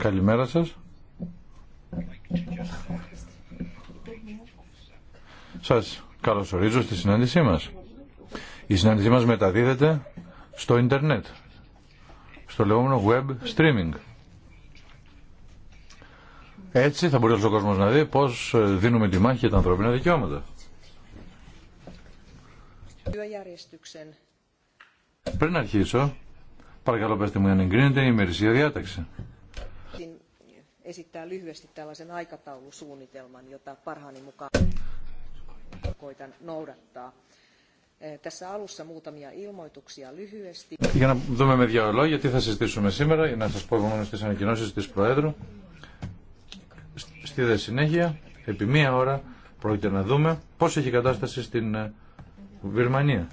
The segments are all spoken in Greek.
Καλημέρα σας. Σας καλωσορίζω στη συνάντησή μας. Η συνάντησή μας μεταδίδεται στο ίντερνετ, στο λεγόμενο web streaming. Έτσι θα μπορεί ο κόσμος να δει πώς ε, δίνουμε τη μάχη για τα ανθρωπίνα δικαιώματα järjestyksen. Πριν αρχίσω, παρακαλώ πέστε μου αν εγκρίνεται η ημερησία διάταξη. Esittää lyhyesti tällaisen aikataulusuunnitelman, jota parhaani mukaan koitan noudattaa. Tässä alussa muutamia ilmoituksia lyhyesti. Για να δούμε με δύο λόγια τι θα συζητήσουμε σήμερα, για να σας πω μόνο στις ανακοινώσεις της Προέδρου. Στη δε συνέχεια, επί μία ώρα, πρόκειται να δούμε πώς έχει κατάσταση στην ε, Βυρμανία.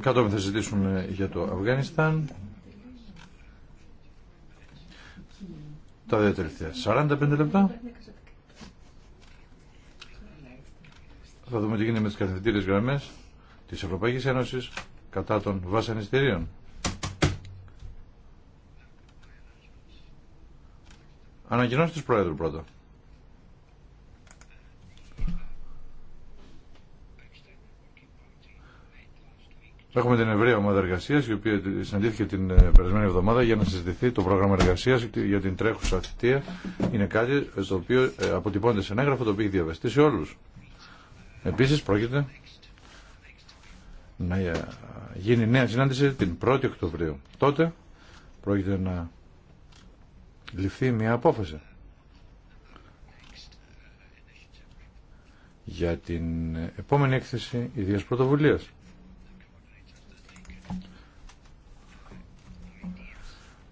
Κατόπιν θα συζητήσουμε για το Αφγανιστάν. Τα δύο τελευταία 45 λεπτά. Θα δούμε τι γίνεται με τις καθηγητήριες γραμμές της Ευρωπαϊκής Ένωσης κατά των βασανιστήριων. Ανακοινώσει του Πρόεδρου πρώτα. Έχουμε την ευρεία ομάδα εργασία, η οποία συναντήθηκε την ε, περασμένη εβδομάδα για να συζητηθεί το πρόγραμμα εργασία για την τρέχουσα θητεία. Είναι κάτι στο οποίο ε, αποτυπώνεται σε ένα έγγραφο το οποίο έχει διαβαστεί σε όλου. Επίση, πρόκειται να ε, γίνει νέα συνάντηση την 1η Οκτωβρίου. Τότε πρόκειται να ληφθεί μια απόφαση για την επόμενη έκθεση ιδίας πρωτοβουλίας.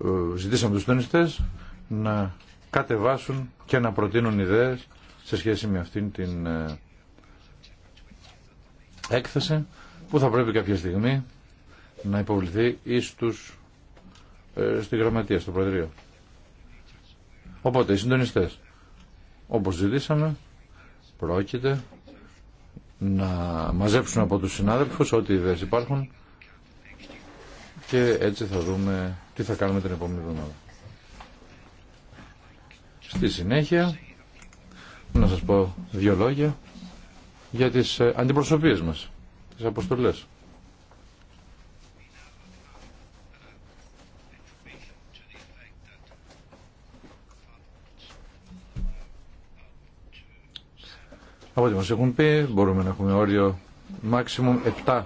Ε, ζητήσαμε τους τονιστές να κατεβάσουν και να προτείνουν ιδέες σε σχέση με αυτήν την ε, έκθεση που θα πρέπει κάποια στιγμή να υποβληθεί εις τους, ε, στη γραμματεία, στο Προεδρείο. Οπότε οι συντονιστέ, όπως ζητήσαμε, πρόκειται να μαζέψουν από τους συνάδελφους ό,τι ιδέε υπάρχουν και έτσι θα δούμε τι θα κάνουμε την επόμενη εβδομάδα. Στη συνέχεια, να σας πω δύο λόγια για τις ε, αντιπροσωπείες μας, τις αποστολές. Από ό,τι μας έχουν πει, μπορούμε να έχουμε όριο maximum 7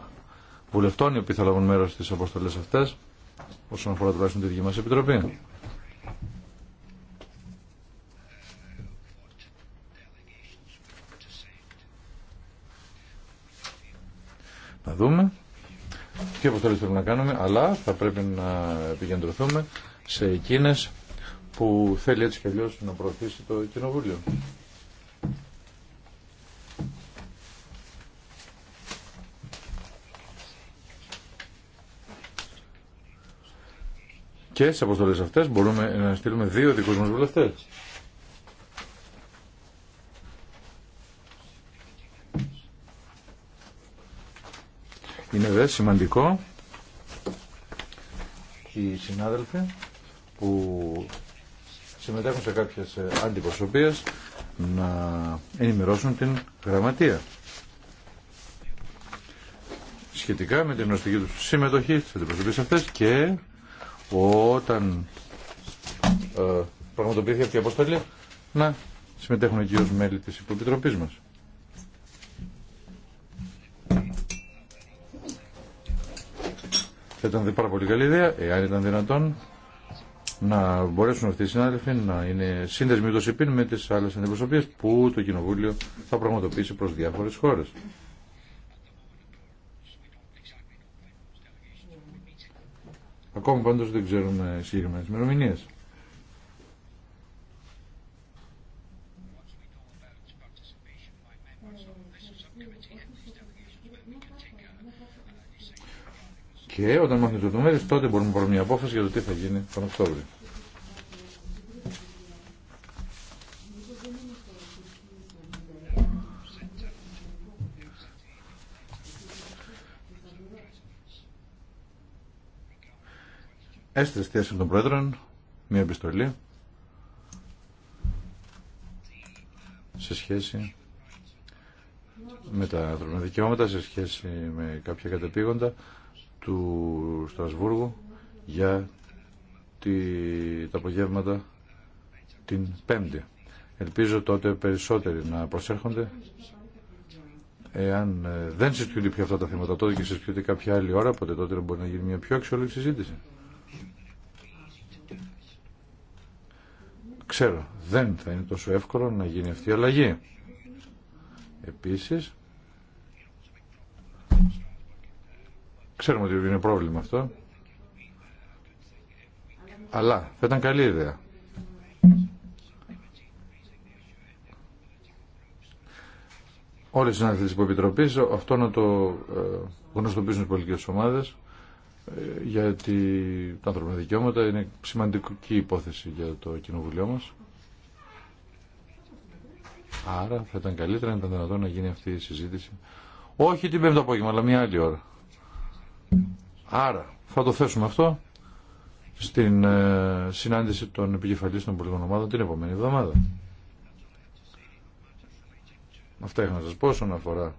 βουλευτών οι οποίοι θα λάβουν μέρος στις αποστολές αυτές, όσον αφορά τουλάχιστον τη δική μας επιτροπή. Να δούμε τι αποστολές θέλουμε να κάνουμε, αλλά θα πρέπει να επικεντρωθούμε σε εκείνες που θέλει έτσι και αλλιώς να προωθήσει το Κοινοβούλιο. και στι αποστολέ αυτέ μπορούμε να στείλουμε δύο δικού μα βουλευτέ. Είναι δε σημαντικό οι συνάδελφοι που συμμετέχουν σε κάποιες ε, αντιπροσωπείες να ενημερώσουν την γραμματεία σχετικά με την γνωστική του συμμετοχή στις αντιπροσωπείες αυτές και όταν ε, πραγματοποιήθηκε αυτή η αποστολή να συμμετέχουν εκεί ως μέλη της Υποπιτροπής μας. Θα ήταν πάρα πολύ καλή ιδέα, εάν ήταν δυνατόν, να μπορέσουν αυτοί οι συνάδελφοι να είναι σύνδεσμοι το ΣΥΠΗΝ με τις άλλες αντιπροσωπείες που το Κοινοβούλιο θα πραγματοποιήσει προς διάφορες χώρες. Ακόμα πάντως δεν ξέρουμε τις μερομηνίες. Και όταν μάθουμε τι λεπτομέρειε, τότε μπορούμε να πάρουμε μια απόφαση για το τι θα γίνει τον Οκτώβριο. έστειλε θέση των Πρόεδρων μια επιστολή σε σχέση με τα ανθρώπινα δικαιώματα, σε σχέση με κάποια κατεπήγοντα του Στρασβούργου για τη, τα απογεύματα την Πέμπτη. Ελπίζω τότε περισσότεροι να προσέρχονται. Εάν ε, δεν συζητούνται πια αυτά τα θέματα τότε και συζητούνται κάποια άλλη ώρα, ποτέ τότε μπορεί να γίνει μια πιο αξιόλογη συζήτηση. Ξέρω, δεν θα είναι τόσο εύκολο να γίνει αυτή η αλλαγή. Επίσης, ξέρουμε ότι είναι πρόβλημα αυτό, αλλά θα ήταν καλή ιδέα. Όλες οι συνάδελφοι της Επιτροπής αυτό να το ε, γνωστοποιήσουν οι πολιτικές ομάδες ε, γιατί τα ανθρώπινα δικαιώματα είναι σημαντική υπόθεση για το κοινοβουλίο μας. Άρα θα ήταν καλύτερα να ήταν δυνατόν να γίνει αυτή η συζήτηση. Όχι την πέμπτη απόγευμα, αλλά μια άλλη ώρα. Άρα θα το θέσουμε αυτό στην ε, συνάντηση των επικεφαλής των πολιτικών ομάδων την επόμενη εβδομάδα. Αυτά είχα να σας πω όσον αφορά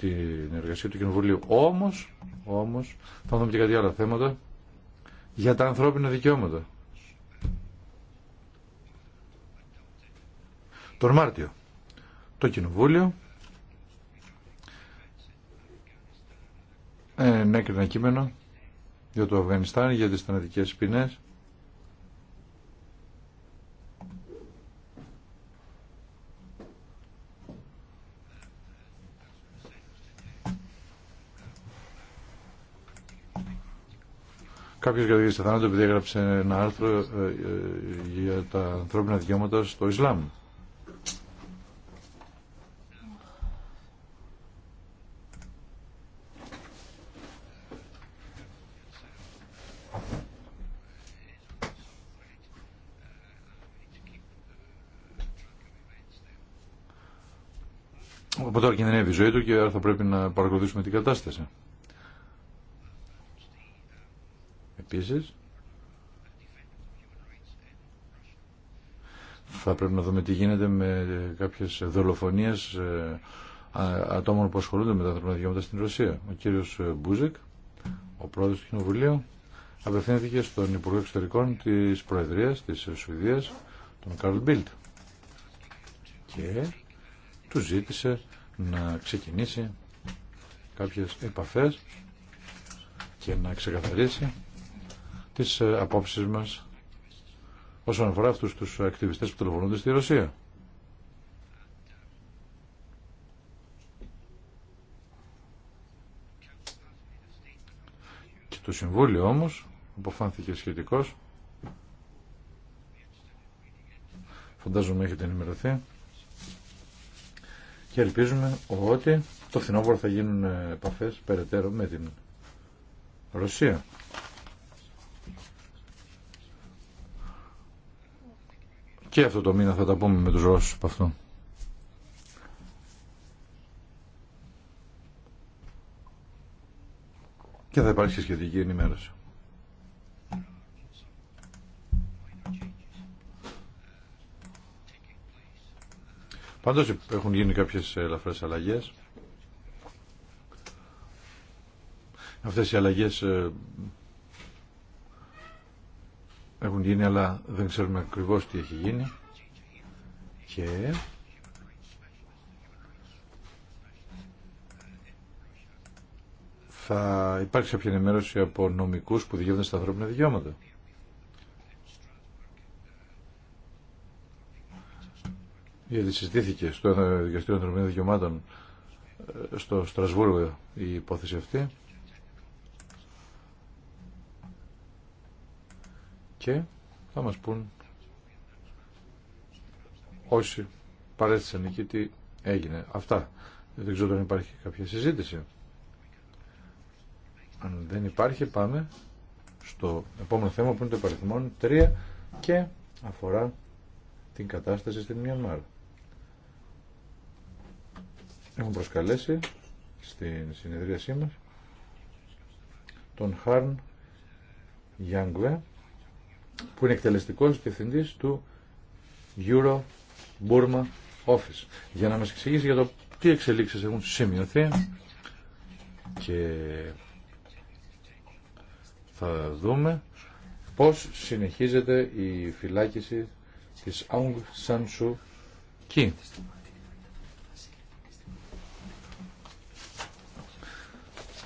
την εργασία του Κοινοβουλίου. Όμως, όμως, θα δούμε και κάτι άλλα θέματα για τα ανθρώπινα δικαιώματα. Τον Μάρτιο, το Κοινοβούλιο ενέκρινε κείμενο για το Αφγανιστάν, για τις θανατικές ποινές κάποιος για σε θάνατο επειδή έγραψε ένα άρθρο ε, ε, για τα ανθρώπινα δικαιώματα στο Ισλάμ. Οπότε τώρα κινδυνεύει η ζωή του και άρα θα πρέπει να παρακολουθήσουμε την κατάσταση. Επίσης, θα πρέπει να δούμε τι γίνεται με κάποιες δολοφονίες ε, ατόμων που ασχολούνται με τα ανθρώπινα στην Ρωσία. Ο κύριος Μπούζεκ, ο πρόεδρος του Κοινοβουλίου, απευθύνθηκε στον Υπουργό Εξωτερικών της Προεδρίας της Σουηδίας, τον Καρλ Μπίλτ. Και του ζήτησε να ξεκινήσει κάποιες επαφές και να ξεκαθαρίσει τις ε, απόψεις μας όσον αφορά αυτούς τους ακτιβιστές που τηλεφωνούνται στη Ρωσία. Και το Συμβούλιο όμως αποφάνθηκε σχετικός. Φαντάζομαι έχετε ενημερωθεί. Και ελπίζουμε ότι το φθινόπωρο θα γίνουν επαφές περαιτέρω με την Ρωσία. Και αυτό το μήνα θα τα πούμε με τους Ρώσους από αυτό. Και θα υπάρξει σχετική ενημέρωση. Πάντως έχουν γίνει κάποιες ελαφρές αλλαγές. Αυτές οι αλλαγές ε, έχουν γίνει αλλά δεν ξέρουμε ακριβώς τι έχει γίνει και θα υπάρξει κάποια ενημέρωση από νομικούς που δικαιούνται στα ανθρώπινα δικαιώματα. Γιατί συζητήθηκε στο Δικαστήριο Ανθρωπίνων Δικαιωμάτων ε, στο Στρασβούργο η υπόθεση αυτή. και θα μας πούν όσοι παρέστησαν εκεί τι έγινε. Αυτά. Δεν ξέρω αν υπάρχει κάποια συζήτηση. Αν δεν υπάρχει πάμε στο επόμενο θέμα που είναι το παριθμόν 3 και αφορά την κατάσταση στην Μιανμάρ. Έχουμε προσκαλέσει στην συνεδρίασή μας τον Χάρν Γιάνγκβε που είναι εκτελεστικό διευθύντη του Euro Burma Office για να μας εξηγήσει για το τι εξελίξει έχουν σημειωθεί και θα δούμε πώς συνεχίζεται η φυλάκιση της Aung San Suu Kyi.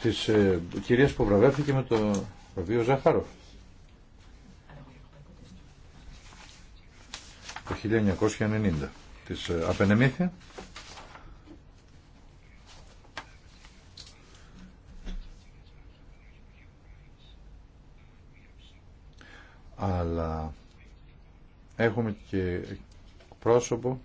Της ε, κυρίας που βραβεύτηκε με το βραβείο Ζαχάροφ. το 1990 της ε, απενεμήθη αλλά έχουμε και πρόσωπο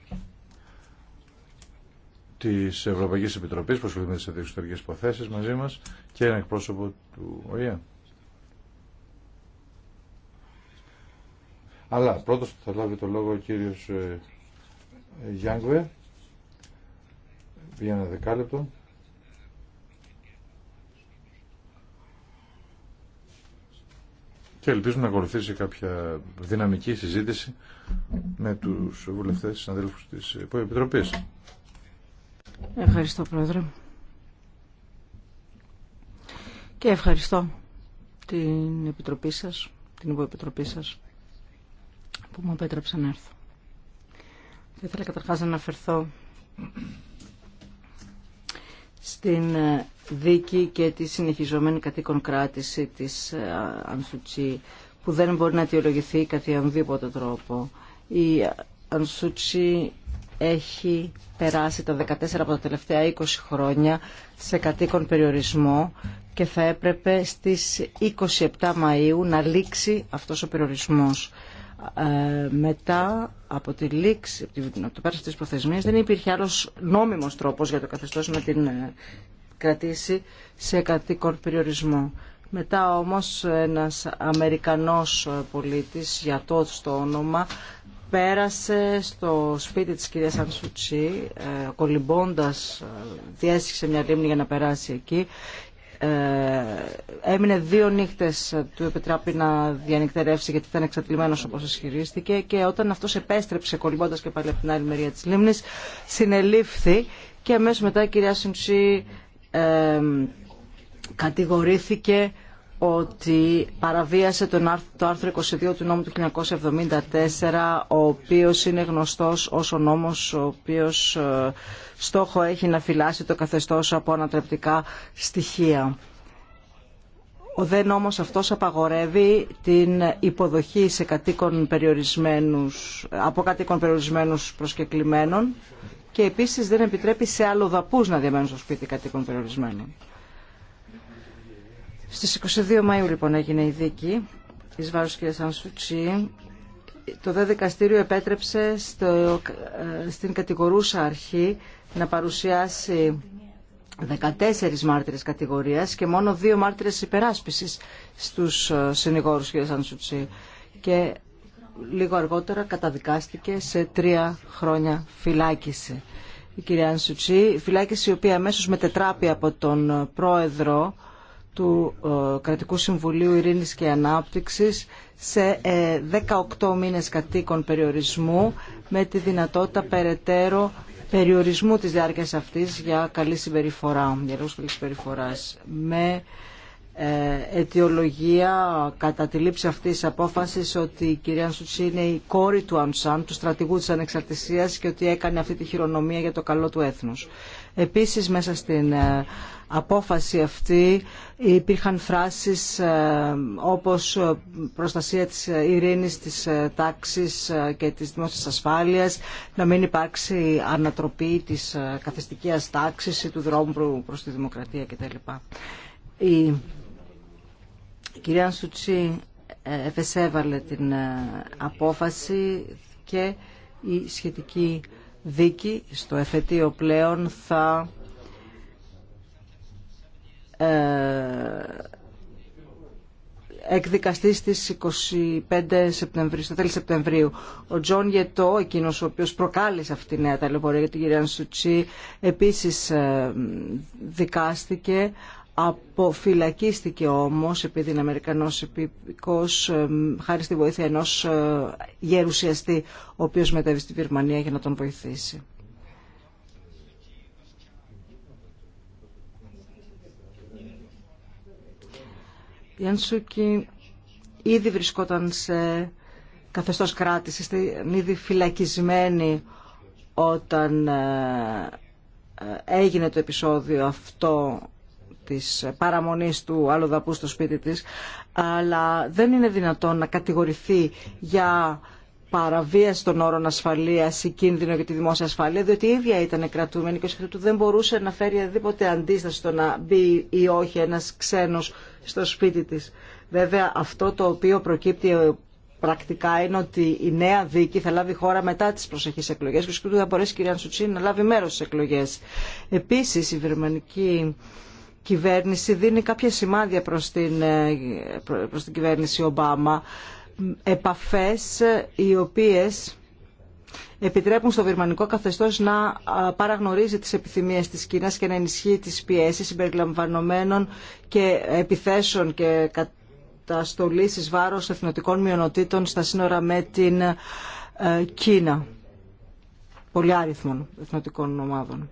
τη Ευρωπαϊκή Επιτροπή που ασχολείται με τι εξωτερικέ υποθέσει μαζί μα και ένα εκπρόσωπο του ΟΗΕ. Αλλά πρώτος θα λάβει το λόγο ο κύριος ε, Γιάνγκουε για ένα δεκάλεπτο. Και ελπίζουμε να ακολουθήσει κάποια δυναμική συζήτηση με τους βουλευτές και συναδέλφους της Επιτροπής. Ευχαριστώ Πρόεδρε. Και ευχαριστώ την Επιτροπή σας, την Υποεπιτροπή σας που μου επέτρεψαν να έρθω. Θα ήθελα καταρχάς να αναφερθώ στην ε, δίκη και τη συνεχιζόμενη κατοίκον κράτηση της Ανσουτσί ε, που δεν μπορεί να αιτιολογηθεί κατά ονδήποτε τρόπο. Η Ανσουτσί έχει περάσει τα 14 από τα τελευταία 20 χρόνια σε κατοίκον περιορισμό και θα έπρεπε στις 27 Μαΐου να λήξει αυτός ο περιορισμός. Ε, μετά από τη λήξη, από το πέρασμα της προθεσμίας δεν υπήρχε άλλος νόμιμος τρόπος για το καθεστώς να την ε, κρατήσει σε κατοίκον περιορισμό. Μετά όμως ένας Αμερικανός ε, πολίτης για το στο όνομα πέρασε στο σπίτι της κυρίας Ανσουτσί κολυμπώντας διέσχισε μια λίμνη για να περάσει εκεί ε, έμεινε δύο νύχτες ε, του επιτράπη να διανυκτερεύσει γιατί ήταν εξατλημένος όπως ισχυρίστηκε και όταν αυτός επέστρεψε κολυμπώντας και πάλι από την άλλη μεριά της λίμνης συνελήφθη και αμέσως μετά η κυρία ε, κατηγορήθηκε ότι παραβίασε τον, το άρθρο 22 του νόμου του 1974, ο οποίος είναι γνωστός ως ο νόμος ο οποίος ε, στόχο έχει να φυλάσει το καθεστώς από ανατρεπτικά στοιχεία. Ο δε νόμος αυτός απαγορεύει την υποδοχή σε κατοίκων περιορισμένους, από κατοίκων περιορισμένους προσκεκλημένων και επίσης δεν επιτρέπει σε άλλο δαπούς να διαμένουν στο σπίτι κατοίκων περιορισμένων. Στις 22 Μαΐου λοιπόν έγινε η δίκη εις βάρος κ. Σανσουτσί. Το δε δικαστήριο επέτρεψε στο, ε, στην κατηγορούσα αρχή να παρουσιάσει 14 μάρτυρες κατηγορίας και μόνο δύο μάρτυρες υπεράσπισης στους ε, συνηγόρους κ. Σανσουτσί. Και λίγο αργότερα καταδικάστηκε σε τρία χρόνια φυλάκιση. Η κυρία Ανσουτσί, φυλάκιση η οποία αμέσως μετετράπη από τον πρόεδρο του ε, Κρατικού Συμβουλίου Ειρήνης και Ανάπτυξης σε 18 ε, μήνες κατοίκων περιορισμού με τη δυνατότητα περαιτέρω περιορισμού της διάρκειας αυτής για καλή συμπεριφορά, για λόγους καλής συμπεριφοράς. Με ε, αιτιολογία κατά τη λήψη αυτής της απόφασης ότι η κυρία Σουτσί είναι η κόρη του Αμσάν, του στρατηγού της ανεξαρτησίας και ότι έκανε αυτή τη χειρονομία για το καλό του έθνους. Επίσης μέσα στην απόφαση αυτή υπήρχαν φράσεις ε, όπως ε, προστασία της ειρήνης, της ε, τάξης και της δημόσιας ασφάλειας, να μην υπάρξει ανατροπή της καθεστικής τάξης ή του δρόμου προς τη δημοκρατία κτλ. Η κυρία Σουτσί εφεσέβαλε την απόφαση και η σχετική δίκη στο εφετείο πλέον θα ε, εκδικαστής στις 25 Σεπτεμβρίου, στο Σεπτεμβρίου. Ο Τζον Γετό, εκείνος ο οποίος προκάλεσε αυτή τη νέα ταλαιπωρία για την κυρία Σουτσί, επίσης ε, δικάστηκε, αποφυλακίστηκε όμως επειδή είναι Αμερικανός επίπικος ε, χάρη στη βοήθεια ενός γερουσιαστή ο οποίος μετέβη στη Βυρμανία για να τον βοηθήσει. Η Ανσούκη ήδη βρισκόταν σε καθεστώς κράτησης, ήταν ήδη φυλακισμένη όταν ε, ε, έγινε το επεισόδιο αυτό της παραμονής του Δαπού στο σπίτι της, αλλά δεν είναι δυνατόν να κατηγορηθεί για παραβίαση των όρων ασφαλεία ή κίνδυνο για τη δημόσια ασφάλεια, διότι η ίδια ήταν κρατούμενη και σχεδόν του δεν μπορούσε να φέρει οδήποτε αντίσταση στο να μπει ή όχι ένα ξένο στο σπίτι τη. Βέβαια, αυτό το οποίο προκύπτει ε, πρακτικά είναι ότι η νέα δίκη θα λάβει χώρα μετά τι προσεχεί εκλογέ και ο θα μπορέσει η κυρία Σουτσίνη να λάβει μέρο στι εκλογέ. Επίση, η βερμανική κυβέρνηση δίνει κάποια σημάδια προς την, ε, προς την κυβέρνηση Ομπάμα επαφές οι οποίες επιτρέπουν στο βιρμανικό καθεστώς να παραγνωρίζει τις επιθυμίες της Κίνας και να ενισχύει τις πιέσεις συμπεριλαμβανομένων και επιθέσεων και καταστολής εις βάρος εθνοτικών μειονοτήτων στα σύνορα με την ε, Κίνα. Πολυάριθμων εθνοτικών ομάδων.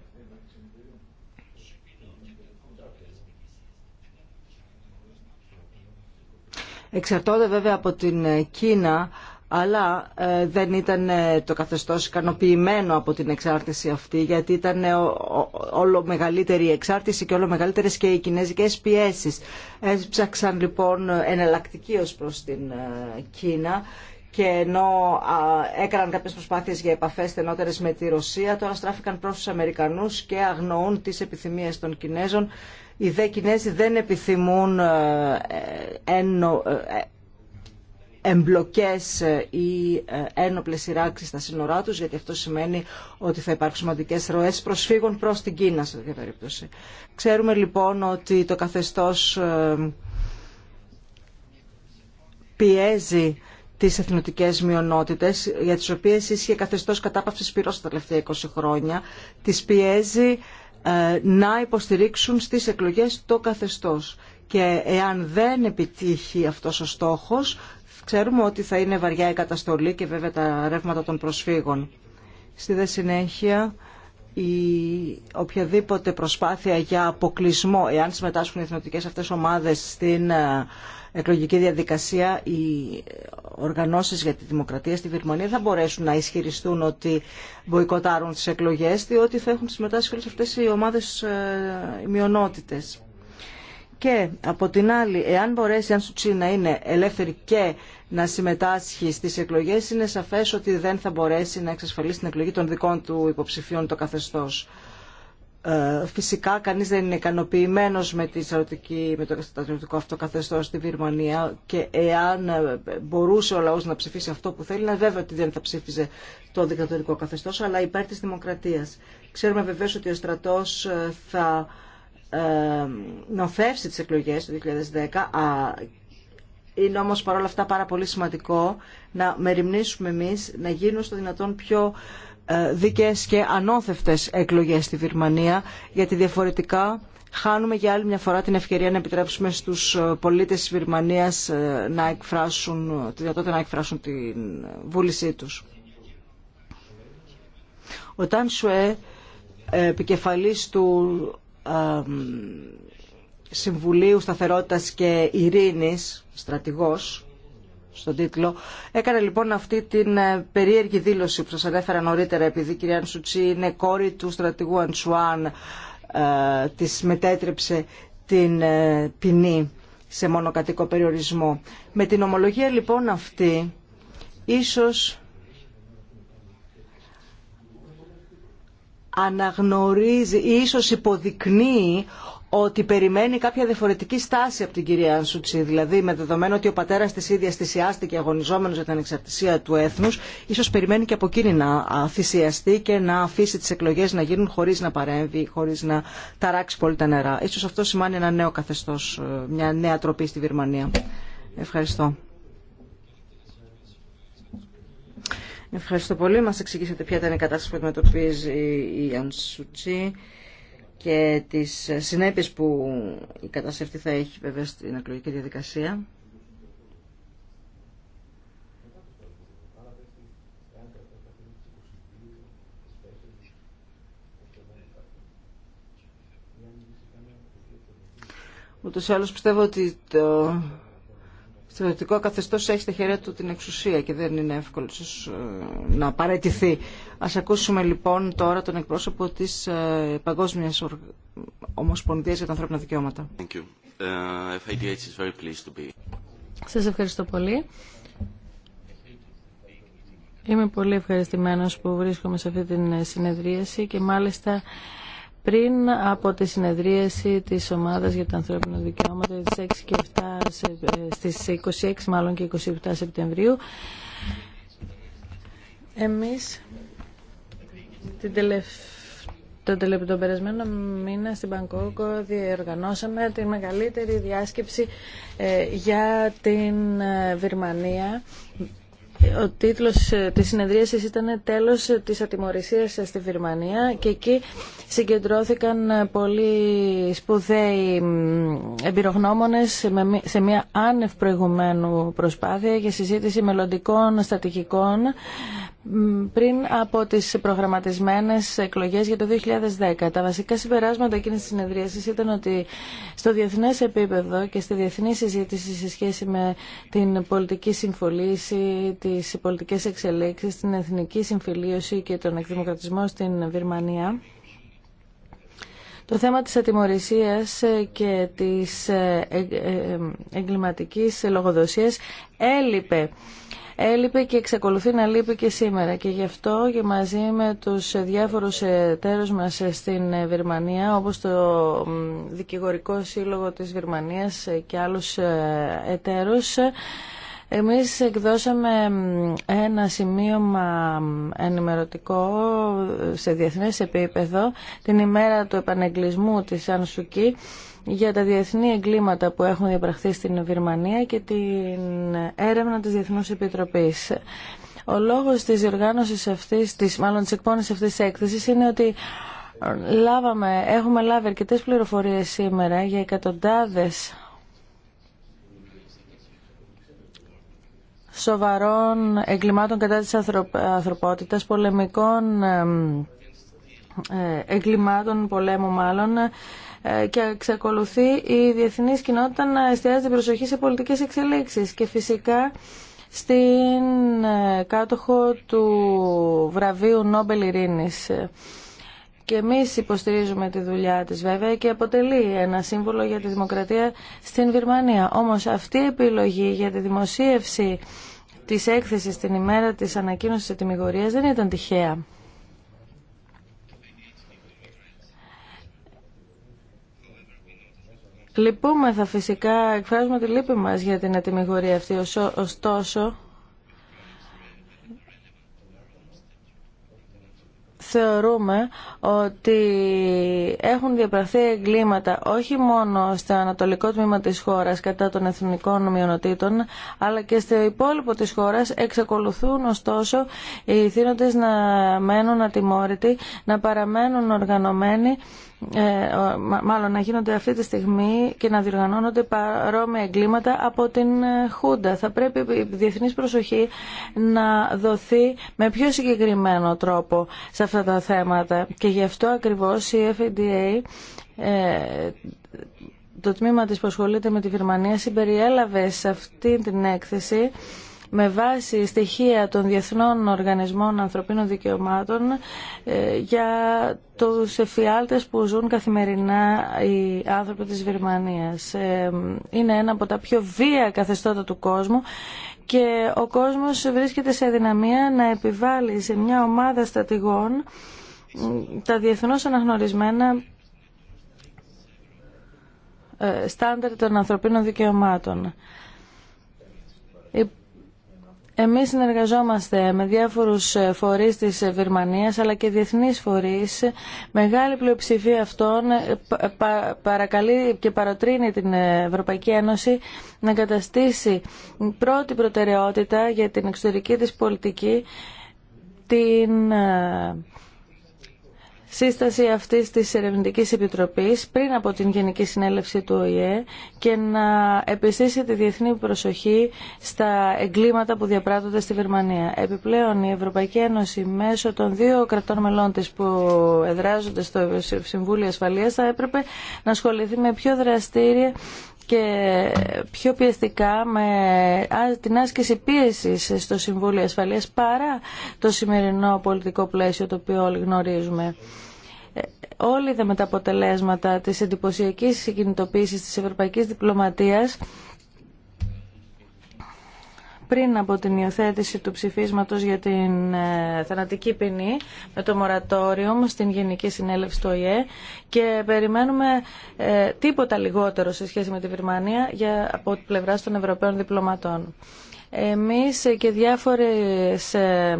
Εξαρτώνται βέβαια από την ε, Κίνα, αλλά ε, δεν ήταν ε, το καθεστώς ικανοποιημένο από την εξάρτηση αυτή, γιατί ήταν όλο μεγαλύτερη η εξάρτηση και όλο μεγαλύτερες και οι κινέζικες πιέσεις. Έψαξαν λοιπόν εναλλακτική ως προς την Κίνα και ενώ έκαναν κάποιες προσπάθειες για επαφές στενότερες με τη Ρωσία, τώρα στράφηκαν προς τους Αμερικανούς και αγνοούν τις επιθυμίες των Κινέζων οι δε Κινέζοι δεν επιθυμούν ε, ε, ε, εμπλοκές ή ένοπλες σειράξεις στα σύνορά τους, γιατί αυτό σημαίνει ότι θα υπάρχουν σημαντικές ροές προσφύγων προς την Κίνα σε τέτοια περίπτωση. Ξέρουμε λοιπόν ότι το καθεστώς πιέζει τις εθνοτικές μειονότητες, για τις οποίες ίσχυε καθεστώς κατάπαυσης πυρός τα τελευταία 20 χρόνια, τις πιέζει ε, να υποστηρίξουν στις εκλογές το καθεστώς. Και εάν δεν επιτύχει αυτός ο στόχος, ξέρουμε ότι θα είναι βαριά η καταστολή και βέβαια τα ρεύματα των προσφύγων. Στη δε συνέχεια, η οποιαδήποτε προσπάθεια για αποκλεισμό, εάν συμμετάσχουν οι εθνοτικές αυτές ομάδες στην ε, εκλογική διαδικασία οι οργανώσεις για τη δημοκρατία στη Βερμανία θα μπορέσουν να ισχυριστούν ότι μποϊκοτάρουν τις εκλογές διότι θα έχουν συμμετάσχει όλες αυτές οι ομάδες ε, μειονότητες. Και από την άλλη, εάν μπορέσει αν Σουτσί να είναι ελεύθερη και να συμμετάσχει στις εκλογές, είναι σαφές ότι δεν θα μπορέσει να εξασφαλίσει την εκλογή των δικών του υποψηφίων το καθεστώς. Ε, φυσικά κανείς δεν είναι ικανοποιημένο με, με το στρατιωτικό αυτό καθεστώς στη Βυρμανία και εάν ε, μπορούσε ο λαός να ψηφίσει αυτό που θέλει, να βέβαια ότι δεν θα ψήφιζε το δικατορικό καθεστώς, αλλά υπέρ της δημοκρατίας. Ξέρουμε βεβαίως ότι ο στρατός ε, θα ε, νοφεύσει τις εκλογές του 2010, α, είναι όμως παρόλα αυτά πάρα πολύ σημαντικό να μεριμνήσουμε εμείς να γίνουν στο δυνατόν πιο ε, δικές και ανώθευτες εκλογές στη Βυρμανία, γιατί διαφορετικά χάνουμε για άλλη μια φορά την ευκαιρία να επιτρέψουμε στους ε, πολίτες της Βυρμανίας ε, να εκφράσουν, τη δυνατότητα να εκφράσουν την βούλησή τους. Ο Ταν Σουέ, επικεφαλής του Συμβουλίου Σταθερότητας και Ειρήνης, στρατηγός, στον τίτλο. Έκανε λοιπόν αυτή την ε, περίεργη δήλωση που σας ανέφερα νωρίτερα επειδή η κυρία Ανσουτσί είναι κόρη του στρατηγού Αντσουάν ε, της μετέτρεψε την ε, ποινή σε μονοκατοικό περιορισμό. Με την ομολογία λοιπόν αυτή ίσως αναγνωρίζει ή ίσως υποδεικνύει ότι περιμένει κάποια διαφορετική στάση από την κυρία Ανσουτσί. Δηλαδή, με δεδομένο ότι ο πατέρα τη ίδια θυσιάστηκε αγωνιζόμενο για την ανεξαρτησία του έθνου, ίσω περιμένει και από εκείνη να θυσιαστεί και να αφήσει τι εκλογέ να γίνουν χωρί να παρέμβει, χωρί να ταράξει πολύ τα νερά. σω αυτό σημαίνει ένα νέο καθεστώ, ε, μια νέα τροπή στη Βερμανία. Ευχαριστώ. Ευχαριστώ πολύ. Μα εξηγήσατε ποια ήταν η κατάσταση που αντιμετωπίζει η Ανσουτσί και τις συνέπειες που η κατάσταση θα έχει βέβαια στην εκλογική διαδικασία. Ούτως ή άλλως πιστεύω ότι το στρατιωτικό καθεστώς έχει στα χέρια του την εξουσία και δεν είναι εύκολο ε, να παραιτηθεί. Ας ακούσουμε λοιπόν τώρα τον εκπρόσωπο της ε, Παγκόσμιας Ομοσπονδίας για τα Ανθρώπινα Δικαιώματα. Thank uh, Σας ευχαριστώ πολύ. Είμαι πολύ ευχαριστημένος που βρίσκομαι σε αυτή την συνεδρίαση και μάλιστα πριν από τη συνεδρίαση της Ομάδας για τα Ανθρώπινα Δικαιώματα στις 6 και 7, ε, στις 26 μάλλον και 27 Σεπτεμβρίου. Εμείς την τον, περασμένο μήνα στην Πανκόκο διοργανώσαμε τη μεγαλύτερη διάσκεψη ε, για την ε, Βερμανία. Ο τίτλος ε, της συνεδρίασης ήταν «Τέλος της ατιμορρησίας στη Βερμανία» και εκεί συγκεντρώθηκαν ε, πολλοί σπουδαίοι εμπειρογνώμονες σε μια άνευ προηγουμένου προσπάθεια για συζήτηση μελλοντικών στατικικών πριν από τις προγραμματισμένες εκλογές για το 2010. Τα βασικά συμπεράσματα εκείνης της συνεδρίασης ήταν ότι στο διεθνές επίπεδο και στη διεθνή συζήτηση σε σχέση με την πολιτική συμφωλήση, τις πολιτικές εξελίξεις, την εθνική συμφιλίωση και τον εκδημοκρατισμό στην Βυρμανία, το θέμα της ατιμορρησίας και της ε, ε, ε, εγκληματικής λογοδοσίας έλειπε έλειπε και εξακολουθεί να λείπει και σήμερα. Και γι' αυτό και μαζί με τους διάφορους εταίρους μας στην Βερμανία, όπως το Δικηγορικό Σύλλογο της Βερμανίας και άλλους ε, εταίρους, εμείς εκδώσαμε ένα σημείωμα ενημερωτικό σε διεθνές επίπεδο την ημέρα του επανεγκλισμού της Ανσουκή για τα διεθνή εγκλήματα που έχουν διαπραχθεί στην Βυρμανία και την έρευνα της Διεθνούς Επιτροπής. Ο λόγος της διοργάνωσης αυτής, της, μάλλον της εκπόνησης αυτής της έκθεσης είναι ότι ε, λάβαμε, έχουμε λάβει αρκετές πληροφορίες σήμερα για εκατοντάδες σοβαρών εγκλημάτων κατά της ανθρωπότητας, πολεμικών ε, εγκλημάτων, πολέμου μάλλον, ε, και εξακολουθεί η διεθνής κοινότητα να εστιάζει την προσοχή σε πολιτικές εξελίξεις και φυσικά στην ε, κάτοχο του βραβείου Νόμπελ Ειρήνης. Και εμείς υποστηρίζουμε τη δουλειά της βέβαια και αποτελεί ένα σύμβολο για τη δημοκρατία στην Βυρμανία. Όμως αυτή η επιλογή για τη δημοσίευση της έκθεσης την ημέρα της ανακοίνωσης της δεν ήταν τυχαία. Λυπούμεθα φυσικά, εκφράζουμε τη λύπη μας για την ατιμιγορία αυτή, ωστόσο θεωρούμε ότι έχουν διαπραχθεί εγκλήματα όχι μόνο στο ανατολικό τμήμα της χώρας κατά των εθνικών μειονοτήτων αλλά και στο υπόλοιπο της χώρας εξακολουθούν ωστόσο οι θύνοντες να μένουν ατιμόρυτοι, να παραμένουν οργανωμένοι ε, μάλλον να γίνονται αυτή τη στιγμή και να διοργανώνονται παρόμοια εγκλήματα από την ε, Χούντα. Θα πρέπει η διεθνής προσοχή να δοθεί με πιο συγκεκριμένο τρόπο σε αυτά τα θέματα και γι' αυτό ακριβώς η FDA ε, το τμήμα της που ασχολείται με τη Βερμανία, συμπεριέλαβε σε αυτή την έκθεση με βάση στοιχεία των Διεθνών Οργανισμών Ανθρωπίνων Δικαιωμάτων ε, για τους εφιάλτες που ζουν καθημερινά οι άνθρωποι της Βερμανίας. Ε, είναι ένα από τα πιο βία καθεστώτα του κόσμου και ο κόσμος βρίσκεται σε δυναμία να επιβάλλει σε μια ομάδα στρατηγών τα διεθνώς αναγνωρισμένα ε, στάνταρ των ανθρωπίνων δικαιωμάτων. Εμείς συνεργαζόμαστε με διάφορους ε, φορείς της ε, Βερμανία αλλά και διεθνείς φορείς. Μεγάλη πλειοψηφία αυτών ε, παρακαλεί και παροτρύνει την Ευρωπαϊκή Ένωση να καταστήσει πρώτη προτεραιότητα για την εξωτερική της πολιτική την σύσταση αυτής της Ερευνητικής Επιτροπής πριν από την Γενική Συνέλευση του ΟΗΕ και να επιστήσει τη διεθνή προσοχή στα εγκλήματα που διαπράττονται στη Γερμανία. Επιπλέον, η Ευρωπαϊκή Ένωση μέσω των δύο κρατών μελών της που εδράζονται στο Συμβούλιο Ασφαλείας θα έπρεπε να ασχοληθεί με πιο δραστήρια και πιο πιεστικά με την άσκηση πίεσης στο Συμβούλιο Ασφαλείας παρά το σημερινό πολιτικό πλαίσιο το οποίο όλοι γνωρίζουμε. Ε, όλοι είδαμε τα αποτελέσματα της εντυπωσιακής συγκινητοποίησης της ευρωπαϊκής διπλωματίας πριν από την υιοθέτηση του ψηφίσματος για την ε, θανατική ποινή με το μορατόριο στην Γενική Συνέλευση του ΟΗΕ και περιμένουμε ε, τίποτα λιγότερο σε σχέση με τη Βερμανία για, από πλευρά των Ευρωπαίων διπλωματών. Εμείς και διάφορες ε,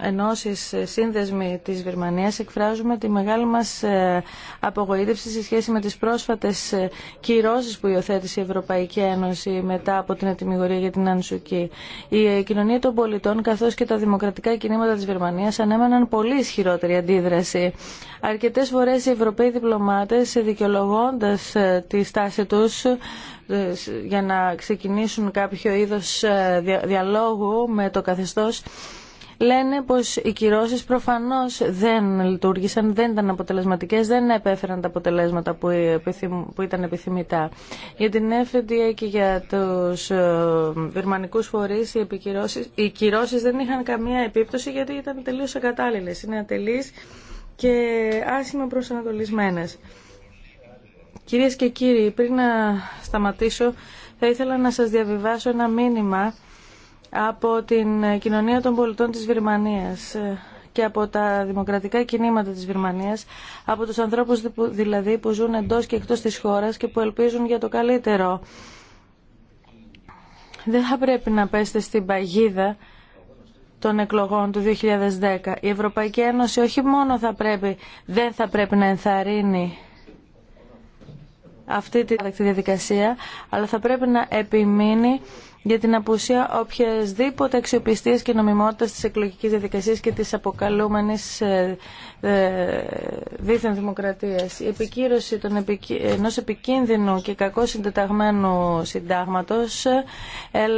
ενώσεις ε, σύνδεσμοι της Βερμανίας εκφράζουμε τη μεγάλη μας ε, απογοήτευση σε σχέση με τις πρόσφατες κυρώσεις που υιοθέτησε η Ευρωπαϊκή Ένωση μετά από την ετοιμιγορία για την Ανσουκή. Η κοινωνία των πολιτών καθώς και τα δημοκρατικά κινήματα της Βερμανίας ανέμεναν πολύ ισχυρότερη αντίδραση. Αρκετές φορές οι Ευρωπαίοι διπλωμάτες δικαιολογώντας τη στάση τους ε, για να ξεκινήσουν κάποιο είδος ε, διαλόγου με το καθεστώς λένε πως οι κυρώσεις προφανώς δεν λειτουργήσαν, δεν ήταν αποτελεσματικές, δεν επέφεραν τα αποτελέσματα που, ε, ήταν επιθυμητά. Για την FDA και για τους βιρμανικούς φορείς οι, οι κυρώσεις δεν είχαν καμία επίπτωση γιατί ήταν τελείως ακατάλληλες, είναι ατελείς και άσχημα προσανατολισμένες. Κυρίες και κύριοι, πριν να σταματήσω, θα ήθελα να σας διαβιβάσω ένα μήνυμα από την κοινωνία των πολιτών της Βυρμανίας ε, και από τα δημοκρατικά κινήματα της Βιρμανίας, από τους ανθρώπους δηλαδή που ζουν εντός και εκτός της χώρας και που ελπίζουν για το καλύτερο. Δεν θα πρέπει να πέστε στην παγίδα των εκλογών του 2010. Η Ευρωπαϊκή Ένωση όχι μόνο θα πρέπει, δεν θα πρέπει να ενθαρρύνει αυτή τη διαδικασία, αλλά θα πρέπει να επιμείνει για την απουσία οποιασδήποτε αξιοπιστία και νομιμότητα της εκλογικής διαδικασία και της αποκαλούμενης ε, ε, δίθεν δημοκρατίας. Η επικύρωση των επικίνδυνου και κακό συντεταγμένου συντάγματος, ε,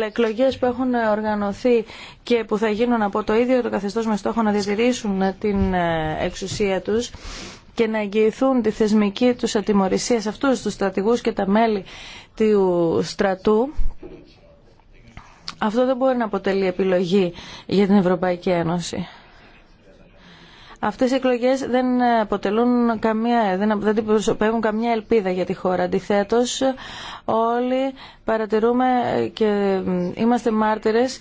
εκλογέ που έχουν οργανωθεί και που θα γίνουν από το ίδιο το καθεστώ με στόχο να διατηρήσουν την εξουσία τους, και να εγγυηθούν τη θεσμική τους ατιμορρησία σε αυτούς τους στρατηγούς και τα μέλη του στρατού, αυτό δεν μπορεί να αποτελεί επιλογή για την Ευρωπαϊκή Ένωση. Αυτές οι εκλογές δεν αποτελούν καμία, δεν, δεν προσωπεύουν καμία ελπίδα για τη χώρα. Αντιθέτως, όλοι παρατηρούμε και είμαστε μάρτυρες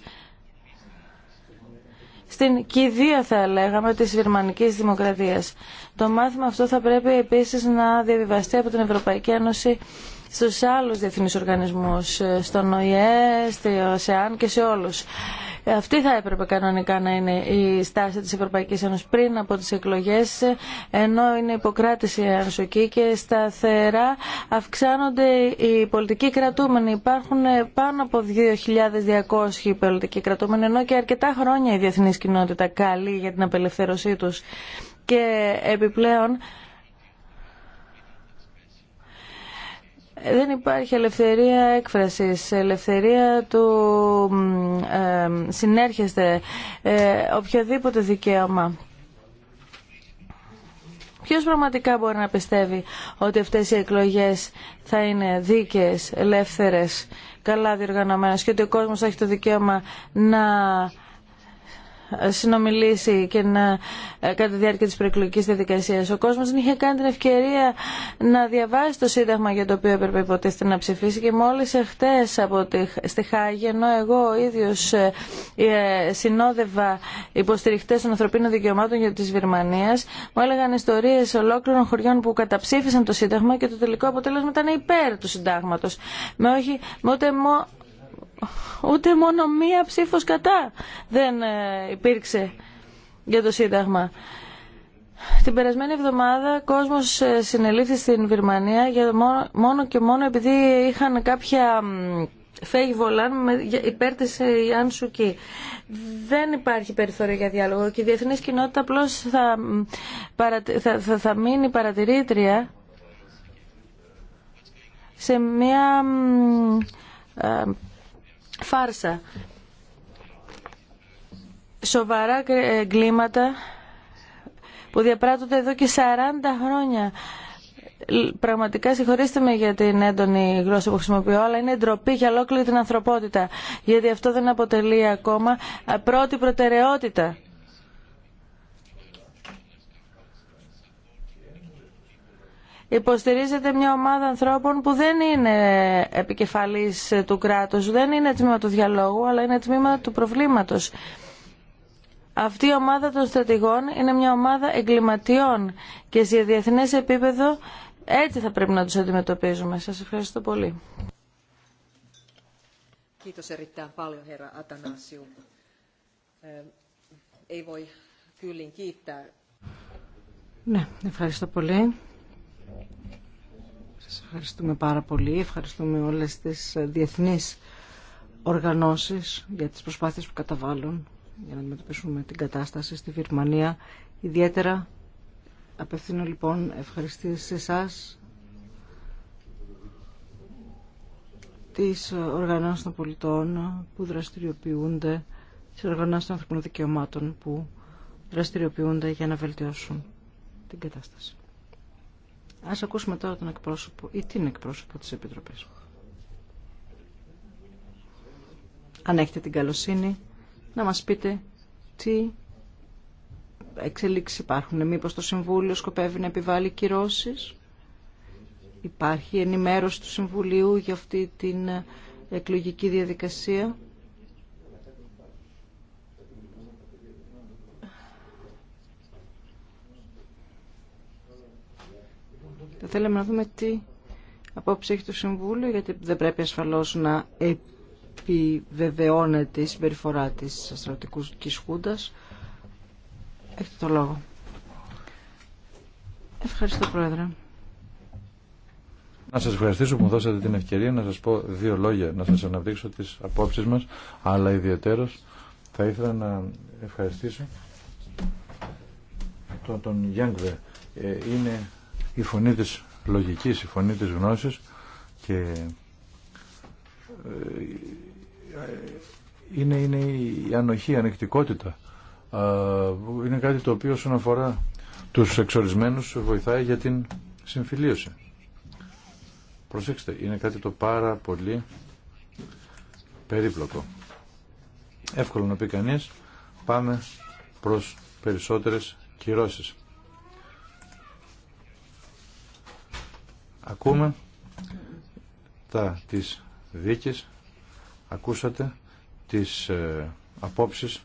στην κηδεία θα λέγαμε της γερμανικής Δημοκρατίας. Το μάθημα αυτό θα πρέπει επίσης να διαβιβαστεί από την Ευρωπαϊκή Ένωση στους άλλους διεθνείς οργανισμούς, ε, στον ΟΗΕ, στη ΟΣΕΑΝ και σε όλους. Ε, αυτή θα έπρεπε κανονικά να είναι η στάση της Ευρωπαϊκής Ένωσης πριν από τις εκλογές, ενώ είναι υποκράτηση ανσοκή και σταθερά αυξάνονται οι πολιτικοί κρατούμενοι. Υπάρχουν ε, πάνω από 2.200 πολιτικοί κρατούμενοι, ενώ και αρκετά χρόνια η διεθνής κοινότητα καλεί για την απελευθέρωσή τους. Και επιπλέον δεν υπάρχει ελευθερία έκφρασης, ελευθερία του ε, συνέρχεστε, ε, οποιοδήποτε δικαίωμα. Ποιος πραγματικά μπορεί να πιστεύει ότι αυτές οι εκλογές θα είναι δίκαιες, ελεύθερες, καλά διοργανωμένες και ότι ο κόσμος έχει το δικαίωμα να συνομιλήσει και να ε, κατά τη διάρκεια της προεκλογικής διαδικασίας. Ο κόσμος δεν είχε κάνει την ευκαιρία να διαβάσει το Σύνταγμα για το οποίο έπρεπε υποτίθεται να ψηφίσει και μόλις εχθές από τη, στη Χάγη, ενώ εγώ ίδιος ε, ε, συνόδευα υποστηριχτές των ανθρωπίνων δικαιωμάτων για της Βερμανία μου έλεγαν ιστορίες ολόκληρων χωριών που καταψήφισαν το Σύνταγμα και το τελικό αποτέλεσμα ήταν υπέρ του Συντάγματος. Με, όχι, με ούτε, ούτε μόνο μία ψήφος κατά δεν ε, υπήρξε για το Σύνταγμα. Την περασμένη εβδομάδα κόσμος ε, συνελήφθη στην Βυρμανία για μόνο και μόνο επειδή είχαν κάποια φέγη βολάν υπέρ της ε, Ιάν Σουκή. Δεν υπάρχει περιθώριο για διάλογο και η διεθνή κοινότητα απλώ θα, θα, θα μείνει παρατηρήτρια σε μια φάρσα. Σοβαρά εγκλήματα που διαπράττονται εδώ και 40 χρόνια. Πραγματικά συγχωρήστε με για την έντονη γλώσσα που χρησιμοποιώ, αλλά είναι ντροπή για ολόκληρη την ανθρωπότητα. Γιατί αυτό δεν αποτελεί ακόμα ε, πρώτη προτεραιότητα υποστηρίζεται μια ομάδα ανθρώπων που δεν είναι επικεφαλής του κράτους, δεν είναι τμήμα του διαλόγου, αλλά είναι τμήμα του προβλήματος. Αυτή η ομάδα των στρατηγών είναι μια ομάδα εγκληματιών και σε διεθνές επίπεδο έτσι θα πρέπει να τους αντιμετωπίζουμε. Σας ευχαριστώ πολύ. Ε, ε, ναι, ευχαριστώ πολύ. Σας ευχαριστούμε πάρα πολύ. Ευχαριστούμε όλες τις ε, διεθνείς οργανώσεις για τις προσπάθειες που καταβάλουν για να αντιμετωπίσουμε την κατάσταση στη Βυρμανία. Ιδιαίτερα απευθύνω λοιπόν ευχαριστήσεις σε εσάς τις ε, οργανώσεις των πολιτών που δραστηριοποιούνται, τις οργανώσεις των ανθρωπινών δικαιωμάτων που δραστηριοποιούνται για να βελτιώσουν την κατάσταση. Ας ακούσουμε τώρα τον εκπρόσωπο ή την εκπρόσωπο της Επιτροπής. Αν έχετε την καλοσύνη να μας πείτε τι εξελίξεις υπάρχουν. Μήπως το Συμβούλιο σκοπεύει να επιβάλλει κυρώσεις. Υπάρχει ενημέρωση του Συμβουλίου για αυτή την εκλογική διαδικασία. Θα θέλαμε να δούμε τι απόψη έχει το Συμβούλιο, γιατί δεν πρέπει ασφαλώς να επιβεβαιώνεται η συμπεριφορά της τη χούντας. Έχετε το λόγο. Ευχαριστώ, Πρόεδρε. Να σας ευχαριστήσω που μου δώσατε την ευκαιρία να σας πω δύο λόγια, να σας αναδείξω τις απόψεις μας, αλλά ιδιαίτερος θα ήθελα να ευχαριστήσω τον, τον Γιάνγκβε. Ε, είναι η φωνή της λογικής, η φωνή της γνώσης και ε, ε, είναι, είναι η ανοχή, η ανεκτικότητα. Είναι κάτι το οποίο όσον αφορά τους εξορισμένους βοηθάει για την συμφιλίωση. Προσέξτε, είναι κάτι το πάρα πολύ περίπλοκο. Εύκολο να πει κανείς, πάμε προς περισσότερες κυρώσεις. ακούμε τα της δίκης, ακούσατε τις ε, απόψεις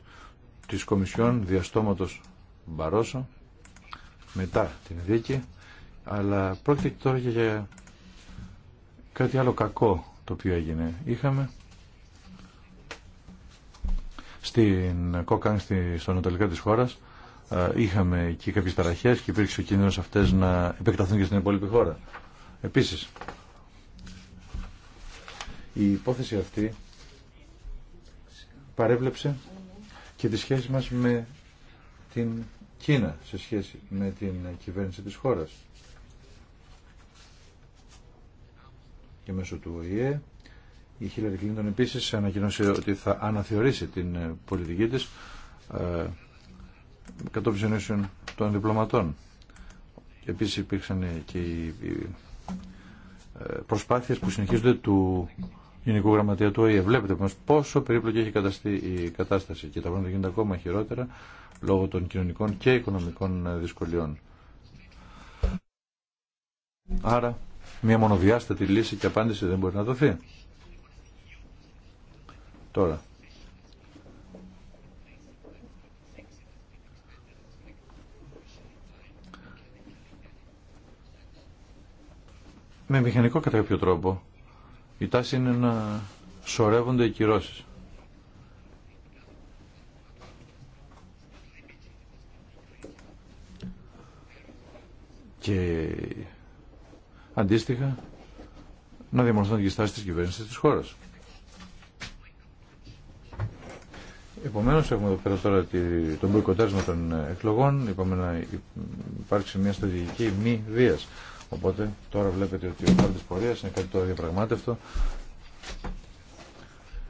της Κομισιόν Διαστόματος Μπαρόσο μετά την δίκη, αλλά πρόκειται τώρα και για κάτι άλλο κακό το οποίο έγινε. Είχαμε στην Κόκκαν, στο ανατολικά της χώρας, ε, είχαμε εκεί κάποιες ταραχές και υπήρξε ο κίνδυνος αυτές να επεκταθούν και στην υπόλοιπη χώρα. Επίσης, η υπόθεση αυτή παρέβλεψε και τη σχέση μας με την Κίνα σε σχέση με την κυβέρνηση της χώρας. Και μέσω του ΟΗΕ η Χίλαρη Κλίντον επίσης ανακοινώσε ότι θα αναθεωρήσει την πολιτική της ε, κατόπιν των διπλωματών. Επίσης υπήρξαν και οι ε, προσπάθειες που συνεχίζονται του Γενικού Γραμματεία του ΟΗΕ. Βλέπετε πόσο περίπλοκη έχει καταστεί η κατάσταση και τα πράγματα γίνονται ακόμα χειρότερα λόγω των κοινωνικών και οικονομικών ε, δυσκολιών. Άρα μια μονοδιάστατη λύση και απάντηση δεν μπορεί να δοθεί. Τώρα, με μηχανικό κατά κάποιο τρόπο η τάση είναι να σωρεύονται οι κυρώσεις. Και αντίστοιχα να διαμορφώνουν και στάση της κυβέρνησης της χώρας. Επομένω, έχουμε εδώ πέρα τώρα τον μποϊκοτάρισμα των εκλογών. Είπαμε να υπάρξει μια στρατηγική μη βία. Οπότε τώρα βλέπετε ότι ο τη πορεία είναι κάτι το διαπραγμάτευτο.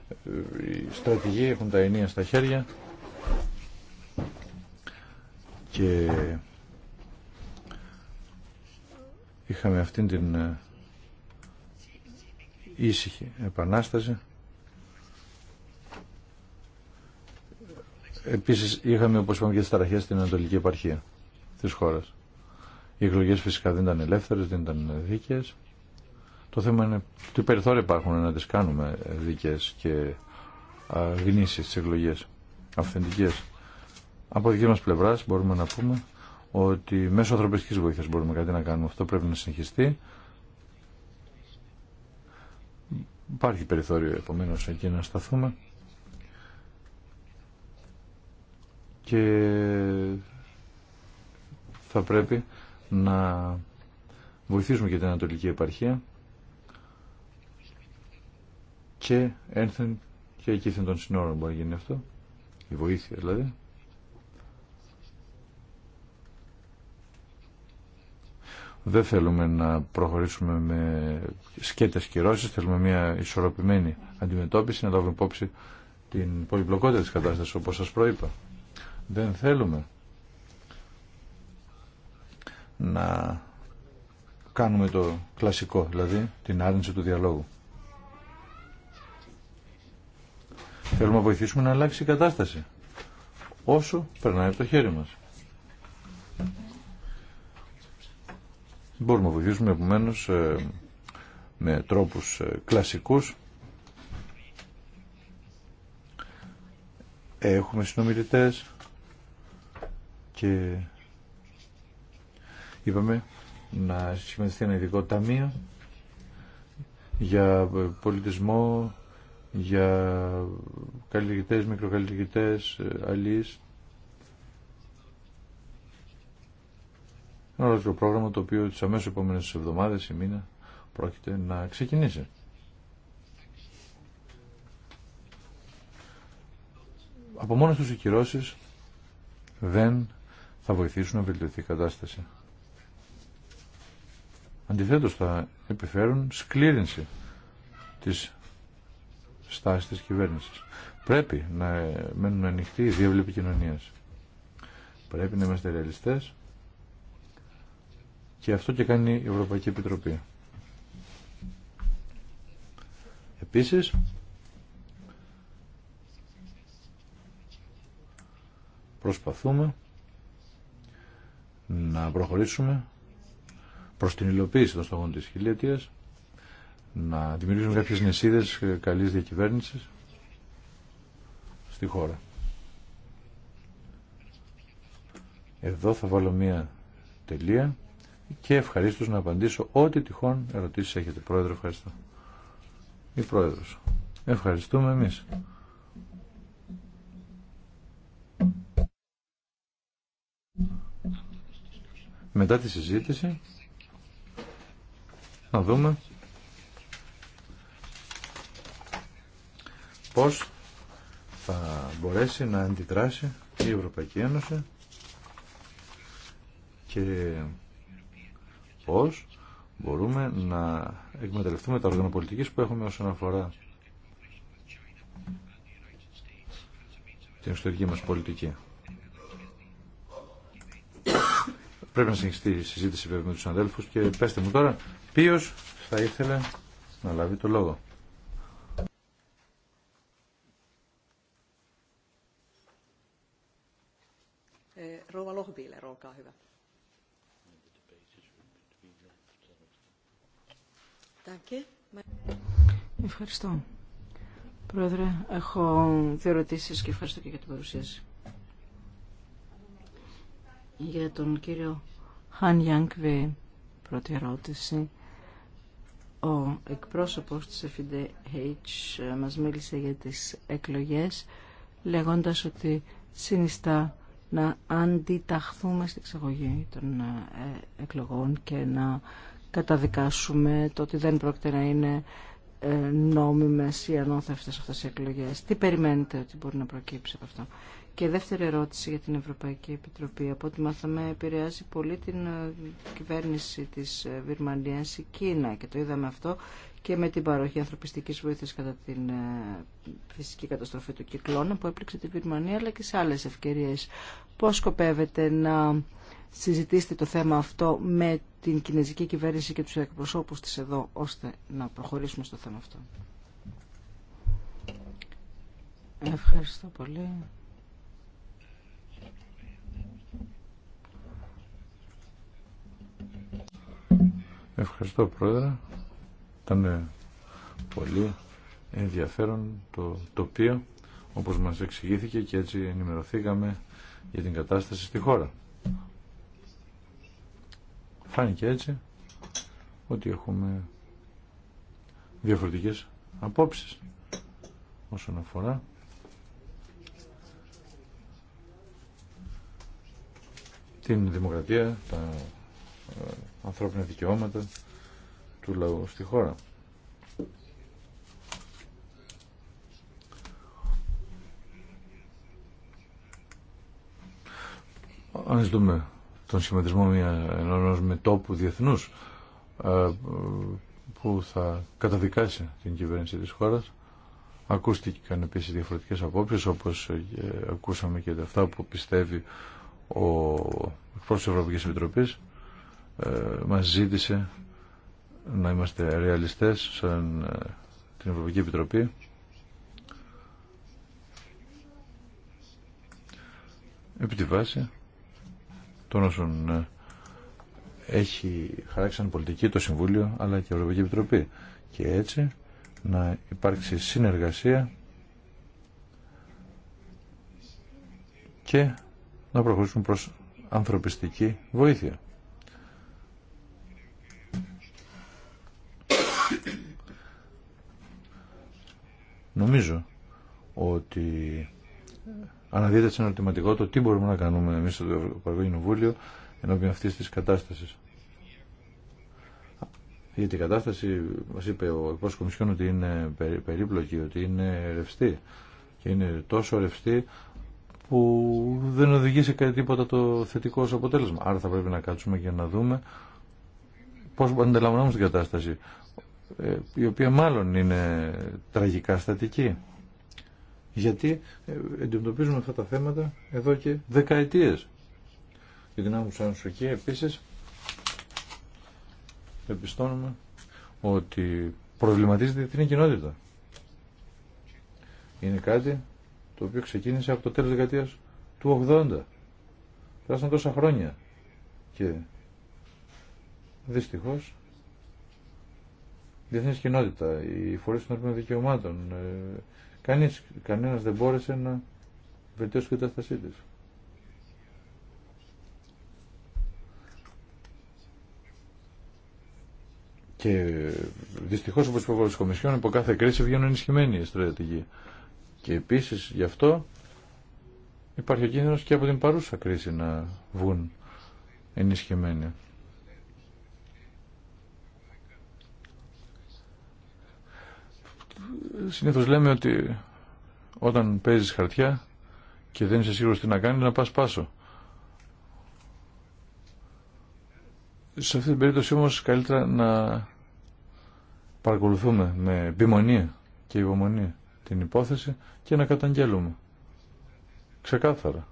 Ε, οι στρατηγοί έχουν τα ενία στα χέρια και είχαμε αυτήν την ε, ήσυχη επανάσταση. Επίσης είχαμε όπως είπαμε και τις ταραχές στην Ανατολική επαρχία της χώρας. Οι εκλογέ φυσικά δεν ήταν ελεύθερε, δεν ήταν δίκαιε. Το θέμα είναι τι περιθώρια υπάρχουν να τις κάνουμε δίκαιε και γνήσει τι εκλογέ, αυθεντικές. Από δική μας πλευράς μπορούμε να πούμε ότι μέσω ανθρωπιστική βοήθειας μπορούμε κάτι να κάνουμε. Αυτό πρέπει να συνεχιστεί. Υπάρχει περιθώριο επομένω εκεί να σταθούμε. Και θα πρέπει να βοηθήσουμε και την Ανατολική Επαρχία και ένθεν και εκεί των συνόρων μπορεί να γίνει αυτό η βοήθεια δηλαδή δεν θέλουμε να προχωρήσουμε με σκέτες κυρώσεις θέλουμε μια ισορροπημένη αντιμετώπιση να λάβουμε υπόψη την πολυπλοκότητα της κατάστασης όπως σας προείπα δεν θέλουμε να κάνουμε το κλασικό, δηλαδή την άρνηση του διαλόγου. Θέλουμε να βοηθήσουμε να αλλάξει η κατάσταση. Όσο περνάει από το χέρι μας. Μπορούμε να βοηθήσουμε επομένω ε, με τρόπους ε, κλασικούς. Έχουμε συνομιλητές και Είπαμε να σχηματιστεί ένα ειδικό ταμείο για πολιτισμό, για καλλιεργητές, μικροκαλλιεργητές, ε, αλληλείς. Ένα το πρόγραμμα το οποίο τις αμέσως επόμενες εβδομάδες ή μήνα πρόκειται να ξεκινήσει. Από μόνο τους οι δεν θα βοηθήσουν να βελτιωθεί η κατάσταση. Αντιθέτως θα επιφέρουν σκλήρυνση της στάσης της κυβέρνησης. Πρέπει να μένουν ανοιχτοί οι διεύλοι επικοινωνία. Πρέπει να είμαστε ρεαλιστές και αυτό και κάνει η Ευρωπαϊκή Επιτροπή. Επίσης, προσπαθούμε να προχωρήσουμε Προ την υλοποίηση των στόχων της χιλιετία, να δημιουργήσουμε κάποιες νησίδε καλής διακυβέρνηση στη χώρα. Εδώ θα βάλω μία τελεία και ευχαρίστως να απαντήσω ό,τι τυχόν ερωτήσεις έχετε. Πρόεδρο, ευχαριστώ. Η Πρόεδρος. Ευχαριστούμε εμείς. Μετά τη συζήτηση να δούμε πώς θα μπορέσει να αντιδράσει η Ευρωπαϊκή Ένωση και πώς μπορούμε να εκμεταλλευτούμε τα όργανα που έχουμε όσον αφορά την ιστορική μας πολιτική. Πρέπει να συνεχιστεί η συζήτηση με του αδέλφου και πέστε μου τώρα ποιος θα ήθελε να λάβει το λόγο. Ε, ευχαριστώ. Πρόεδρε, έχω δύο ερωτήσει και ευχαριστώ και για την παρουσίαση. Για τον κύριο Χαν Γιάνκβι, πρώτη ερώτηση. Ο εκπρόσωπος της FDH ε, μας μίλησε για τις εκλογές λέγοντας ότι συνιστά να αντιταχθούμε στην εξαγωγή των ε, εκλογών και να καταδικάσουμε το ότι δεν πρόκειται να είναι ε, νόμιμες ή ανώθευτες αυτές οι εκλογές. Τι περιμένετε ότι μπορεί να προκύψει από αυτό. Και δεύτερη ερώτηση για την Ευρωπαϊκή Επιτροπή. Από ό,τι μάθαμε επηρεάζει πολύ την ε, κυβέρνηση τη ε, Βυρμανία η Κίνα και το είδαμε αυτό και με την παροχή ανθρωπιστική βοήθεια κατά την ε, φυσική καταστροφή του κυκλώνα που έπληξε τη Βυρμανία αλλά και σε άλλε ευκαιρίε. Πώ σκοπεύετε να συζητήσετε το θέμα αυτό με την κινέζικη κυβέρνηση και του εκπροσώπου τη εδώ ώστε να προχωρήσουμε στο θέμα αυτό. Ευχαριστώ πολύ. Ευχαριστώ Πρόεδρε. Ήταν πολύ ενδιαφέρον το τοπίο όπως μας εξηγήθηκε και έτσι ενημερωθήκαμε για την κατάσταση στη χώρα. Φάνηκε έτσι ότι έχουμε διαφορετικές απόψεις όσον αφορά την δημοκρατία, τα ε, ανθρώπινα δικαιώματα του λαού στη χώρα. Αν δούμε τον σχηματισμό μια, ενός μετόπου διεθνούς ε, που θα καταδικάσει την κυβέρνηση της χώρας ακούστηκαν επίσης διαφορετικές απόψεις όπως ε, ακούσαμε και τα αυτά που πιστεύει ο εκπρόσωπος της Ευρωπαϊκής Επιτροπής ε, μας ζήτησε να είμαστε ρεαλιστές σαν ε, την Ευρωπαϊκή Επιτροπή επί τη βάση των όσων ε, έχει χαράξει σαν πολιτική το Συμβούλιο αλλά και η Ευρωπαϊκή Επιτροπή και έτσι να υπάρξει συνεργασία και να προχωρήσουμε προς ανθρωπιστική βοήθεια. Νομίζω ότι ε, αναδείται σε ερωτηματικό το τι μπορούμε να κάνουμε εμεί στο Ευρωπαϊκό Κοινοβούλιο ενώπιον αυτή τη κατάσταση. Γιατί η κατάσταση, μα είπε ο υπόσχος Κομισιόν, ότι είναι περίπλοκη, ότι είναι ρευστή. Και είναι τόσο ρευστή που δεν οδηγεί σε κάτι τίποτα το θετικό ως αποτέλεσμα. Άρα θα πρέπει να κάτσουμε και να δούμε πώς αντιλαμβανόμαστε την κατάσταση. Ε, η οποία μάλλον είναι τραγικά στατική. Γιατί ε, εντοπίζουμε αυτά τα θέματα εδώ και δεκαετίες. Για την άμμουσα νοσοκία επίσης επιστώνουμε ότι προβληματίζεται την κοινότητα. Είναι κάτι το οποίο ξεκίνησε από το τέλος δεκαετίας του 80. Πέρασαν τόσα χρόνια και δυστυχώς διεθνής κοινότητα, οι φορείς των ανθρωπίνων δικαιωμάτων. Ε, κανείς, κανένας δεν μπόρεσε να βελτιώσει την κατάστασή τη. Και δυστυχώ, όπω είπα τη Κομισιόν, από κάθε κρίση βγαίνουν ενισχυμένοι οι στρατηγοί. Και επίση γι' αυτό υπάρχει ο κίνδυνο και από την παρούσα κρίση να βγουν ενισχυμένοι. Συνήθως λέμε ότι όταν παίζεις χαρτιά και δεν είσαι σίγουρος τι να κάνεις να πας πάσο. Σε αυτή την περίπτωση όμως καλύτερα να παρακολουθούμε με επιμονή και υπομονή την υπόθεση και να καταγγέλουμε. Ξεκάθαρα.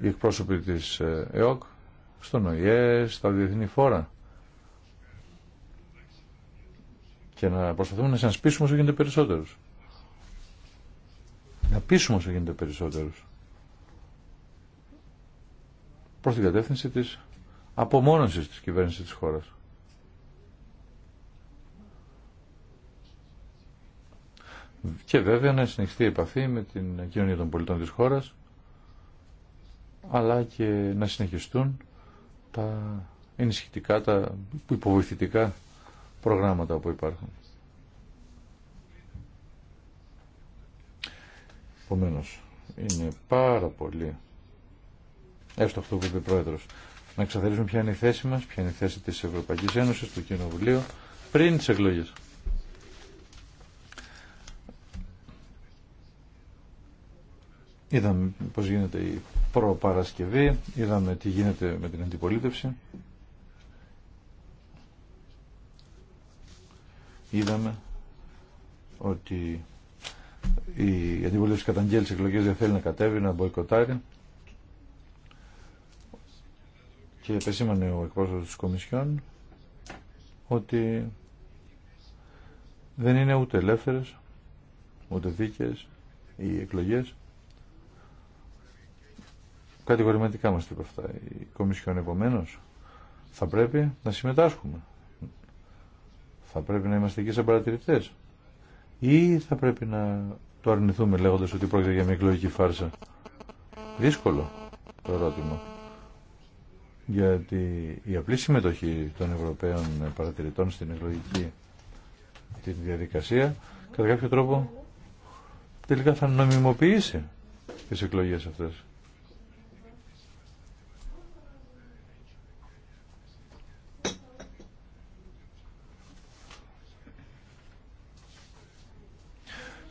Οι εκπρόσωποι της ε, ΕΟΚ στον ΟΗΕ, στα διεθνή φόρα και να προσπαθούμε να συνασπίσουμε πείσουμε όσο γίνεται περισσότερους. Να πείσουμε όσο γίνεται περισσότερους. Προς την κατεύθυνση της απομόνωσης της κυβέρνηση της χώρας. Και βέβαια να συνεχιστεί η επαφή με την κοινωνία των πολιτών της χώρας αλλά και να συνεχιστούν τα ενισχυτικά, τα υποβοηθητικά προγράμματα που υπάρχουν. Επομένω, είναι πάρα πολύ έστω αυτό που είπε ο Πρόεδρος να εξαθαρίσουμε ποια είναι η θέση μας, ποια είναι η θέση της Ευρωπαϊκής Ένωσης, του Κοινοβουλίου πριν τις εκλογές. Είδαμε πώς γίνεται η προπαρασκευή, είδαμε τι γίνεται με την αντιπολίτευση. είδαμε ότι η αντιβολή καταγγέλει εκλογές δεν θέλει να κατέβει, να μποϊκοτάρει. Και επεσήμανε ο εκπρόσωπος της Κομισιόν ότι δεν είναι ούτε ελεύθερε, ούτε δίκαιες οι εκλογέ. Κατηγορηματικά μα είπε αυτά. Η Κομισιόν επομένω θα πρέπει να συμμετάσχουμε θα πρέπει να είμαστε εκεί σαν παρατηρητέ. ή θα πρέπει να το αρνηθούμε λέγοντας ότι πρόκειται για μια εκλογική φάρσα. Δύσκολο το ερώτημα. Γιατί η απλή συμμετοχή των Ευρωπαίων παρατηρητών στην εκλογική τη διαδικασία κατά κάποιο τρόπο τελικά θα νομιμοποιήσει τις εκλογές αυτές.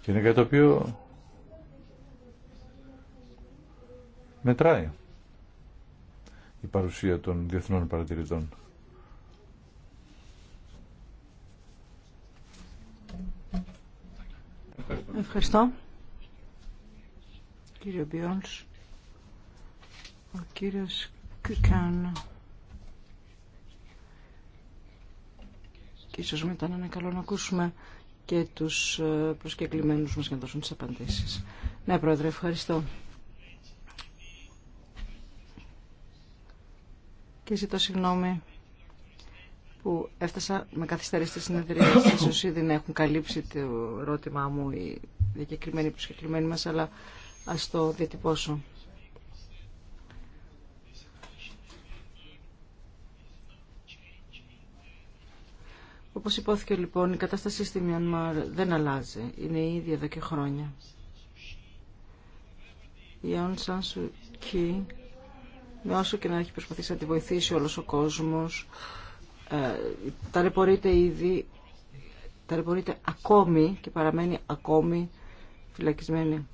Και είναι κάτι το οποίο μετράει η παρουσία των διεθνών παρατηρητών. Ευχαριστώ. Κύριε Μπιόλς, ο κύριος Κουκάν. Και ίσως μετά να είναι καλό να ακούσουμε και τους ε, προσκεκλημένους μας για να δώσουν τις απαντήσεις. Ναι, Πρόεδρε, ευχαριστώ. Και ζητώ συγγνώμη που έφτασα με καθυστερήσει τη συνεδρία. Ίσως ήδη να έχουν καλύψει το ερώτημά μου οι διακεκριμένοι προσκεκλημένοι μας, αλλά ας το διατυπώσω. Όπως υπόθηκε λοιπόν, η κατάσταση στη Μιανμάρ δεν αλλάζει. Είναι η ίδια εδώ και χρόνια. Η Aung San με όσο και να έχει προσπαθήσει να τη βοηθήσει όλος ο κόσμος, ε, ταλαιπωρείται ήδη, ταλαιπωρείται ακόμη και παραμένει ακόμη φυλακισμένη.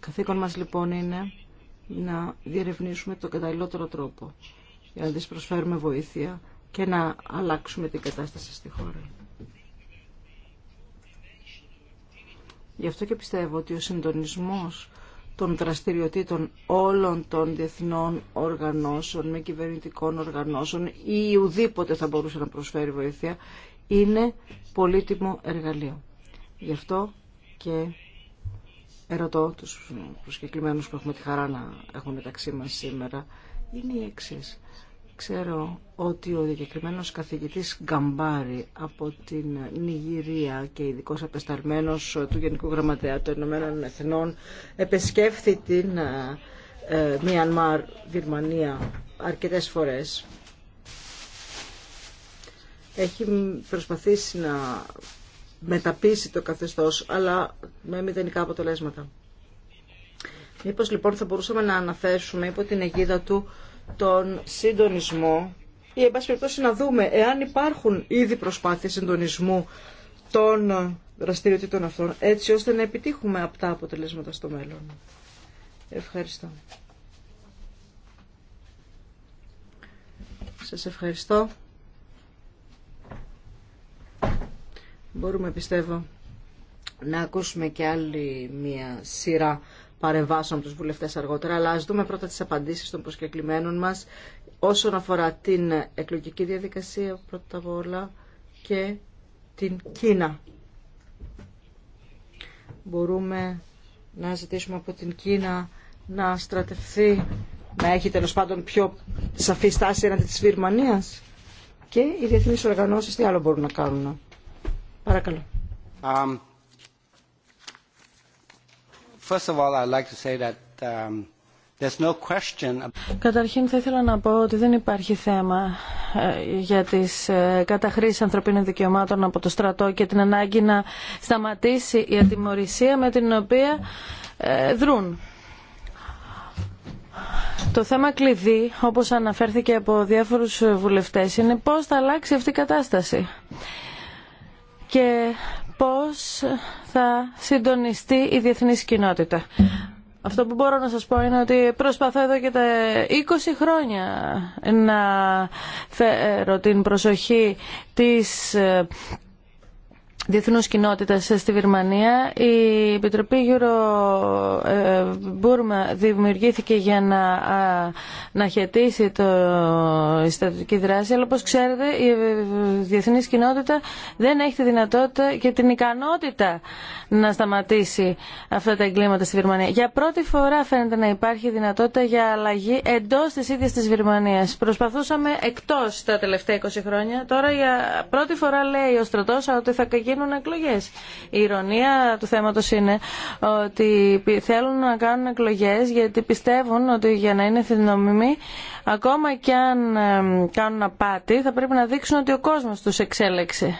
Καθήκον μας λοιπόν είναι να διερευνήσουμε τον καταλληλότερο τρόπο για να της προσφέρουμε βοήθεια και να αλλάξουμε την κατάσταση στη χώρα. Γι' αυτό και πιστεύω ότι ο συντονισμός των δραστηριοτήτων όλων των διεθνών οργανώσεων, με κυβερνητικών οργανώσεων ή ουδήποτε θα μπορούσε να προσφέρει βοήθεια, είναι πολύτιμο εργαλείο. Γι' αυτό και ερωτώ τους προσκεκλημένους που έχουμε τη χαρά να έχουμε μεταξύ μας σήμερα, είναι οι εξής. Ξέρω ότι ο διακεκριμένο καθηγητής Γκαμπάρη από την Νιγηρία και ειδικό απεσταλμένο του Γενικού Γραμματέα των Ηνωμένων Εθνών επεσκέφθη την ε, ε Μιανμάρ, αρκετές φορές. Έχει προσπαθήσει να μεταπίσει το καθεστώς, αλλά με μηδενικά αποτελέσματα. Μήπως λοιπόν θα μπορούσαμε να αναφέρσουμε υπό την αιγίδα του τον συντονισμό ή εν πάση να δούμε εάν υπάρχουν ήδη προσπάθειες συντονισμού των δραστηριοτήτων αυτών έτσι ώστε να επιτύχουμε αυτά αποτελέσματα στο μέλλον. Ευχαριστώ. Σας ευχαριστώ. Μπορούμε πιστεύω να ακούσουμε και άλλη μία σειρά Παρεμβάσω από τους βουλευτές αργότερα, αλλά ας δούμε πρώτα τις απαντήσεις των προσκεκλημένων μας όσον αφορά την εκλογική διαδικασία πρώτα απ' όλα και την Κίνα. Μπορούμε να ζητήσουμε από την Κίνα να στρατευθεί, να έχει τέλο πάντων πιο σαφή στάση έναντι της Βιρμανίας και οι διεθνείς οργανώσεις τι άλλο μπορούν να κάνουν. Παρακαλώ. Καταρχήν θα ήθελα να πω ότι δεν υπάρχει θέμα ε, για τις ε, καταχρήσεις ανθρωπίνων δικαιωμάτων από το στρατό και την ανάγκη να σταματήσει η ατιμορρησία με την οποία ε, δρούν. Το θέμα κλειδί, όπως αναφέρθηκε από διάφορους βουλευτές, είναι πώς θα αλλάξει αυτή η κατάσταση. Και πώς θα συντονιστεί η διεθνής κοινότητα. Αυτό που μπορώ να σας πω είναι ότι προσπαθώ εδώ και τα 20 χρόνια να φέρω την προσοχή της ε, διεθνούς κοινότητας στη Βερμανία. Η Επιτροπή Euro Burma ε, δημιουργήθηκε για να, να το, η δράση, αλλά όπως ξέρετε η ε, διεθνής κοινότητα δεν έχει τη δυνατότητα και την ικανότητα να σταματήσει αυτά τα εγκλήματα στη Βερμανία. Για πρώτη φορά φαίνεται να υπάρχει δυνατότητα για αλλαγή εντός της ίδιας της Βερμανίας. Προσπαθούσαμε εκτός τα τελευταία 20 χρόνια. Τώρα για πρώτη φορά λέει ο στρατός ότι θα γίνει γίνουν Η ηρωνία του θέματος είναι ότι θέλουν να κάνουν εκλογέ γιατί πιστεύουν ότι για να είναι θυνομιμοί ακόμα και αν κάνουν απάτη θα πρέπει να δείξουν ότι ο κόσμος τους εξέλεξε.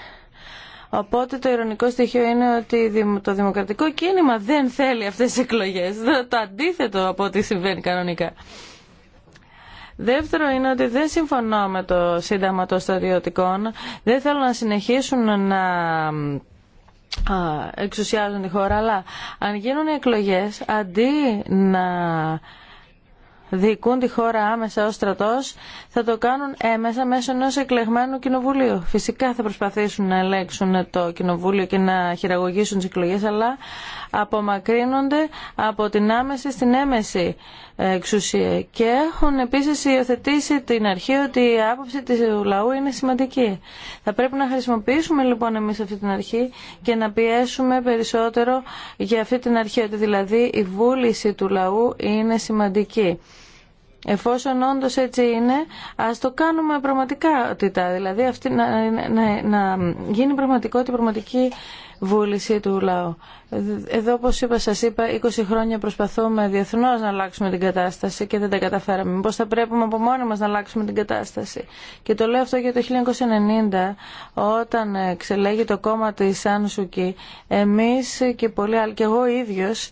Οπότε το ηρωνικό στοιχείο είναι ότι το δημοκρατικό κίνημα δεν θέλει αυτές τις εκλογές. Το αντίθετο από ό,τι συμβαίνει κανονικά. Δεύτερο είναι ότι δεν συμφωνώ με το Σύνταγμα των Στρατιωτικών. Δεν θέλω να συνεχίσουν να εξουσιάζουν τη χώρα, αλλά αν γίνουν εκλογές, αντί να διοικούν τη χώρα άμεσα ως στρατός θα το κάνουν έμεσα μέσω ενός εκλεγμένου κοινοβουλίου. Φυσικά θα προσπαθήσουν να ελέγξουν το κοινοβούλιο και να χειραγωγήσουν τις εκλογές αλλά απομακρύνονται από την άμεση στην έμεση εξουσία και έχουν επίσης υιοθετήσει την αρχή ότι η άποψη του λαού είναι σημαντική. Θα πρέπει να χρησιμοποιήσουμε λοιπόν εμείς αυτή την αρχή και να πιέσουμε περισσότερο για αυτή την αρχή ότι δηλαδή η βούληση του λαού είναι σημαντική. Εφόσον όντως έτσι είναι, ας το κάνουμε πραγματικά πραγματικότητα. Δηλαδή αυτή, να, να, να γίνει πραγματικότητα, πραγματική βούληση του λαού. Εδώ, όπως είπα, σας είπα, 20 χρόνια προσπαθούμε διεθνώς να αλλάξουμε την κατάσταση και δεν τα καταφέραμε. Πώς θα πρέπει από μόνοι μας να αλλάξουμε την κατάσταση. Και το λέω αυτό για το 1990, όταν εξελέγει το κόμμα της Σουκή, εμείς και πολλοί άλλοι, και εγώ ίδιος,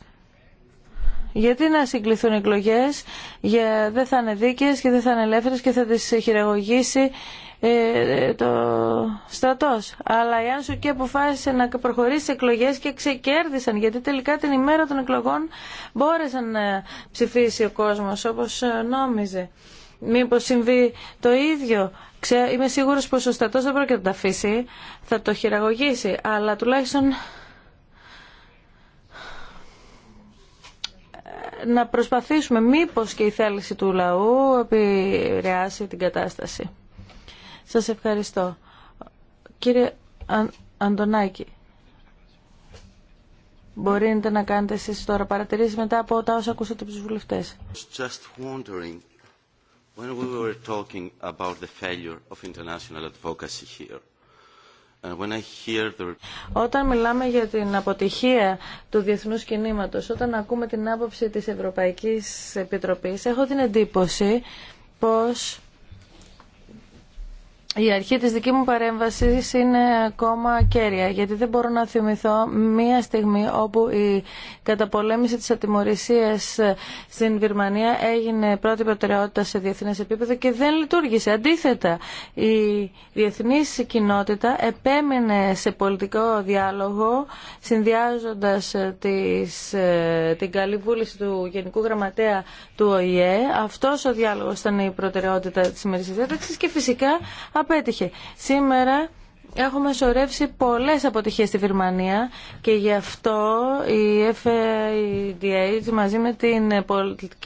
γιατί να συγκληθούν εκλογέ, δεν θα είναι δίκαιε και δεν θα είναι ελεύθερε και θα τι χειραγωγήσει ε, το στρατό. Αλλά η σου και αποφάσισε να προχωρήσει σε εκλογέ και ξεκέρδισαν γιατί τελικά την ημέρα των εκλογών μπόρεσαν να ψηφίσει ο κόσμο όπω ε, νόμιζε. Μήπως συμβεί το ίδιο. είμαι σίγουρος πως ο στρατό δεν πρόκειται να τα αφήσει, θα το χειραγωγήσει, αλλά τουλάχιστον να προσπαθήσουμε μήπως και η θέληση του λαού επηρεάσει την κατάσταση. Σας ευχαριστώ. Κύριε Αν, Αντωνάκη, μπορείτε να κάνετε εσείς τώρα παρατηρήσεις μετά από τα όσα ακούσατε από τους βουλευτές. Just wondering, when we were talking about the failure of international advocacy here, όταν μιλάμε για την αποτυχία του διεθνούς κινήματος, όταν ακούμε την άποψη της Ευρωπαϊκής Επιτροπής, έχω την εντύπωση πως η αρχή της δική μου παρέμβασης είναι ακόμα κέρια, γιατί δεν μπορώ να θυμηθώ μία στιγμή όπου η καταπολέμηση της ατιμορρησίας στην Βυρμανία έγινε πρώτη προτεραιότητα σε διεθνές επίπεδο και δεν λειτουργήσε. Αντίθετα, η διεθνής κοινότητα επέμενε σε πολιτικό διάλογο, συνδυάζοντας τις, ε, την καλή βούληση του Γενικού Γραμματέα του ΟΗΕ. Αυτός ο διάλογος ήταν η προτεραιότητα της σημερινής και φυσικά απέτυχε. Σήμερα έχουμε σωρεύσει πολλές αποτυχίες στη Βερμανία και γι' αυτό η FADH μαζί με την,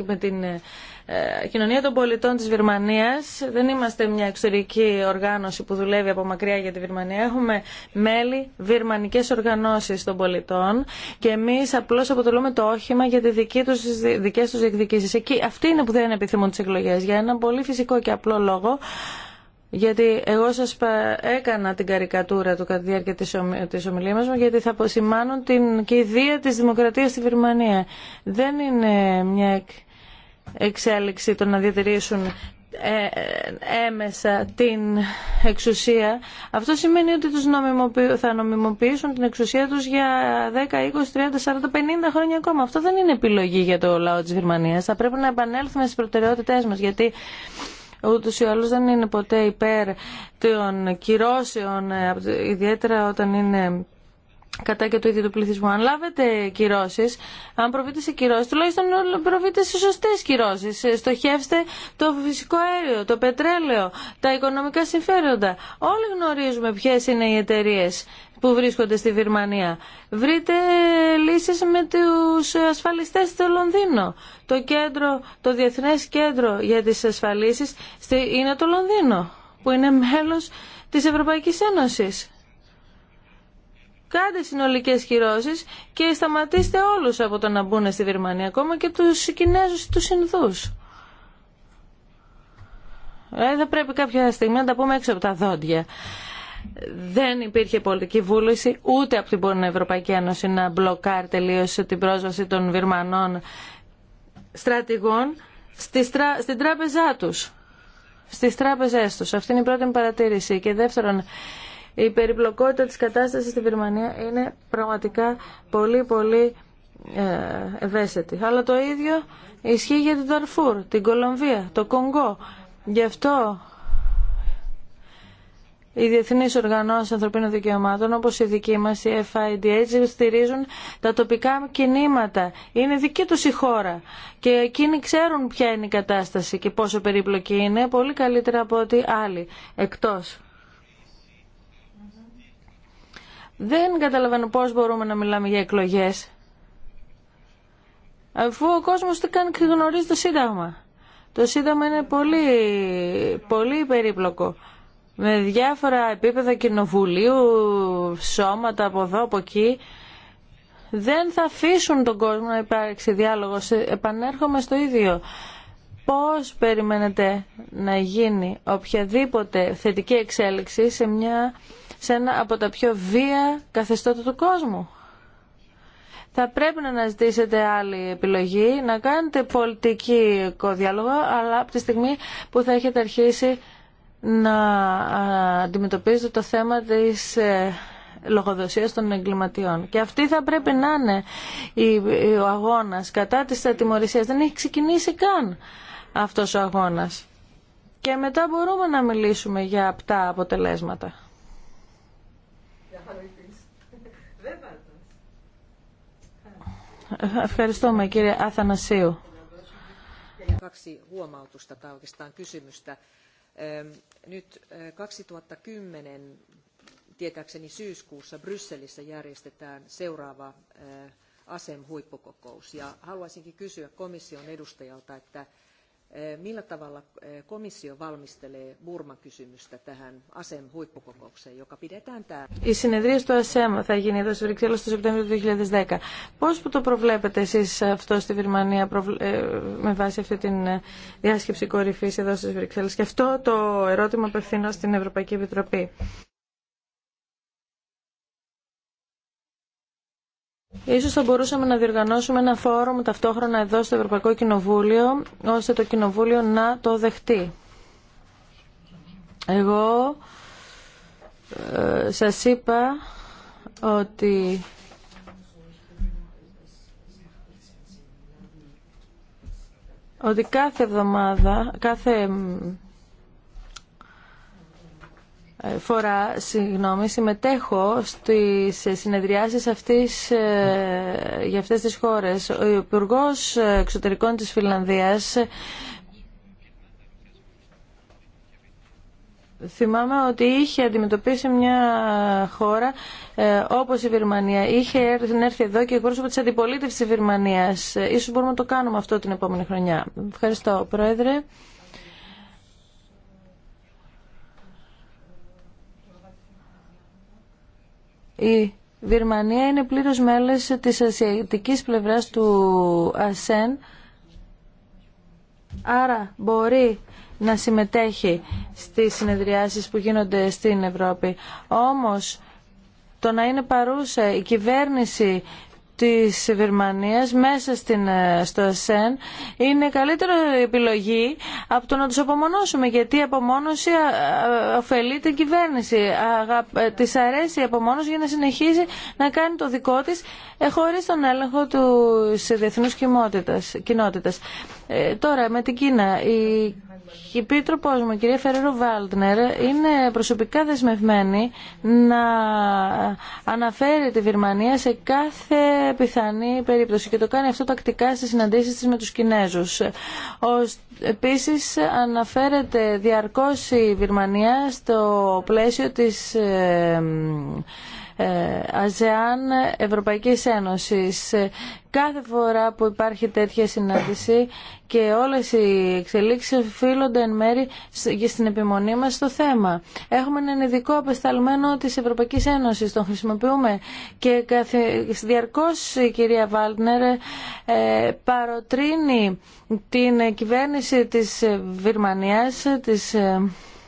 με την ε, κοινωνία των πολιτών της Βερμανίας δεν είμαστε μια εξωτερική οργάνωση που δουλεύει από μακριά για τη Βερμανία. έχουμε μέλη βερμανικές οργανώσεις των πολιτών και εμείς απλώς αποτελούμε το όχημα για τις δική τους, δικές τους Εκεί, αυτοί είναι που δεν επιθυμούν τις εκλογές για ένα πολύ φυσικό και απλό λόγο γιατί εγώ σας έκανα την καρικατούρα του κατά τη διάρκεια της, ομι... μου γιατί θα αποσημάνουν την κηδεία της δημοκρατίας στη Βερμανία. Δεν είναι μια εξέλιξη το να διατηρήσουν ε, ε, έμεσα την εξουσία. Αυτό σημαίνει ότι τους θα νομιμοποιήσουν την εξουσία τους για 10, 20, 30, 40, 50 χρόνια ακόμα. Αυτό δεν είναι επιλογή για το λαό της Βερμανίας. Θα πρέπει να επανέλθουμε στις προτεραιότητές μας γιατί ούτως ή άλλως δεν είναι ποτέ υπέρ των κυρώσεων, ε, ιδιαίτερα όταν είναι κατά και του ίδιου του πληθυσμού. Αν λάβετε κυρώσει, αν προβείτε σε κυρώσει, τουλάχιστον προβείτε σε σωστέ κυρώσει. Ε, στοχεύστε το φυσικό αέριο, το πετρέλαιο, τα οικονομικά συμφέροντα. Όλοι γνωρίζουμε ποιε είναι οι εταιρείε που βρίσκονται στη Βυρμανία. Βρείτε λύσεις με τους ασφαλιστές στο Λονδίνο. Το, κέντρο, το Διεθνές Κέντρο για τις Ασφαλίσεις είναι το Λονδίνο, που είναι μέλος της Ευρωπαϊκής Ένωσης. Κάντε συνολικέ κυρώσει και σταματήστε όλου από το να μπουν στη Βερμανία, ακόμα και του Κινέζου ή του Ινδού. Ε, θα πρέπει κάποια στιγμή να τα πούμε έξω από τα δόντια δεν υπήρχε πολιτική βούληση ούτε από την Ευρωπαϊκή Ένωση να μπλοκάρει τελείω την πρόσβαση των Βυρμανών στρατηγών στην τράπεζά τους, στις τράπεζές τους. Αυτή είναι η πρώτη παρατήρηση. Και δεύτερον, η περιπλοκότητα της κατάστασης στη Βυρμανία είναι πραγματικά πολύ πολύ ε, ευαίσθητη. Αλλά το ίδιο ισχύει για την Ταρφούρ, την Κολομβία, το Κονγκό. Γι' αυτό οι διεθνεί οργανώσει ανθρωπίνων δικαιωμάτων, όπω η δική μα, η FIDH, στηρίζουν τα τοπικά κινήματα. Είναι δική του η χώρα. Και εκείνοι ξέρουν ποια είναι η κατάσταση και πόσο περίπλοκη είναι, πολύ καλύτερα από ότι άλλοι εκτό. Δεν καταλαβαίνω πώς μπορούμε να μιλάμε για εκλογές. Αφού ο κόσμο τι κάνει και γνωρίζει το Σύνταγμα. Το Σύνταγμα είναι πολύ, πολύ περίπλοκο με διάφορα επίπεδα κοινοβουλίου, σώματα από εδώ, από εκεί, δεν θα αφήσουν τον κόσμο να υπάρξει διάλογο. Επανέρχομαι στο ίδιο. Πώς περιμένετε να γίνει οποιαδήποτε θετική εξέλιξη σε, μια, ένα από τα πιο βία καθεστώτα του κόσμου. Θα πρέπει να αναζητήσετε άλλη επιλογή, να κάνετε πολιτική διάλογο, αλλά από τη στιγμή που θα έχετε αρχίσει να αντιμετωπίζεται το θέμα της ε, λογοδοσίας των εγκληματιών. Και αυτή θα πρέπει να είναι ο αγώνας κατά της ατιμωρησίας. Δεν έχει ξεκινήσει καν αυτός ο αγώνας. Και μετά μπορούμε να μιλήσουμε για αυτά αποτελέσματα. Ευχαριστούμε κύριε Αθανασίου nyt 2010 tietääkseni syyskuussa Brysselissä järjestetään seuraava ASEM-huippukokous. Ja haluaisinkin kysyä komission edustajalta, että η συνεδρία στο ΑΣΕΜ e θα γίνει εδώ στη Βρυξέλλο στο Σεπτέμβριο του 2010. Πώς που το προβλέπετε εσείς αυτό στη Βερμανία ε, με βάση αυτή την ε, διάσκεψη κορυφής εδώ στις Βρυξέλλες. Και αυτό το ερώτημα απευθύνω στην Ευρωπαϊκή Επιτροπή. Ίσως θα μπορούσαμε να διοργανώσουμε ένα φόρουμ ταυτόχρονα εδώ στο Ευρωπαϊκό Κοινοβούλιο, ώστε το Κοινοβούλιο να το δεχτεί. Εγώ ε, σας είπα ότι ότι κάθε εβδομάδα, κάθε φορά συγγνώμη, συμμετέχω στις συνεδριάσεις αυτής, ε, για αυτές τις χώρες. Ο υπουργό Εξωτερικών της Φιλανδίας θυμάμαι ότι είχε αντιμετωπίσει μια χώρα ε, όπως η Βερμανία. Είχε έρθει εδώ και εκπρόσωπο της αντιπολίτευσης της Βερμανίας. Ίσως μπορούμε να το κάνουμε αυτό την επόμενη χρονιά. Ευχαριστώ, Πρόεδρε. Η Βυρμανία είναι πλήρως μέλος της ασιατικής πλευράς του ΑΣΕΝ, άρα μπορεί να συμμετέχει στις συνεδριάσεις που γίνονται στην Ευρώπη. Όμως, το να είναι παρούσα η κυβέρνηση της Βερμανίας μέσα στην, ε, στο ΕΣΕΝ είναι καλύτερη επιλογή από το να τους απομονώσουμε γιατί η απομόνωση ωφελεί την κυβέρνηση. Αγα, ε, της αρέσει η απομόνωση για να συνεχίζει να κάνει το δικό της ε, χωρίς τον έλεγχο του διεθνούς κοινότητας. Ε, τώρα με την Κίνα. Η πίτροπο μου, η κυρία Φερέρο Βάλτνερ, είναι προσωπικά δεσμευμένη να αναφέρει τη Βυρμανία σε κάθε πιθανή περίπτωση και το κάνει αυτό τακτικά στις συναντήσεις της με τους Κινέζους. Επίση, επίσης αναφέρεται διαρκώς η Βυρμανία στο πλαίσιο της ε, ε, ΑΖΕΑΝ Ευρωπαϊκής Ένωσης. Ε, κάθε φορά που υπάρχει τέτοια συνάντηση και όλες οι εξελίξεις οφείλονται εν μέρη στην επιμονή μας στο θέμα. Έχουμε έναν ειδικό απεσταλμένο της Ευρωπαϊκής Ένωσης, τον χρησιμοποιούμε και καθε... διαρκώς η κυρία Βάλτνερ ε, παροτρύνει την κυβέρνηση της Βυρμανίας, της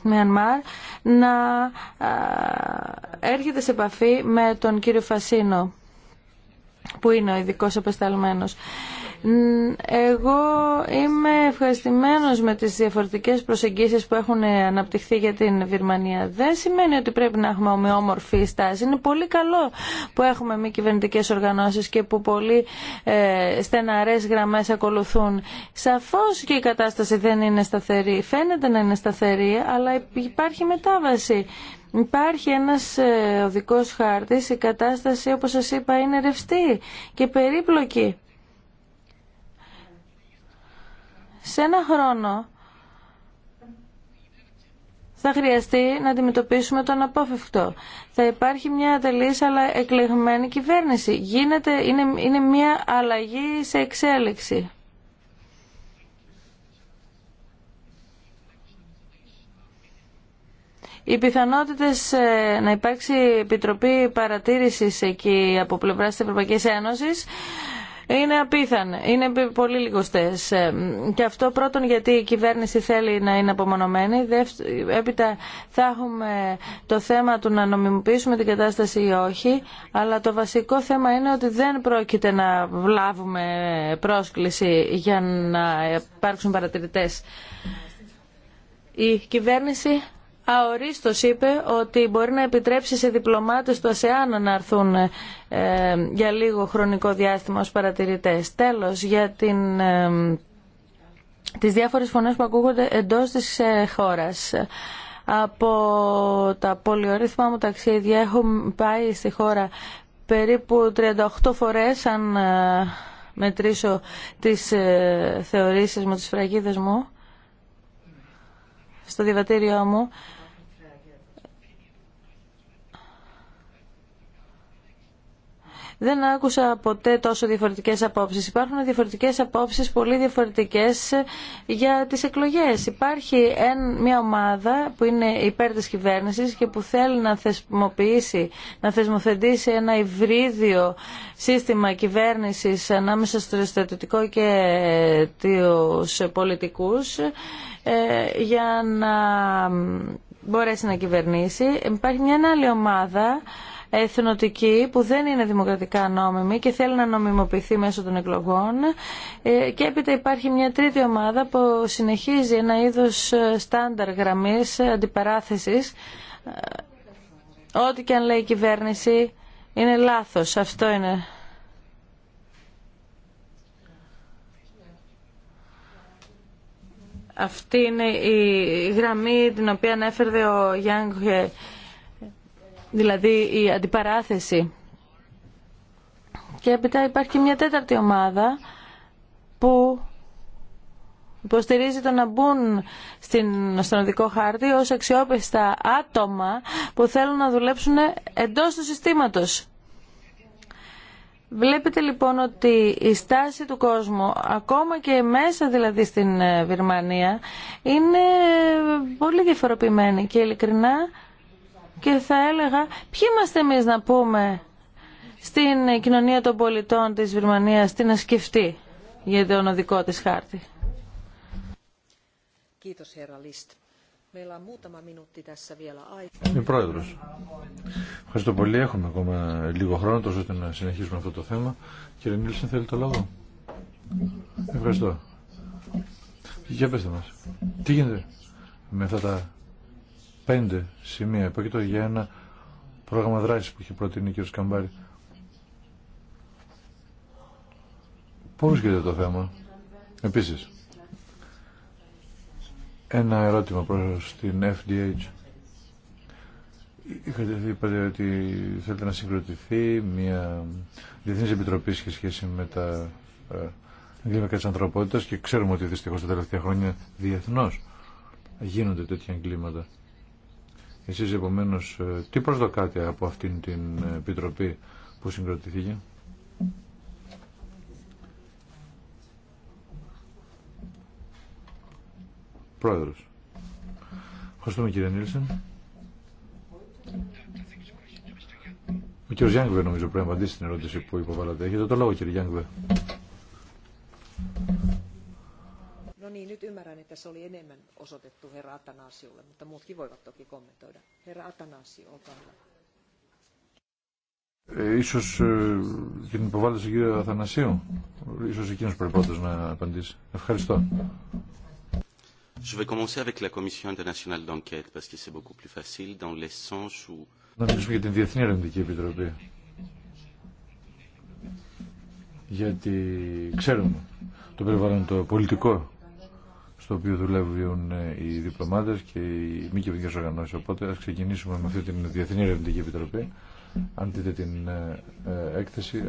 Μιανμάρ να έρχεται σε επαφή με τον κύριο Φασίνο που είναι ο ειδικός απεσταλμένος. Εγώ είμαι ευχαριστημένος με τις διαφορετικές προσεγγίσεις που έχουν αναπτυχθεί για την Βυρμανία. Δεν σημαίνει ότι πρέπει να έχουμε ομοιόμορφη στάση. Είναι πολύ καλό που έχουμε μη κυβερνητικέ οργανώσεις και που πολύ ε, στεναρές γραμμές ακολουθούν. Σαφώς και η κατάσταση δεν είναι σταθερή. Φαίνεται να είναι σταθερή, αλλά υπάρχει μετάβαση. Υπάρχει ένας ε, οδικός χάρτης, η κατάσταση όπως σας είπα είναι ρευστή και περίπλοκη. σε ένα χρόνο θα χρειαστεί να αντιμετωπίσουμε τον απόφευκτο. Θα υπάρχει μια ατελής αλλά εκλεγμένη κυβέρνηση. Γίνεται, είναι, είναι μια αλλαγή σε εξέλιξη. Οι πιθανότητε ε, να υπάρξει επιτροπή παρατήρηση εκεί από πλευρά τη Ευρωπαϊκή Ένωση είναι απίθανε, είναι πολύ λιγοστέ. Ε, και αυτό πρώτον γιατί η κυβέρνηση θέλει να είναι απομονωμένη, έπειτα θα έχουμε το θέμα του να νομιμοποιήσουμε την κατάσταση ή όχι, αλλά το βασικό θέμα είναι ότι δεν πρόκειται να βλάβουμε πρόσκληση για να υπάρξουν παρατηρητέ. Η κυβέρνηση αορίστως είπε ότι μπορεί να επιτρέψει σε διπλωμάτες του ΑΣΕΑΝ να έρθουν ε, για λίγο χρονικό διάστημα ως παρατηρητές. Τέλος, για την, ε, τις διάφορες φωνές που ακούγονται εντός της ε, χώρας. Από τα πολυορίθμα μου ταξίδια έχω πάει στη χώρα περίπου 38 φορές αν μετρήσω τις θεωρήσεις μου, τις φραγίδες μου στο διαβατήριό μου Δεν άκουσα ποτέ τόσο διαφορετικές απόψεις. Υπάρχουν διαφορετικές απόψεις, πολύ διαφορετικές για τις εκλογές. Υπάρχει μια ομάδα που είναι υπέρ της κυβέρνησης και που θέλει να θεσμοποιήσει, να θεσμοθετήσει ένα υβρίδιο σύστημα κυβέρνησης ανάμεσα στο στρατιωτικό και τους πολιτικούς ε, για να μπορέσει να κυβερνήσει. Υπάρχει μια άλλη ομάδα εθνοτική που δεν είναι δημοκρατικά νόμιμη και θέλει να νομιμοποιηθεί μέσω των εκλογών ε, και έπειτα υπάρχει μια τρίτη ομάδα που συνεχίζει ένα είδος ε, στάνταρ γραμμής ε, αντιπαράθεσης ό,τι και αν λέει η κυβέρνηση είναι λάθος, αυτό είναι Αυτή είναι η γραμμή την οποία ανέφερε ο Γιάνγκ δηλαδή η αντιπαράθεση. Και έπειτα υπάρχει και μια τέταρτη ομάδα που υποστηρίζει το να μπουν στην, στον οδικό χάρτη ως αξιόπιστα άτομα που θέλουν να δουλέψουν εντός του συστήματος. Βλέπετε λοιπόν ότι η στάση του κόσμου, ακόμα και μέσα δηλαδή στην ε, Βερμανία, είναι πολύ διαφοροποιημένη και ειλικρινά και θα έλεγα ποιοι είμαστε εμείς να πούμε στην κοινωνία των πολιτών της Βερμανίας τι να σκεφτεί για τον οδικό της χάρτη. Είμαι πρόεδρος. Ευχαριστώ πολύ. Έχουμε ακόμα λίγο χρόνο τόσο ώστε να συνεχίσουμε αυτό το θέμα. Κύριε Νίλσεν, θέλει το λόγο. Ευχαριστώ. Για πετε μας. Τι γίνεται με αυτά τα πέντε σημεία. το για ένα πρόγραμμα δράση που είχε προτείνει ο κ. Καμπάρη. Πώς γίνεται το θέμα. Επίσης, ένα ερώτημα προς την FDH. Είχατε δει, είπατε ότι θέλετε να συγκροτηθεί μια διεθνής επιτροπή σε σχέση με τα ε, εγκλήματα τη ανθρωπότητα και ξέρουμε ότι δυστυχώ τα τελευταία χρόνια διεθνώς γίνονται τέτοια εγκλήματα. Εσείς επομένως ε, τι προσδοκάτε από αυτήν την επιτροπή που συγκροτηθήκε. Πρόεδρος. Ευχαριστούμε κύριε Νίλσεν. Ο κύριος Γιάνγκβε νομίζω πρέπει να απαντήσει στην ερώτηση που υποβάλλατε. Έχετε το λόγο κύριε Γιάνγκβε niin, nyt ymmärrän, että se oli enemmän osoitettu herra Atanasiolle, mutta muutkin voivat toki kommentoida. Herra Atanasio, olkaa hyvä. ίσως ε, την Αθανασίου. Ίσως εκείνος πρέπει Je vais commencer avec la Commission internationale d'enquête parce que c'est beaucoup plus facile dans les sens où... Να μιλήσουμε για την Διεθνή Ερευνητική Επιτροπή. Γιατί ξέρουμε το περιβάλλον το πολιτικό στο οποίο δουλεύουν ε, οι διπλωμάτες και οι μη κυβερνικές οργανώσεις. Οπότε ας ξεκινήσουμε με αυτή την Διεθνή Ερευνητική Επιτροπή. Αν δείτε την ε, ε, έκθεση,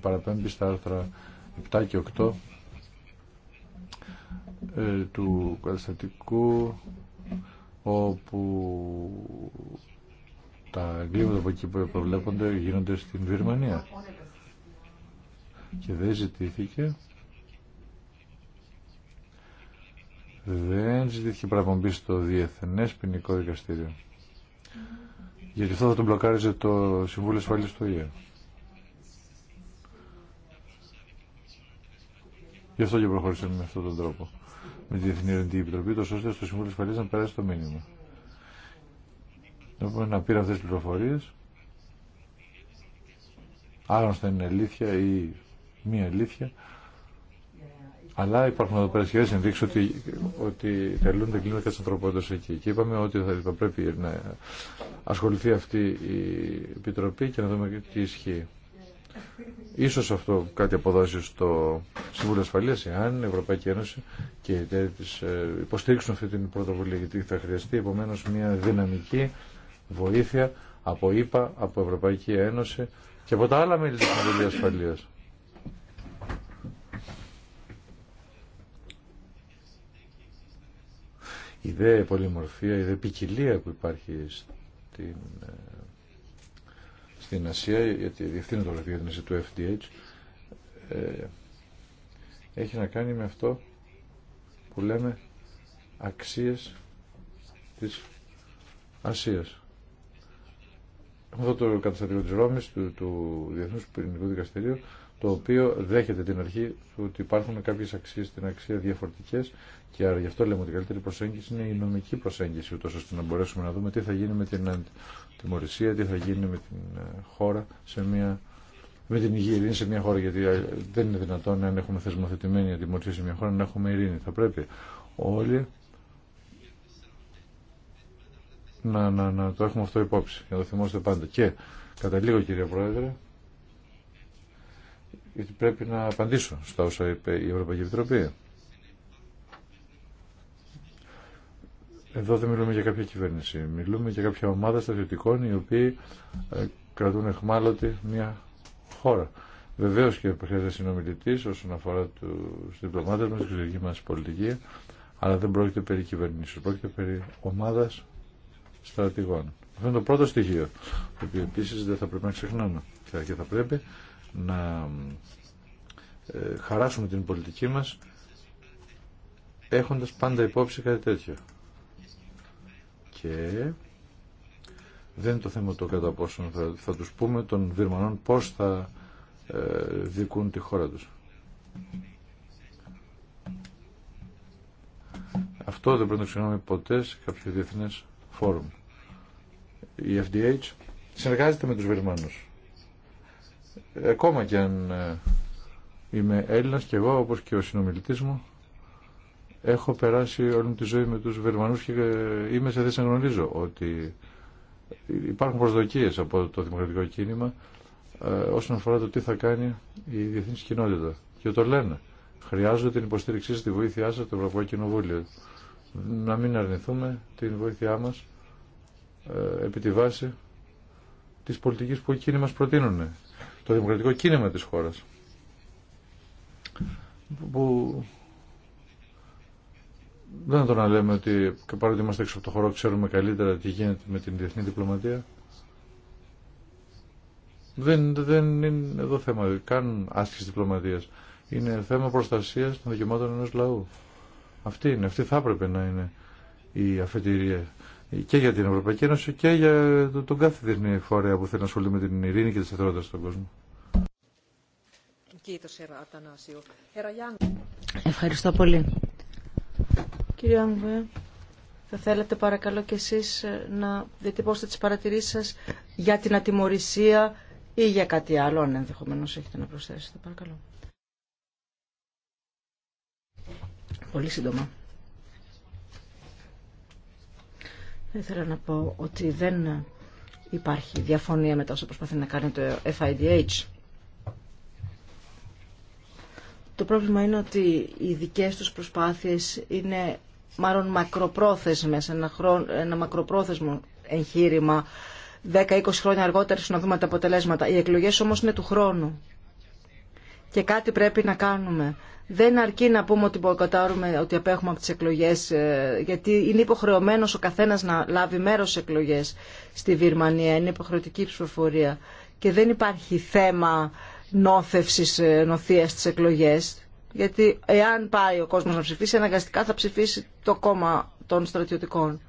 παραπέμπει στα άρθρα 7 και 8 του καταστατικού όπου τα εγκλήματα από εκεί που προβλέπονται γίνονται στην Βυρμανία. Και δεν ζητήθηκε δεν ζητήθηκε παραπομπή στο διεθνέ Ποινικό Δικαστήριο. Γιατί αυτό θα τον μπλοκάριζε το Συμβούλιο ασφαλή του ΙΕ. Γι' αυτό και προχωρήσαμε με αυτόν τον τρόπο. Με τη Διεθνή Ερευνητική Επιτροπή, τόσο ώστε στο Συμβούλιο ασφαλή να περάσει το μήνυμα. Λοιπόν, να πήραν αυτές τις πληροφορίες. Άλλωστε είναι αλήθεια ή μία αλήθεια. Αλλά υπάρχουν εδώ πέρα ενδείξει ότι, ότι τελούνται κλίμακα τη ανθρωπότητα εκεί. Και είπαμε ότι θα πρέπει να ασχοληθεί αυτή η επιτροπή και να δούμε τι ισχύει. Ίσως αυτό κάτι αποδώσει στο Συμβούλιο Ασφαλεία, εάν η Ευρωπαϊκή Ένωση και οι εταίροι τη ε, υποστήριξουν αυτή την πρωτοβουλία, γιατί θα χρειαστεί επομένω μια δυναμική βοήθεια από ΕΕ, από Ευρωπαϊκή Ένωση και από τα άλλα μέλη τη Συμβουλίου Ασφαλεία. η δε πολυμορφία, η δε ποικιλία που υπάρχει στην, ε, στην Ασία, γιατί διευθύνει το λογαριασμό του FDH, ε, έχει να κάνει με αυτό που λέμε αξίες της Ασίας. αυτό το καταστατικό της Ρώμης, του, του Διεθνούς Πυρηνικού Δικαστηρίου, το οποίο δέχεται την αρχή του ότι υπάρχουν κάποιε αξίε στην αξία διαφορετικέ και γι' αυτό λέμε ότι η καλύτερη προσέγγιση είναι η νομική προσέγγιση, ούτω ώστε να μπορέσουμε να δούμε τι θα γίνει με την τιμωρησία, τι θα γίνει με την ε, χώρα σε μια. Με την υγεία ειρήνη σε μια χώρα, γιατί ε, δεν είναι δυνατόν αν έχουμε θεσμοθετημένη αντιμορφή σε μια χώρα να έχουμε ειρήνη. Θα πρέπει όλοι να, να, να το έχουμε αυτό υπόψη, να το θυμόμαστε πάντα. Και καταλήγω κύριε Πρόεδρε, γιατί πρέπει να απαντήσω στα όσα είπε η Ευρωπαϊκή Επιτροπή. Εδώ δεν μιλούμε για κάποια κυβέρνηση. Μιλούμε για κάποια ομάδα στρατιωτικών οι οποίοι ε, κρατούν εχμάλωτη μια χώρα. Βεβαίω και χρειάζεται συνομιλητή όσον αφορά του διπλωμάτε μα, τη δική μα πολιτική, αλλά δεν πρόκειται περί κυβερνήσεων, πρόκειται περί ομάδα στρατηγών. Αυτό είναι το πρώτο στοιχείο, το οποίο επίση δεν θα πρέπει να ξεχνάμε και θα πρέπει να ε, χαράσουμε την πολιτική μας έχοντας πάντα υπόψη κάτι τέτοιο. Και δεν είναι το θέμα το κατά πόσο θα, τους πούμε των Βυρμανών πώς θα ε, δικούν τη χώρα τους. Αυτό δεν πρέπει να το ξεχνάμε ποτέ σε κάποιο διεθνές φόρουμ. Η FDH συνεργάζεται με τους Βερμανούς. Ακόμα και αν ε, είμαι Έλληνας και εγώ όπως και ο συνομιλητής μου έχω περάσει όλη τη ζωή με τους Βερμανούς και ε, είμαι σε θέση να γνωρίζω ότι υπάρχουν προσδοκίες από το δημοκρατικό κίνημα ε, όσον αφορά το τι θα κάνει η διεθνή κοινότητα. Και το λένε. Χρειάζονται την υποστήριξή στη βοήθειά σας το Ευρωπαϊκό Κοινοβούλιο. Να μην αρνηθούμε την βοήθειά μας επί τη βάση της πολιτικής που εκείνοι μας προτείνουν το δημοκρατικό κίνημα της χώρας που δεν το να λέμε ότι παρότι είμαστε έξω από το χώρο ξέρουμε καλύτερα τι γίνεται με την διεθνή διπλωματία δεν, δεν είναι εδώ θέμα καν άσκηση διπλωματίας είναι θέμα προστασίας των δικαιωμάτων ενός λαού αυτή είναι, αυτή θα έπρεπε να είναι η αφετηρία και για την Ευρωπαϊκή Ένωση και για τον κάθε διεθνή φορέα που θέλει να ασχολείται με την ειρήνη και τη σταθερότητα στον κόσμο. Ευχαριστώ πολύ. Κύριε Αγγουέ, θα θέλατε παρακαλώ και εσείς ε, να διατυπώσετε τις παρατηρήσεις σας για την ατιμορρησία ή για κάτι άλλο, αν ενδεχομένως έχετε να προσθέσετε. Παρακαλώ. Πολύ σύντομα. Θα ήθελα να πω ότι δεν υπάρχει διαφωνία με τα όσο προσπαθεί να κάνει το FIDH. Το πρόβλημα είναι ότι οι δικές τους προσπάθειες είναι μάλλον μακροπρόθεσμες, χρόνο, ένα μακροπρόθεσμο εγχείρημα. 10-20 χρόνια αργότερα να δούμε τα αποτελέσματα. Οι εκλογές όμως είναι του χρόνου. Και κάτι πρέπει να κάνουμε. Δεν αρκεί να πούμε ότι μποϊκοτάρουμε ότι απέχουμε από τι εκλογές, ε, γιατί είναι υποχρεωμένο ο καθένας να λάβει μέρος σε εκλογές στη Βυρμανία. Είναι υποχρεωτική ψηφοφορία. Και δεν υπάρχει θέμα νόθευση ε, νοθείας στι εκλογές. Γιατί εάν πάει ο κόσμος να ψηφίσει, αναγκαστικά θα ψηφίσει το κόμμα των στρατιωτικών,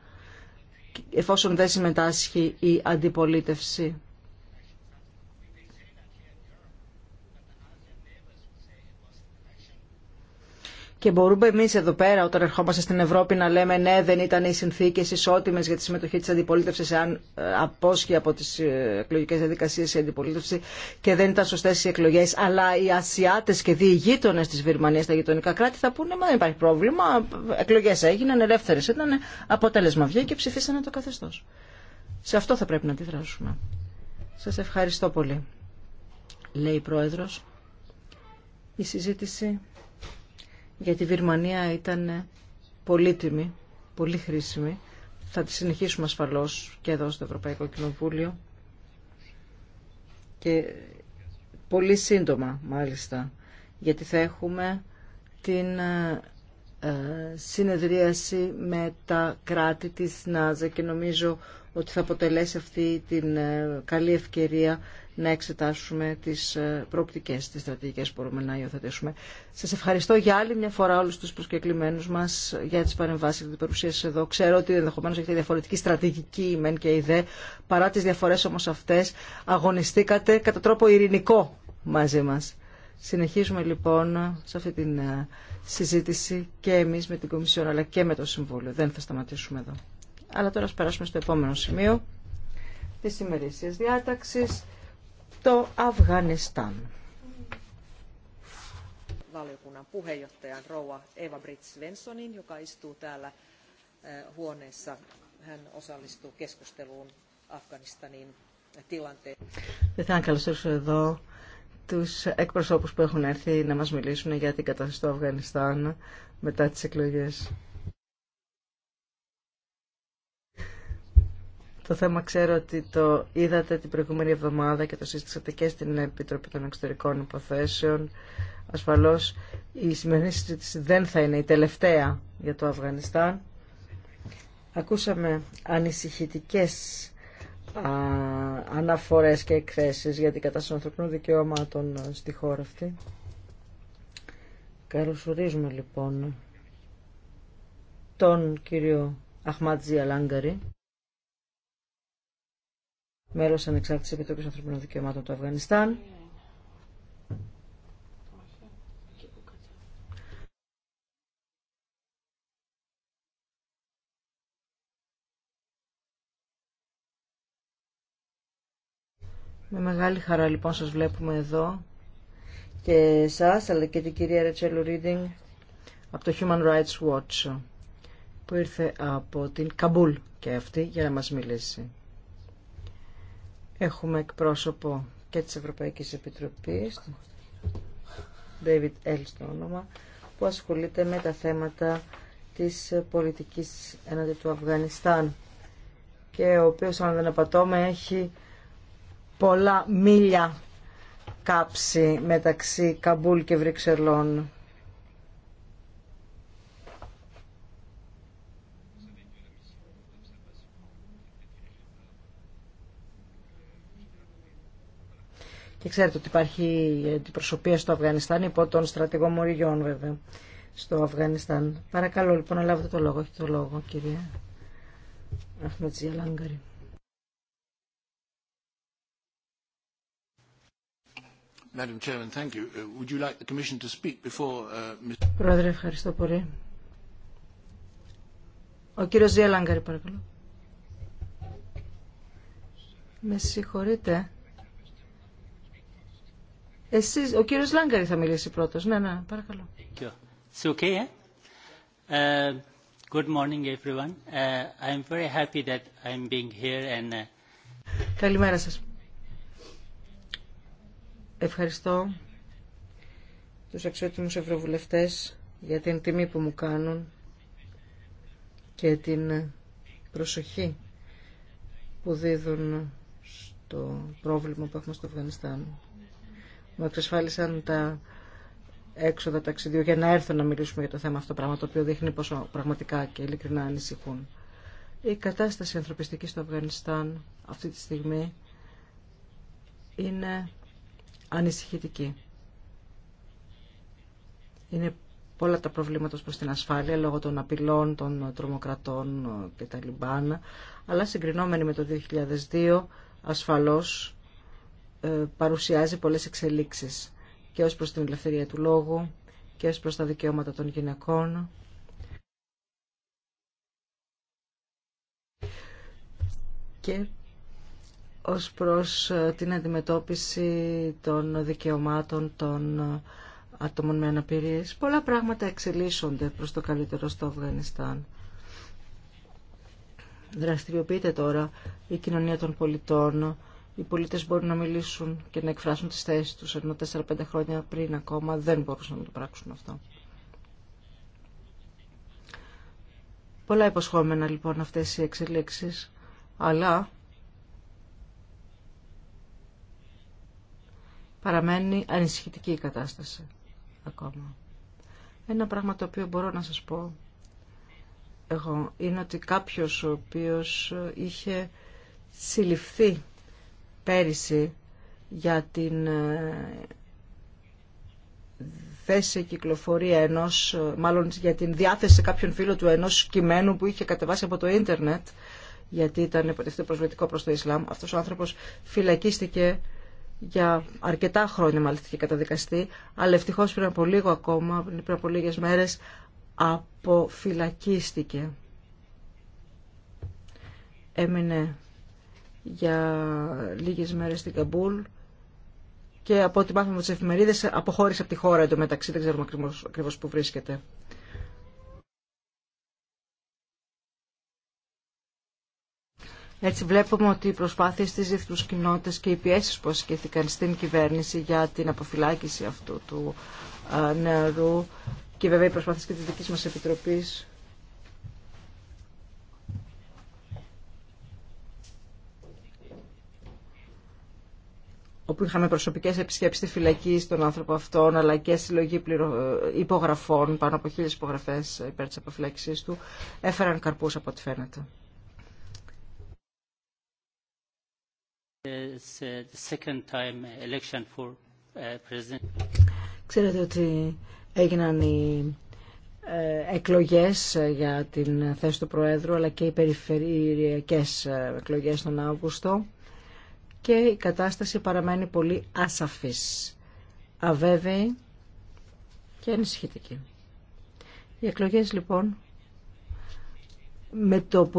εφόσον δεν συμμετάσχει η αντιπολίτευση. Και μπορούμε εμεί εδώ πέρα, όταν ερχόμαστε στην Ευρώπη, να λέμε ναι, δεν ήταν οι συνθήκε ισότιμε για τη συμμετοχή τη αντιπολίτευση, αν απόσχει από τι ε, εκλογικέ διαδικασίε η αντιπολίτευση και δεν ήταν σωστέ οι εκλογέ. Αλλά οι Ασιάτε και οι γείτονε τη Βυρμανία, τα γειτονικά κράτη, θα πούνε μα δεν υπάρχει πρόβλημα. Εκλογέ έγιναν, ελεύθερε ήταν, αποτέλεσμα βγήκε και ψηφίσανε το καθεστώ. Σε αυτό θα πρέπει να αντιδράσουμε. Σα ευχαριστώ πολύ. Λέει η Πρόεδρος. Η συζήτηση γιατί η Βυρμανία ήταν πολύτιμη, πολύ χρήσιμη. Θα τη συνεχίσουμε ασφαλώς και εδώ στο Ευρωπαϊκό Κοινοβούλιο και πολύ σύντομα μάλιστα, γιατί θα έχουμε την ε, ε, συνεδρίαση με τα κράτη της ΝΑΖΑ και νομίζω ότι θα αποτελέσει αυτή την ε, καλή ευκαιρία να εξετάσουμε τις ε, προοπτικές, τις στρατηγικές που μπορούμε να υιοθετήσουμε. Σας ευχαριστώ για άλλη μια φορά όλους τους προσκεκλημένους μας για τις παρεμβάσεις και την παρουσία σας εδώ. Ξέρω ότι ενδεχομένως έχετε διαφορετική στρατηγική μεν και ιδέ. Παρά τις διαφορές όμως αυτές αγωνιστήκατε κατά τρόπο ειρηνικό μαζί μας. Συνεχίζουμε λοιπόν σε αυτή την ε, συζήτηση και εμείς με την Κομισιόν αλλά και με το Συμβούλιο. Δεν θα σταματήσουμε εδώ. Αλλά τώρα ας περάσουμε στο επόμενο σημείο της ημερήσιας διάταξης το Αφγανιστάν. Valiokunnan puheenjohtajan Eva joka istuu eh, huoneessa. θα καλωσορίσω εδώ τους εκπροσώπους που έχουν έρθει να μας μιλήσουν για την κατάσταση του Αφγανιστάν μετά τις εκλογές. Το θέμα ξέρω ότι το είδατε την προηγούμενη εβδομάδα και το σύστησατε και στην Επιτροπή των Εξωτερικών Υποθέσεων. Ασφαλώς η σημερινή συζήτηση δεν θα είναι η τελευταία για το Αφγανιστάν. Ακούσαμε ανησυχητικές αναφορές και εκθέσεις για την κατάσταση των ανθρωπινών δικαιώματων ε, στη χώρα αυτή. Καλωσορίζουμε λοιπόν τον κύριο Αχμάτζη Αλάγκαρη μέλος Ανεξάρτητης Επιτροπής Ανθρωπίνων Δικαιωμάτων του Αφγανιστάν. Με μεγάλη χαρά λοιπόν σας βλέπουμε εδώ και εσάς αλλά και την κυρία Ρετσέλου Ρίντινγκ από το Human Rights Watch που ήρθε από την Καμπούλ και αυτή για να μας μιλήσει. Έχουμε εκπρόσωπο και της Ευρωπαϊκής Επιτροπής, David Ells το όνομα, που ασχολείται με τα θέματα της πολιτικής έναντι του Αφγανιστάν και ο οποίος, αν δεν απατώμε, έχει πολλά μίλια κάψη μεταξύ Καμπούλ και Βρυξελών. Και ξέρετε ότι υπάρχει αντιπροσωπεία στο Αφγανιστάν υπό τον στρατηγό Μοριγιών βέβαια στο Αφγανιστάν. Παρακαλώ λοιπόν να λάβετε το λόγο. Έχει το λόγο κυρία Αχμετζία Λάγκαρη. Πρόεδρε, ευχαριστώ πολύ. Ο κύριος Ζιαλάνγκαρη, παρακαλώ. Με συγχωρείτε. Εσείς, ο κύριος Λάγκαρη θα μιλήσει πρώτος. Ναι, ναι, παρακαλώ. okay, eh? good morning everyone. Uh, I'm very happy that I'm being here and... Uh, Καλημέρα σας. Ευχαριστώ τους αξιότιμους ευρωβουλευτές για την τιμή που μου κάνουν και την προσοχή που δίδουν στο πρόβλημα που έχουμε στο Αφγανιστάν μου εξασφάλισαν τα έξοδα ταξιδιού για να έρθω να μιλήσουμε για το θέμα αυτό, πράγμα το οποίο δείχνει πόσο πραγματικά και ειλικρινά ανησυχούν. Η κατάσταση ανθρωπιστική στο Αφγανιστάν αυτή τη στιγμή είναι ανησυχητική. Είναι πολλά τα προβλήματα προς την ασφάλεια λόγω των απειλών των τρομοκρατών και τα λιμπάνα, αλλά συγκρινόμενοι με το 2002 ασφαλώς ε, παρουσιάζει πολλές εξελίξεις και ως προς την ελευθερία του λόγου και ως προς τα δικαιώματα των γυναικών. Και ως προς ε, την αντιμετώπιση των δικαιωμάτων των ε, ατόμων με αναπηρίες. Πολλά πράγματα εξελίσσονται προς το καλύτερο στο Αφγανιστάν. Δραστηριοποιείται τώρα η κοινωνία των πολιτών οι πολίτες μπορούν να μιλήσουν και να εκφράσουν τις θέσεις τους, ενώ 4-5 χρόνια πριν ακόμα δεν μπορούσαν να το πράξουν αυτό. Πολλά υποσχόμενα λοιπόν αυτές οι εξελίξει, αλλά παραμένει ανησυχητική η κατάσταση ακόμα. Ένα πράγμα το οποίο μπορώ να σας πω εγώ είναι ότι κάποιος ο οποίος είχε συλληφθεί πέρυσι για την ε, θέση κυκλοφορία ενός, μάλλον για την διάθεση κάποιων φίλων του ενός κειμένου που είχε κατεβάσει από το ίντερνετ γιατί ήταν υποτίθεται προσβλητικό προς το Ισλάμ. Αυτός ο άνθρωπος φυλακίστηκε για αρκετά χρόνια μάλιστα και καταδικαστεί, αλλά ευτυχώς πριν από λίγο ακόμα, πριν από λίγες μέρες, αποφυλακίστηκε. Έμεινε για λίγες μέρες στην Καμπούλ και από ό,τι μάθαμε από τις εφημερίδες αποχώρησε από τη χώρα εντωμεταξύ, δεν ξέρουμε ακριβώς, που βρίσκεται. Έτσι βλέπουμε ότι οι προσπάθειες της διεθνούς κοινότητες και οι πιέσεις που ασκήθηκαν στην κυβέρνηση για την αποφυλάκηση αυτού του ε, νεαρού και βέβαια οι προσπάθειες και της δικής μας Επιτροπής όπου είχαμε προσωπικές επισκέψεις στη φυλακή στον άνθρωπο αυτόν, αλλά και συλλογή ε, υπογραφών, πάνω από χίλιε υπογραφές υπέρ τη αποφυλαξής του, έφεραν καρπούς από ό,τι φαίνεται. Uh, uh, Ξέρετε ότι έγιναν οι ε, εκλογές ε, για την θέση του Προέδρου αλλά και οι περιφερειακές εκλογές τον Αύγουστο και η κατάσταση παραμένει πολύ ασαφής, αβέβαιη και ανησυχητική. Οι εκλογές λοιπόν με το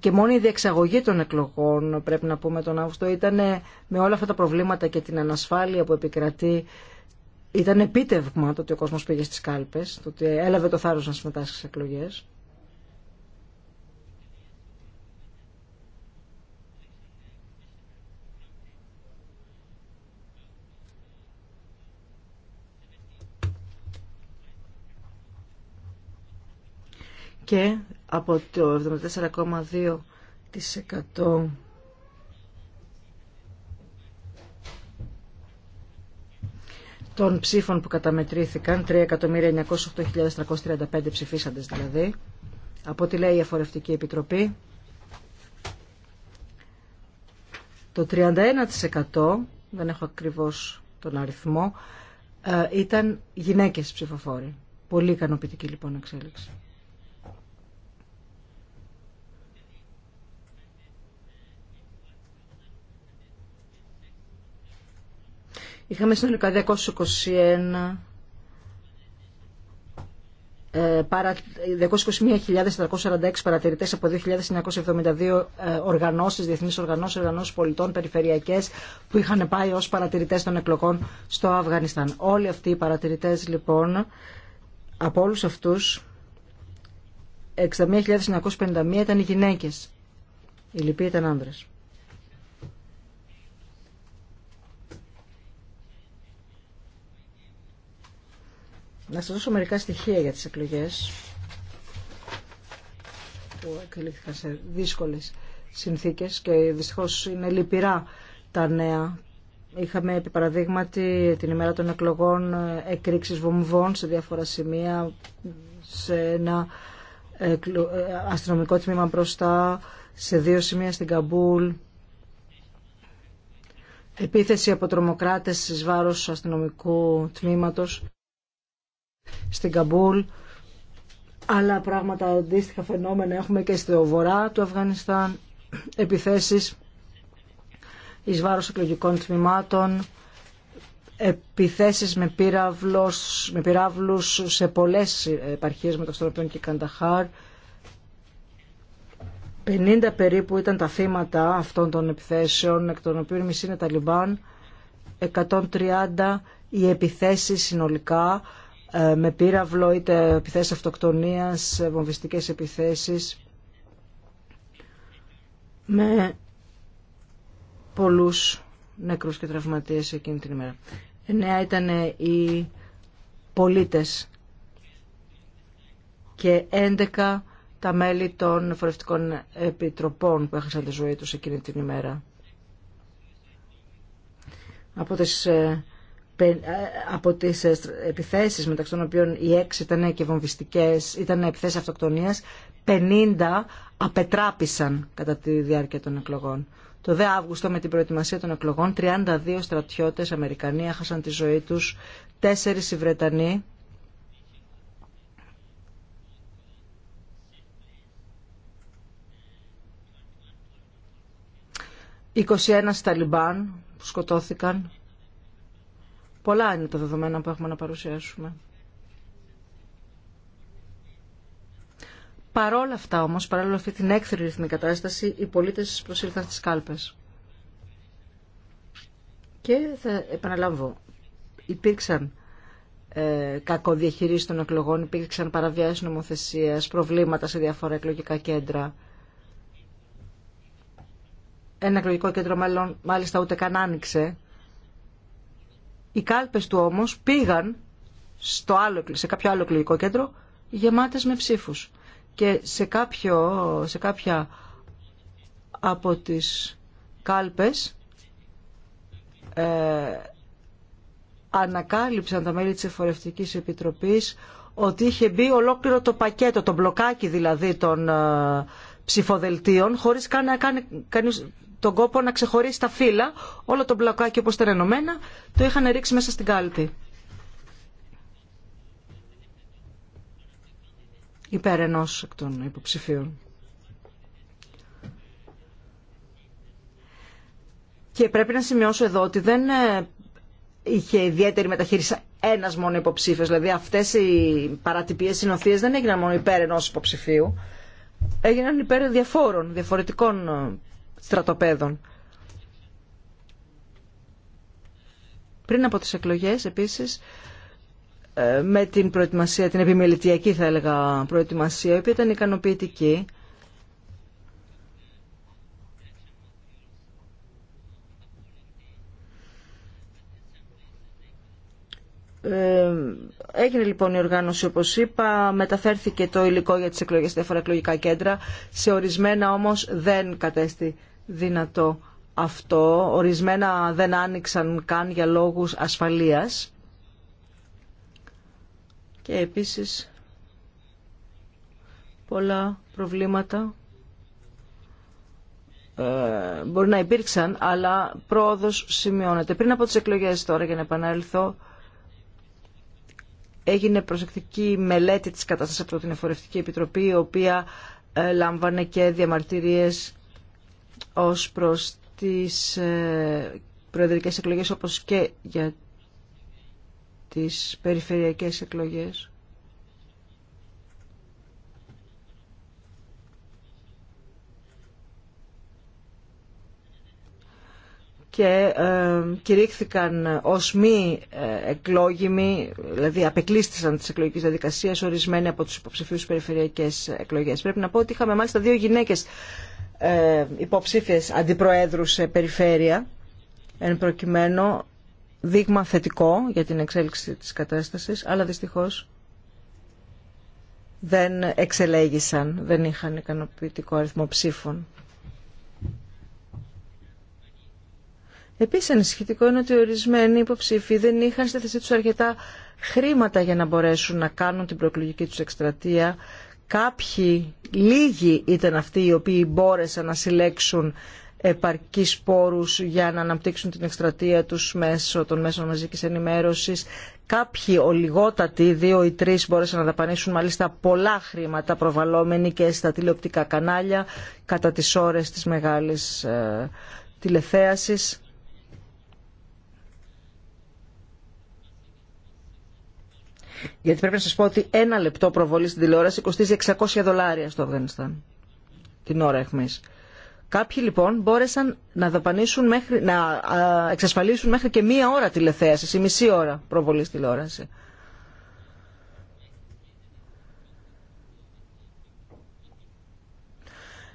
και μόνο η διεξαγωγή των εκλογών πρέπει να πούμε τον Αύγουστο ήταν με όλα αυτά τα προβλήματα και την ανασφάλεια που επικρατεί ήταν επίτευγμα το ότι ο κόσμος πήγε στις κάλπες, το ότι έλαβε το θάρρος να συμμετάσχει στις εκλογές. και από το 74,2% των ψήφων που καταμετρήθηκαν, 3.908.335 ψηφίσαντες δηλαδή, από ό,τι λέει η Αφορευτική Επιτροπή, το 31% δεν έχω ακριβώς τον αριθμό, ε, ήταν γυναίκες ψηφοφόροι. Πολύ ικανοποιητική λοιπόν εξέλιξη. Είχαμε συνολικά 221 221.446 ε, παρατηρητές από 2.972 ε, οργανώσεις, διεθνείς οργανώσεις, οργανώσεις πολιτών, περιφερειακές που είχαν πάει ως παρατηρητές των εκλογών στο Αφγανιστάν. Όλοι αυτοί οι παρατηρητές λοιπόν από όλους αυτούς 61.951 ήταν οι γυναίκες. Οι λοιποί ήταν άνδρες. Να σας δώσω μερικά στοιχεία για τις εκλογές που εκλήθηκαν σε δύσκολες συνθήκες και δυστυχώς είναι λυπηρά τα νέα. Είχαμε επί παραδείγματι την ημέρα των εκλογών εκρήξεις βομβών σε διάφορα σημεία, σε ένα ε, ε, αστυνομικό τμήμα μπροστά, σε δύο σημεία στην Καμπούλ. Επίθεση από τρομοκράτες στις βάρος αστυνομικού τμήματος στην Καμπούλ. Άλλα πράγματα, αντίστοιχα φαινόμενα έχουμε και στο βορρά του Αφγανιστάν, επιθέσεις εις βάρος εκλογικών τμήματων, επιθέσεις με, πύραυλος, με πυράβλους σε πολλές επαρχίες με των οποίων και Κανταχάρ. 50 περίπου ήταν τα θύματα αυτών των επιθέσεων, εκ των οποίων μισή είναι τα 130 οι επιθέσεις συνολικά ε, με πύραυλο, είτε επιθέσεις αυτοκτονίας, ε, βομβιστικές επιθέσεις, με πολλούς νεκρούς και τραυματίες εκείνη την ημέρα. Εννέα ήταν οι πολίτες και 11 τα μέλη των φορευτικών επιτροπών που έχασαν τη ζωή τους εκείνη την ημέρα. Από τις ε, ε, από τις ε, επιθέσεις μεταξύ των οποίων οι έξι ήταν και βομβιστικές, ήταν επιθέσεις αυτοκτονίας, 50 απετράπησαν κατά τη διάρκεια των εκλογών. Το δε Αύγουστο με την προετοιμασία των εκλογών 32 στρατιώτες Αμερικανοί έχασαν τη ζωή τους, 4 οι Βρετανοί, ...21 Ταλιμπάν που σκοτώθηκαν Πολλά είναι τα δεδομένα που έχουμε να παρουσιάσουμε. Παρόλα αυτά όμως, παράλληλα αυτή την έκθερη ρυθμή κατάσταση, οι πολίτες προσήλθαν στις κάλπες. Και θα επαναλάβω, υπήρξαν ε, κακοδιαχειρήσεις των εκλογών, υπήρξαν παραβιάσεις νομοθεσίας, προβλήματα σε διάφορα εκλογικά κέντρα. Ένα εκλογικό κέντρο μάλλον, μάλιστα ούτε καν άνοιξε, οι κάλπες του όμως πήγαν στο άλλο, σε κάποιο άλλο εκλογικό κέντρο γεμάτες με ψήφους. Και σε, κάποιο, σε κάποια από τις κάλπες ε, ανακάλυψαν τα μέλη της Εφορευτικής Επιτροπής ότι είχε μπει ολόκληρο το πακέτο, το μπλοκάκι δηλαδή των ε, ψηφοδελτίων, χωρίς καν να κάνει κανείς τον κόπο να ξεχωρίσει τα φύλλα, όλο το μπλοκάκι όπως ήταν ενωμένα, το είχαν ρίξει μέσα στην κάλπη. Υπέρ ενός εκ των υποψηφίων. Και πρέπει να σημειώσω εδώ ότι δεν ε, είχε ιδιαίτερη μεταχείριση ένα μόνο υποψήφιο. Δηλαδή αυτέ οι παρατυπίε συνοθείε δεν έγιναν μόνο υπέρ ενό υποψηφίου. Έγιναν υπέρ διαφόρων, διαφορετικών ε, στρατοπέδων. Πριν από τις εκλογές επίσης ε, με την προετοιμασία, την επιμελητιακή θα έλεγα προετοιμασία, η οποία ήταν ικανοποιητική. Ε, έγινε λοιπόν η οργάνωση όπως είπα, μεταφέρθηκε το υλικό για τις εκλογές στα εκλογικά κέντρα, σε ορισμένα όμως δεν κατέστη δυνατό αυτό. Ορισμένα δεν άνοιξαν καν για λόγους ασφαλείας. Και επίσης πολλά προβλήματα ε, μπορεί να υπήρξαν, αλλά πρόοδος σημειώνεται. Πριν από τις εκλογές τώρα, για να επανέλθω, έγινε προσεκτική μελέτη της κατάστασης από την Εφορευτική Επιτροπή, η οποία ε, λάμβανε και διαμαρτυρίες ως προς τις ε, προεδρικές εκλογές όπως και για τις περιφερειακές εκλογές. και ε, κηρύχθηκαν ως μη ε, εκλόγιμοι, δηλαδή απεκλείστησαν τις εκλογικές διαδικασίες ορισμένοι από τους υποψηφίους περιφερειακές εκλογές. Πρέπει να πω ότι είχαμε μάλιστα δύο γυναίκες ε, υποψήφιες αντιπροέδρου σε περιφέρεια εν προκειμένου δείγμα θετικό για την εξέλιξη της κατάστασης αλλά δυστυχώς δεν εξελέγησαν, δεν είχαν ικανοποιητικό αριθμό ψήφων. Επίσης ανησυχητικό είναι ότι ορισμένοι υποψήφοι δεν είχαν στη θέση τους αρκετά χρήματα για να μπορέσουν να κάνουν την προεκλογική τους εκστρατεία Κάποιοι, λίγοι ήταν αυτοί οι οποίοι μπόρεσαν να συλλέξουν επαρκή πόρους για να αναπτύξουν την εκστρατεία τους μέσω των μέσων μαζικής ενημέρωσης. Κάποιοι, ο λιγότατοι, δύο ή τρει μπόρεσαν να δαπανίσουν μάλιστα πολλά χρήματα προβαλλόμενοι και στα τηλεοπτικά κανάλια κατά τι ώρες της μεγάλης ε, τηλεθέασης. Γιατί πρέπει να σας πω ότι ένα λεπτό προβολή στην τηλεόραση κοστίζει 600 δολάρια στο Αφγανιστάν. Την ώρα εχμής. Κάποιοι λοιπόν μπόρεσαν να, δαπανίσουν μέχρι, να εξασφαλίσουν μέχρι και μία ώρα τηλεθέαση ή μισή ώρα προβολή στην τηλεόραση.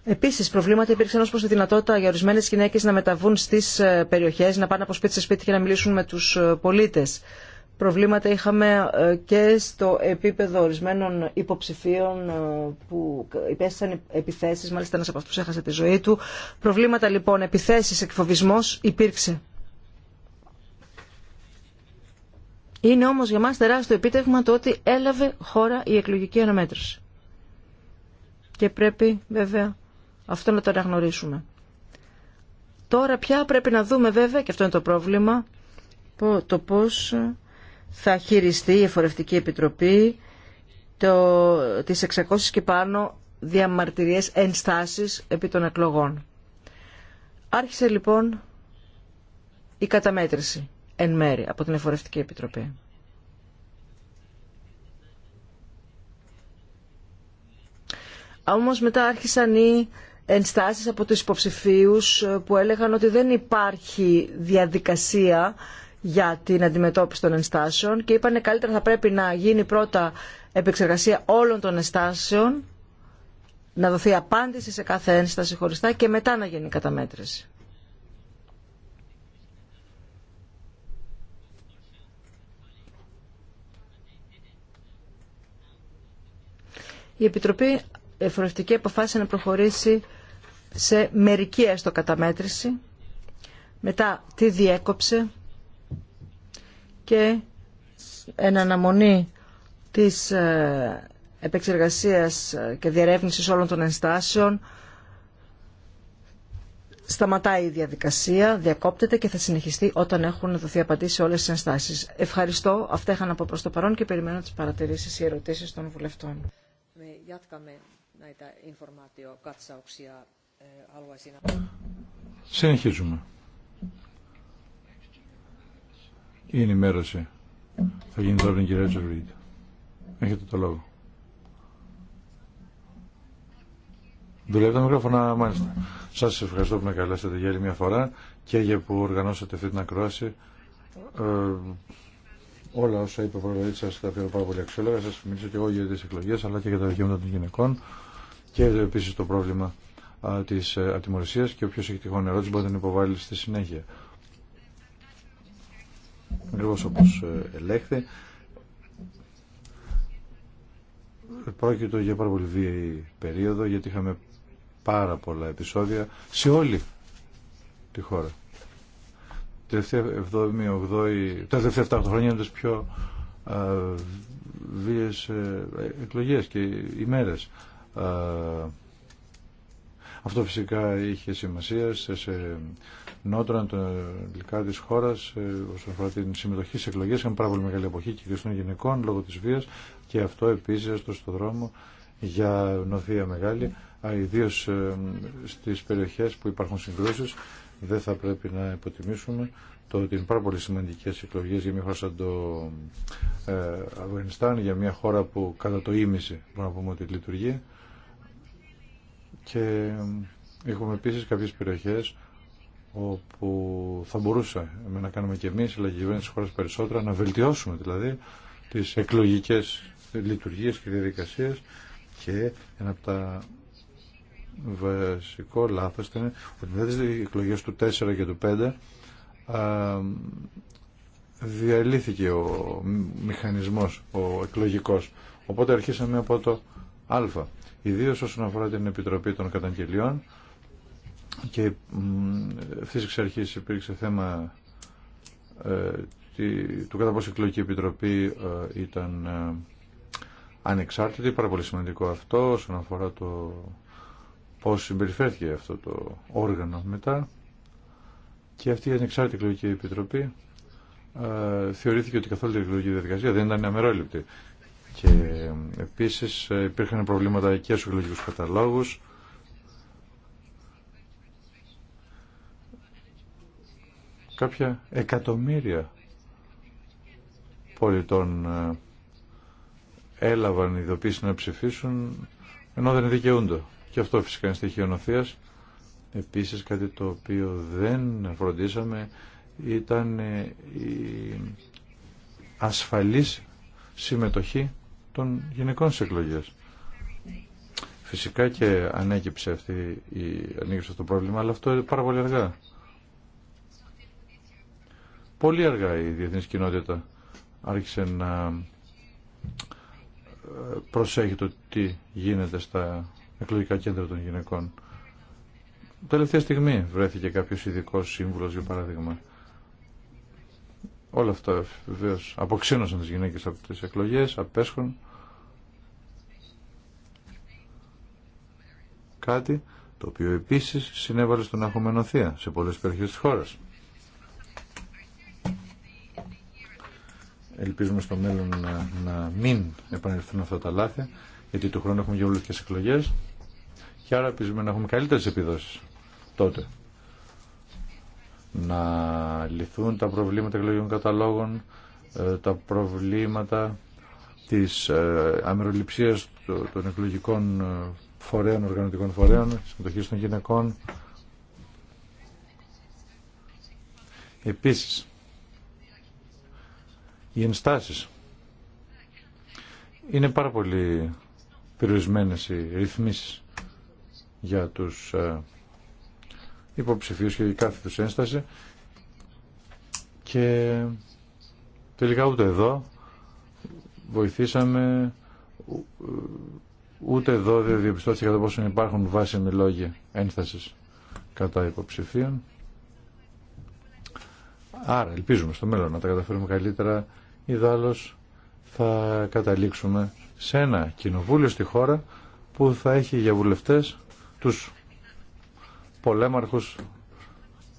Επίση, προβλήματα υπήρξαν ω προ τη δυνατότητα για ορισμένε γυναίκε να μεταβούν στι ε, περιοχέ, να πάνε από σπίτι σε σπίτι και να μιλήσουν με του ε, πολίτε προβλήματα είχαμε ε, και στο επίπεδο ορισμένων υποψηφίων ε, που υπέστησαν επιθέσεις, μάλιστα ένας από αυτούς έχασε τη ζωή του. Προβλήματα λοιπόν, επιθέσεις, εκφοβισμός υπήρξε. Είναι όμως για μας τεράστιο επίτευγμα το ότι έλαβε χώρα η εκλογική αναμέτρηση. Και πρέπει βέβαια αυτό να το αναγνωρίσουμε. Τώρα πια πρέπει να δούμε βέβαια, και αυτό είναι το πρόβλημα, το πώς θα χειριστεί η Εφορευτική Επιτροπή το, τις 600 και πάνω διαμαρτυρίες ενστάσεις επί των εκλογών. Άρχισε λοιπόν η καταμέτρηση εν μέρη από την Εφορευτική Επιτροπή. Όμως μετά άρχισαν οι ενστάσεις από τους υποψηφίους που έλεγαν ότι δεν υπάρχει διαδικασία για την αντιμετώπιση των ενστάσεων και είπανε καλύτερα θα πρέπει να γίνει πρώτα επεξεργασία όλων των ενστάσεων, να δοθεί απάντηση σε κάθε ένσταση χωριστά και μετά να γίνει η καταμέτρηση. Η Επιτροπή Εφορευτική αποφάσισε να προχωρήσει σε μερική έστω καταμέτρηση. Μετά τι διέκοψε και εν αναμονή της ε, επεξεργασίας και διερεύνησης όλων των ενστάσεων σταματάει η διαδικασία, διακόπτεται και θα συνεχιστεί όταν έχουν δοθεί απαντήσει σε όλες τις ενστάσεις. Ευχαριστώ. Αυτά είχα να πω προς το παρόν και περιμένω τις παρατηρήσεις ή ερωτήσεις των βουλευτών. Ε, Συνεχίζουμε. Η ενημέρωση θα γίνει τώρα την κυρία Τζορβίτ. Έχετε το λόγο. Δουλεύει τα μικρόφωνα, μάλιστα. Σα ευχαριστώ που με καλέσατε για άλλη μια φορά και για που οργανώσατε αυτή την ακρόαση. Ε, όλα όσα είπε ο προλογητή σα τα πήρα πάρα πολύ αξιόλογα. Σα μιλήσω και εγώ για τι εκλογέ αλλά και για τα δικαιώματα των γυναικών και επίση το πρόβλημα τη ε, ατιμορρησία και όποιο έχει τυχόν ερώτηση μπορεί να την υποβάλει στη συνέχεια. Ακριβώς όπως ε, ελέγχθη, πρόκειτο για πάρα πολύ βίαιη περίοδο γιατί είχαμε πάρα πολλά επεισόδια σε όλη τη χώρα. Τελευταία τα τελευταια είναι 7-8 τις πιο α, βίαιες ε, εκλογές και ημέρες. Α, αυτό φυσικά είχε σημασία σε νότρα τελικά τη χώρα ε, όσον αφορά την συμμετοχή σε εκλογέ. Είχαν πάρα πολύ μεγάλη εποχή κυρίω των γυναικών λόγω τη βία και αυτό επίση έστω στον δρόμο για νοθεία μεγάλη, ιδίω ε, στι περιοχέ που υπάρχουν συγκρούσει. Δεν θα πρέπει να υποτιμήσουμε το ότι είναι πάρα πολύ σημαντικέ εκλογέ για μια χώρα σαν το ε, για μια χώρα που κατά το ίμιση μπορούμε να πούμε ότι λειτουργεί. Και έχουμε επίση κάποιε περιοχέ όπου θα μπορούσαμε να κάνουμε και εμεί αλλά και η κυβέρνηση περισσότερα, να βελτιώσουμε δηλαδή τις εκλογικές λειτουργίες και διαδικασίε και ένα από τα βασικό λάθο ήταν ότι μετά τις εκλογές του 4 και του 5 διαλύθηκε ο μηχανισμός, ο εκλογικός. Οπότε αρχίσαμε από το Α. Ιδίω όσον αφορά την Επιτροπή των Καταγγελιών και αυτή εξ αρχή υπήρξε θέμα ε, του κατά πόσο η εκλογική επιτροπή ε, ήταν ε, ανεξάρτητη. Πάρα πολύ σημαντικό αυτό όσον αφορά το πώς συμπεριφέρθηκε αυτό το όργανο μετά. Και αυτή η ανεξάρτητη εκλογική επιτροπή θεωρήθηκε ότι καθόλου η εκλογική διαδικασία δεν ήταν αμερόληπτη. Και επίσης ε, υπήρχαν προβλήματα και στους εκλογικούς καταλόγους. Κάποια εκατομμύρια πολιτών ε, έλαβαν ειδοποίηση να ψηφίσουν ενώ δεν δικαιούνται. Και αυτό φυσικά είναι στοιχείο νοθείας. Επίσης κάτι το οποίο δεν φροντίσαμε ήταν ε, η ασφαλής συμμετοχή των γυναικών στι εκλογέ. Φυσικά και ανέκυψε, αυτή, η, ανέκυψε αυτό το πρόβλημα, αλλά αυτό είναι πάρα πολύ αργά. Πολύ αργά η διεθνή κοινότητα άρχισε να ε, προσέχει το τι γίνεται στα εκλογικά κέντρα των γυναικών. Τελευταία στιγμή βρέθηκε κάποιος ειδικό σύμβουλος, για παράδειγμα. Όλα αυτά βεβαίω αποξένωσαν τις γυναίκες από τις εκλογές, απέσχουν. κάτι το οποίο επίσης συνέβαλε στο να έχουμε σε πολλές περιοχές της χώρας. Ελπίζουμε στο μέλλον να, να μην επανελθούν αυτά τα λάθη, γιατί του χρόνου έχουμε γεωλογικές εκλογές και άρα ελπίζουμε να έχουμε καλύτερες επιδόσεις τότε. Να λυθούν τα προβλήματα εκλογικών καταλόγων, ε, τα προβλήματα της ε, αμεροληψίας των εκλογικών ε, φορέων, οργανωτικών φορέων, συμμετοχή των γυναικών. Επίσης, οι ενστάσεις είναι πάρα πολύ περιορισμένες οι ρυθμίσεις για τους ε, υποψηφίους και για κάθε του ένσταση και τελικά ούτε εδώ βοηθήσαμε Ούτε εδώ δεν διαπιστώθηκε κατά πόσο υπάρχουν βάσιμοι λόγοι ένσταση κατά υποψηφίων. Άρα ελπίζουμε στο μέλλον να τα καταφέρουμε καλύτερα. Ιδάλω θα καταλήξουμε σε ένα κοινοβούλιο στη χώρα που θα έχει για βουλευτές τους πολέμαρχους,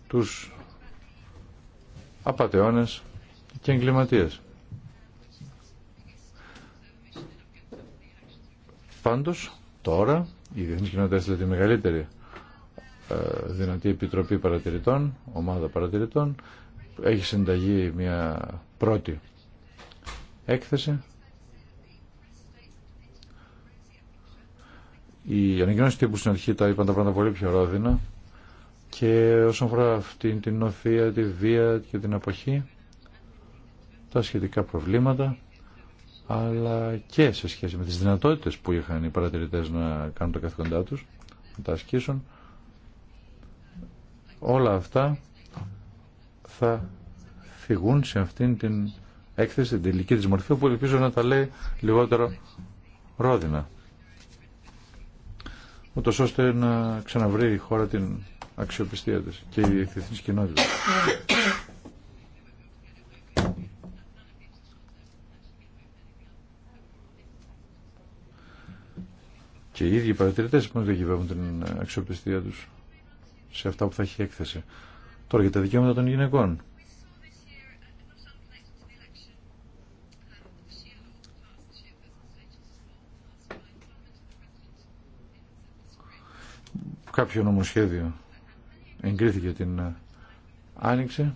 τους απατεώνες και εγκληματίες. Πάντω, τώρα η διεθνή κοινότητα έστειλε τη μεγαλύτερη ε, δυνατή επιτροπή παρατηρητών, ομάδα παρατηρητών. Έχει συνταγή μια πρώτη έκθεση. Η ανακοινώσει τύπου στην αρχή τα είπαν τα πράγματα πολύ πιο ρόδινα και όσον αφορά αυτή την νοθεία, τη βία και την αποχή, τα σχετικά προβλήματα αλλά και σε σχέση με τις δυνατότητες που είχαν οι παρατηρητές να κάνουν τα καθήκοντά τους, να τα ασκήσουν. Όλα αυτά θα φυγούν σε αυτήν την έκθεση, την τελική της μορφή, που ελπίζω να τα λέει λιγότερο ρόδινα. Ούτως ώστε να ξαναβρει η χώρα την αξιοπιστία της και η διεθνής κοινότητα. και οι ίδιοι οι παρατηρητές μας διακυβεύουν την αξιοπιστία τους σε αυτά που θα έχει έκθεση. Τώρα για τα δικαιώματα των γυναικών. Κάποιο νομοσχέδιο εγκρίθηκε την άνοιξη,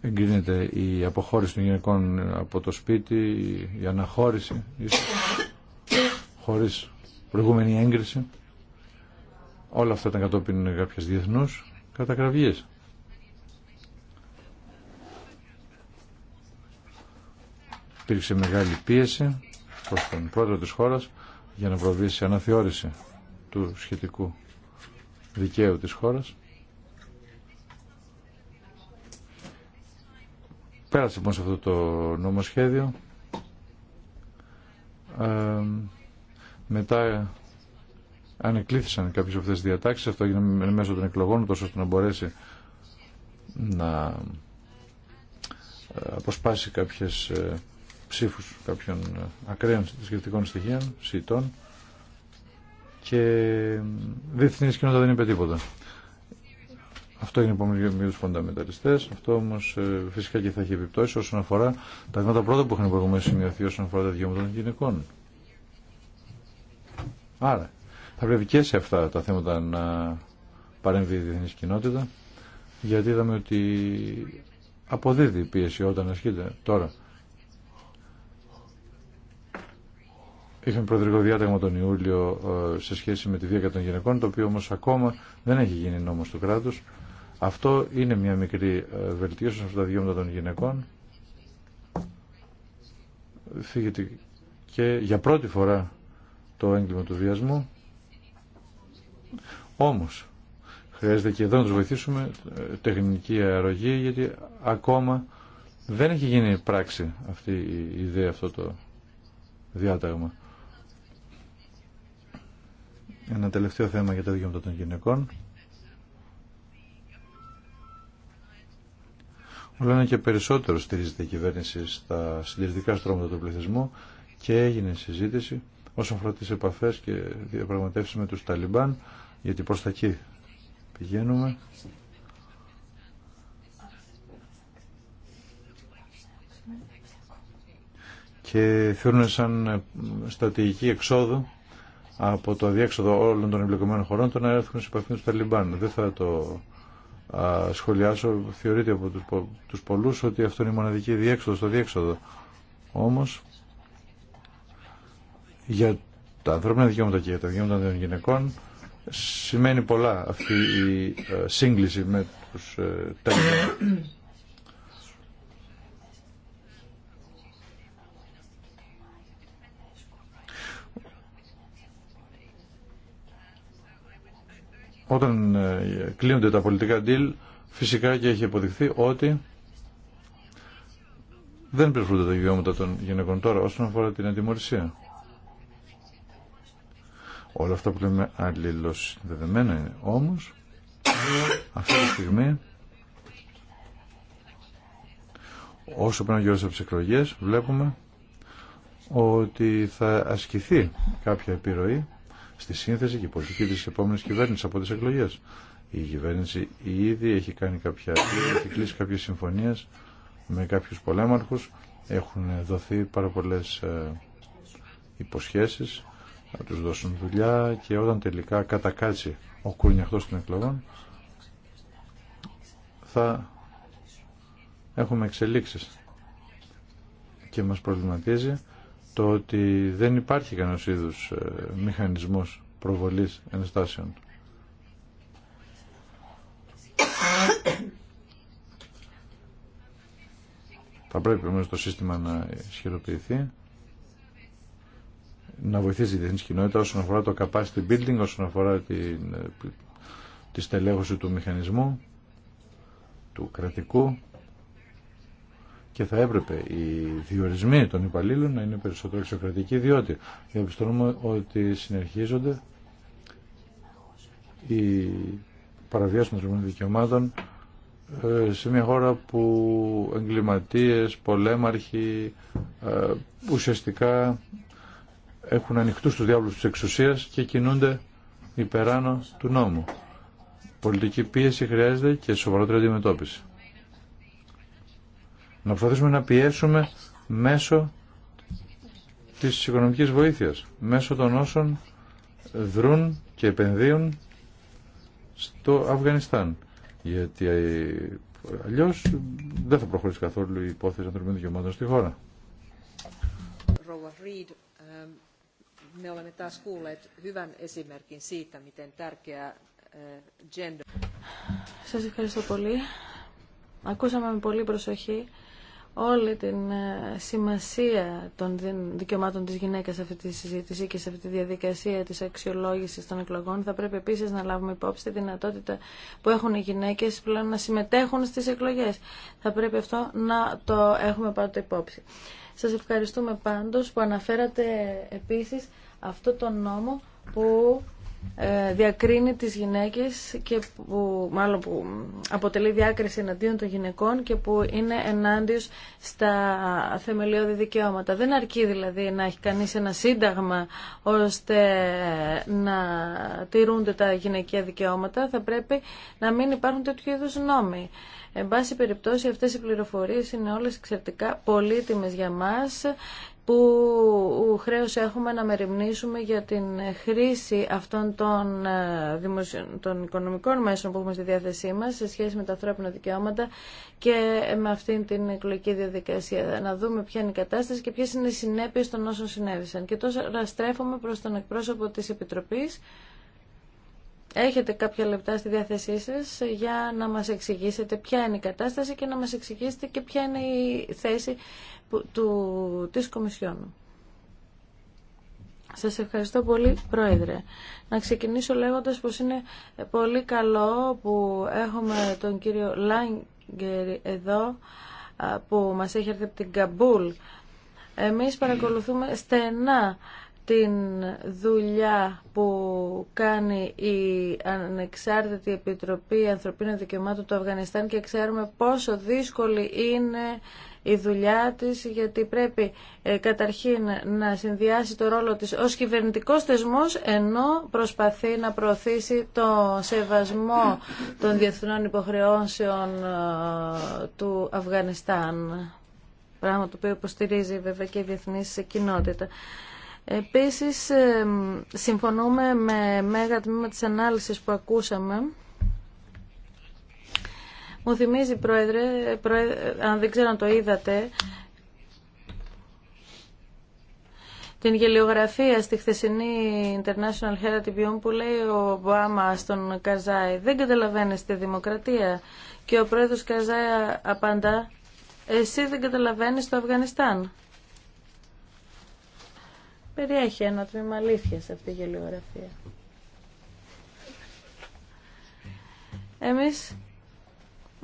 Εγκρίνεται η αποχώρηση των γυναικών από το σπίτι, η αναχώρηση χωρίς προηγούμενη έγκριση. Όλα αυτά ήταν κατόπιν κάποιες διεθνούς κατακραυγές. Υπήρξε μεγάλη πίεση προς τον πρόεδρο της χώρας για να προβήσει αναθεώρηση του σχετικού δικαίου της χώρας. Πέρασε λοιπόν σε αυτό το νομοσχέδιο. Ε, μετά ανεκλήθησαν κάποιες από αυτές τις διατάξεις, αυτό έγινε μέσω των εκλογών, τόσο ώστε να μπορέσει να ε, αποσπάσει κάποιες ε, ψήφους κάποιων ε, ακραίων θρησκευτικών στοιχείων, σιητών και διεθνής κοινότητα δεν είπε τίποτα. Αυτό είναι επομένω για του φονταμεταλιστέ. Αυτό όμω φυσικά και θα έχει επιπτώσει όσον αφορά τα βήματα πρώτα που έχουν προηγουμένω σημειωθεί όσον αφορά τα δικαιώματα των γυναικών. Άρα θα πρέπει και σε αυτά τα θέματα να παρέμβει η διεθνής κοινότητα γιατί είδαμε ότι αποδίδει η πίεση όταν ασκείται τώρα. Είχαμε προεδρικό διάταγμα τον Ιούλιο ε, σε σχέση με τη βία κατά των γυναικών, το οποίο όμως ακόμα δεν έχει γίνει νόμος του κράτους. Αυτό είναι μια μικρή ε, βελτίωση τα δικαιώματα των γυναικών. Φύγεται και για πρώτη φορά το έγκλημα του βιασμού. Όμως, χρειάζεται και εδώ να τους βοηθήσουμε ε, τεχνική αερογή, γιατί ακόμα δεν έχει γίνει πράξη αυτή η ιδέα, αυτό το διάταγμα. Ένα τελευταίο θέμα για τα δικαιώματα των γυναικών. Όλα είναι και περισσότερο στηρίζεται η κυβέρνηση στα συντηρητικά στρώματα του πληθυσμού και έγινε συζήτηση όσον αφορά τι επαφέ και διαπραγματεύσεις με τους Ταλιμπάν, γιατί προ τα εκεί πηγαίνουμε. Και θεωρούν σαν στρατηγική εξόδο από το διέξοδο όλων των εμπλεκομένων χωρών το να έρθουν σε επαφή με τους Ταλιμπάν. Δεν θα το σχολιάσω, θεωρείται από τους, πολλού πολλούς ότι αυτό είναι η μοναδική διέξοδο στο διέξοδο. Όμως, για τα ανθρώπινα δικαιώματα και για τα δικαιώματα των γυναικών σημαίνει πολλά αυτή η ε, σύγκληση με τους ε, τέλους. Όταν ε, κλείνονται τα πολιτικά deal, φυσικά και έχει αποδειχθεί ότι δεν πληρώνονται τα δικαιώματα των γυναικών τώρα όσον αφορά την αντιμορρυσία. Όλα αυτά που λέμε αλληλοσυνδεδεμένα είναι. Όμως, αυτή τη στιγμή, όσο πέραν γύρω από τις εκλογές, βλέπουμε ότι θα ασκηθεί κάποια επιρροή στη σύνθεση και πολιτική της επόμενης κυβέρνησης από τις εκλογές. Η κυβέρνηση ήδη έχει κάνει κάποια έχει κλείσει κάποιες συμφωνίες με κάποιους πολέμαρχους, έχουν δοθεί πάρα πολλές ε, υποσχέσεις να τους δώσουν δουλειά και όταν τελικά κατακάτσει ο κουρνιαχτός των εκλογών θα έχουμε εξελίξεις και μας προβληματίζει το ότι δεν υπάρχει κανένας είδους ε, μηχανισμός προβολής ενστάσεων. Θα πρέπει όμως το σύστημα να ισχυροποιηθεί να βοηθήσει τη διεθνή κοινότητα όσον αφορά το capacity building, όσον αφορά την, τη στελέχωση του μηχανισμού, του κρατικού και θα έπρεπε οι διορισμοί των υπαλλήλων να είναι περισσότερο εξωκρατικοί διότι διαπιστώνουμε ότι συνεχίζονται οι παραβιάσεις των δικαιωμάτων ε, σε μια χώρα που εγκληματίες, πολέμαρχοι ε, ουσιαστικά έχουν ανοιχτού του διάβλους της εξουσίας και κινούνται υπεράνω του νόμου. Πολιτική πίεση χρειάζεται και σοβαρότερη αντιμετώπιση. Να προσπαθήσουμε να πιέσουμε μέσω της οικονομικής βοήθειας, μέσω των όσων δρούν και επενδύουν στο Αφγανιστάν. Γιατί αλλιώς δεν θα προχωρήσει καθόλου η υπόθεση ανθρωπίνων δικαιωμάτων στη χώρα me Σας ευχαριστώ πολύ. Ακούσαμε με πολύ προσοχή όλη την ε, σημασία των δικαιωμάτων της γυναίκας σε αυτή τη συζήτηση και σε αυτή τη διαδικασία της αξιολόγησης των εκλογών. Θα πρέπει επίσης να λάβουμε υπόψη τη δυνατότητα που έχουν οι γυναίκες πλέον να συμμετέχουν στις εκλογές. Θα πρέπει αυτό να το έχουμε πάντοτε υπόψη. Σας ευχαριστούμε πάντως που αναφέρατε επίσης αυτό τον νόμο που ε, διακρίνει τις γυναίκες και που μάλλον που αποτελεί διάκριση εναντίον των γυναικών και που είναι ενάντιος στα θεμελιώδη δικαιώματα. Δεν αρκεί δηλαδή να έχει κανείς ένα σύνταγμα ώστε να τηρούνται τα γυναικεία δικαιώματα. Θα πρέπει να μην υπάρχουν τέτοιου είδους νόμοι. Εν πάση περιπτώσει αυτές οι πληροφορίες είναι όλες εξαιρετικά πολύτιμες για μας που χρέο έχουμε να μεριμνήσουμε για την χρήση αυτών των, ε, των οικονομικών μέσων που έχουμε στη διάθεσή μας σε σχέση με τα ανθρώπινα δικαιώματα και με αυτήν την εκλογική διαδικασία. Να δούμε ποια είναι η κατάσταση και ποιες είναι οι συνέπειες των όσων συνέβησαν. Και τώρα στρέφομαι προς τον εκπρόσωπο της Επιτροπής, έχετε κάποια λεπτά στη διάθεσή σας για να μας εξηγήσετε ποια είναι η κατάσταση και να μας εξηγήσετε και ποια είναι η θέση του, της Κομισιόν. Σας ευχαριστώ πολύ, Πρόεδρε. Να ξεκινήσω λέγοντας πως είναι πολύ καλό που έχουμε τον κύριο Λάγκερ εδώ που μας έχει έρθει από την Καμπούλ. Εμείς παρακολουθούμε στενά την δουλειά που κάνει η Ανεξάρτητη Επιτροπή Ανθρωπίνων Δικαιωμάτων του Αφγανιστάν και ξέρουμε πόσο δύσκολη είναι η δουλειά της γιατί πρέπει ε, καταρχήν να συνδυάσει το ρόλο της ως κυβερνητικός θεσμός ενώ προσπαθεί να προωθήσει το σεβασμό των διεθνών υποχρεώσεων ε, του Αφγανιστάν πράγμα το οποίο υποστηρίζει βέβαια και η διεθνή κοινότητα. Επίσης, συμφωνούμε με μέγα τμήμα της ανάλυσης που ακούσαμε. Μου θυμίζει, πρόεδρε, αν δεν ξέρω αν το είδατε, την γελιογραφία στη χθεσινή International Herald Tribune που λέει ο Μποάμα στον Καζάη «Δεν καταλαβαίνεις τη δημοκρατία» και ο πρόεδρος Καζάη απαντά «Εσύ δεν καταλαβαίνεις το Αφγανιστάν». Περιέχει ένα τμήμα αλήθεια σε αυτή η γελιογραφία. Εμείς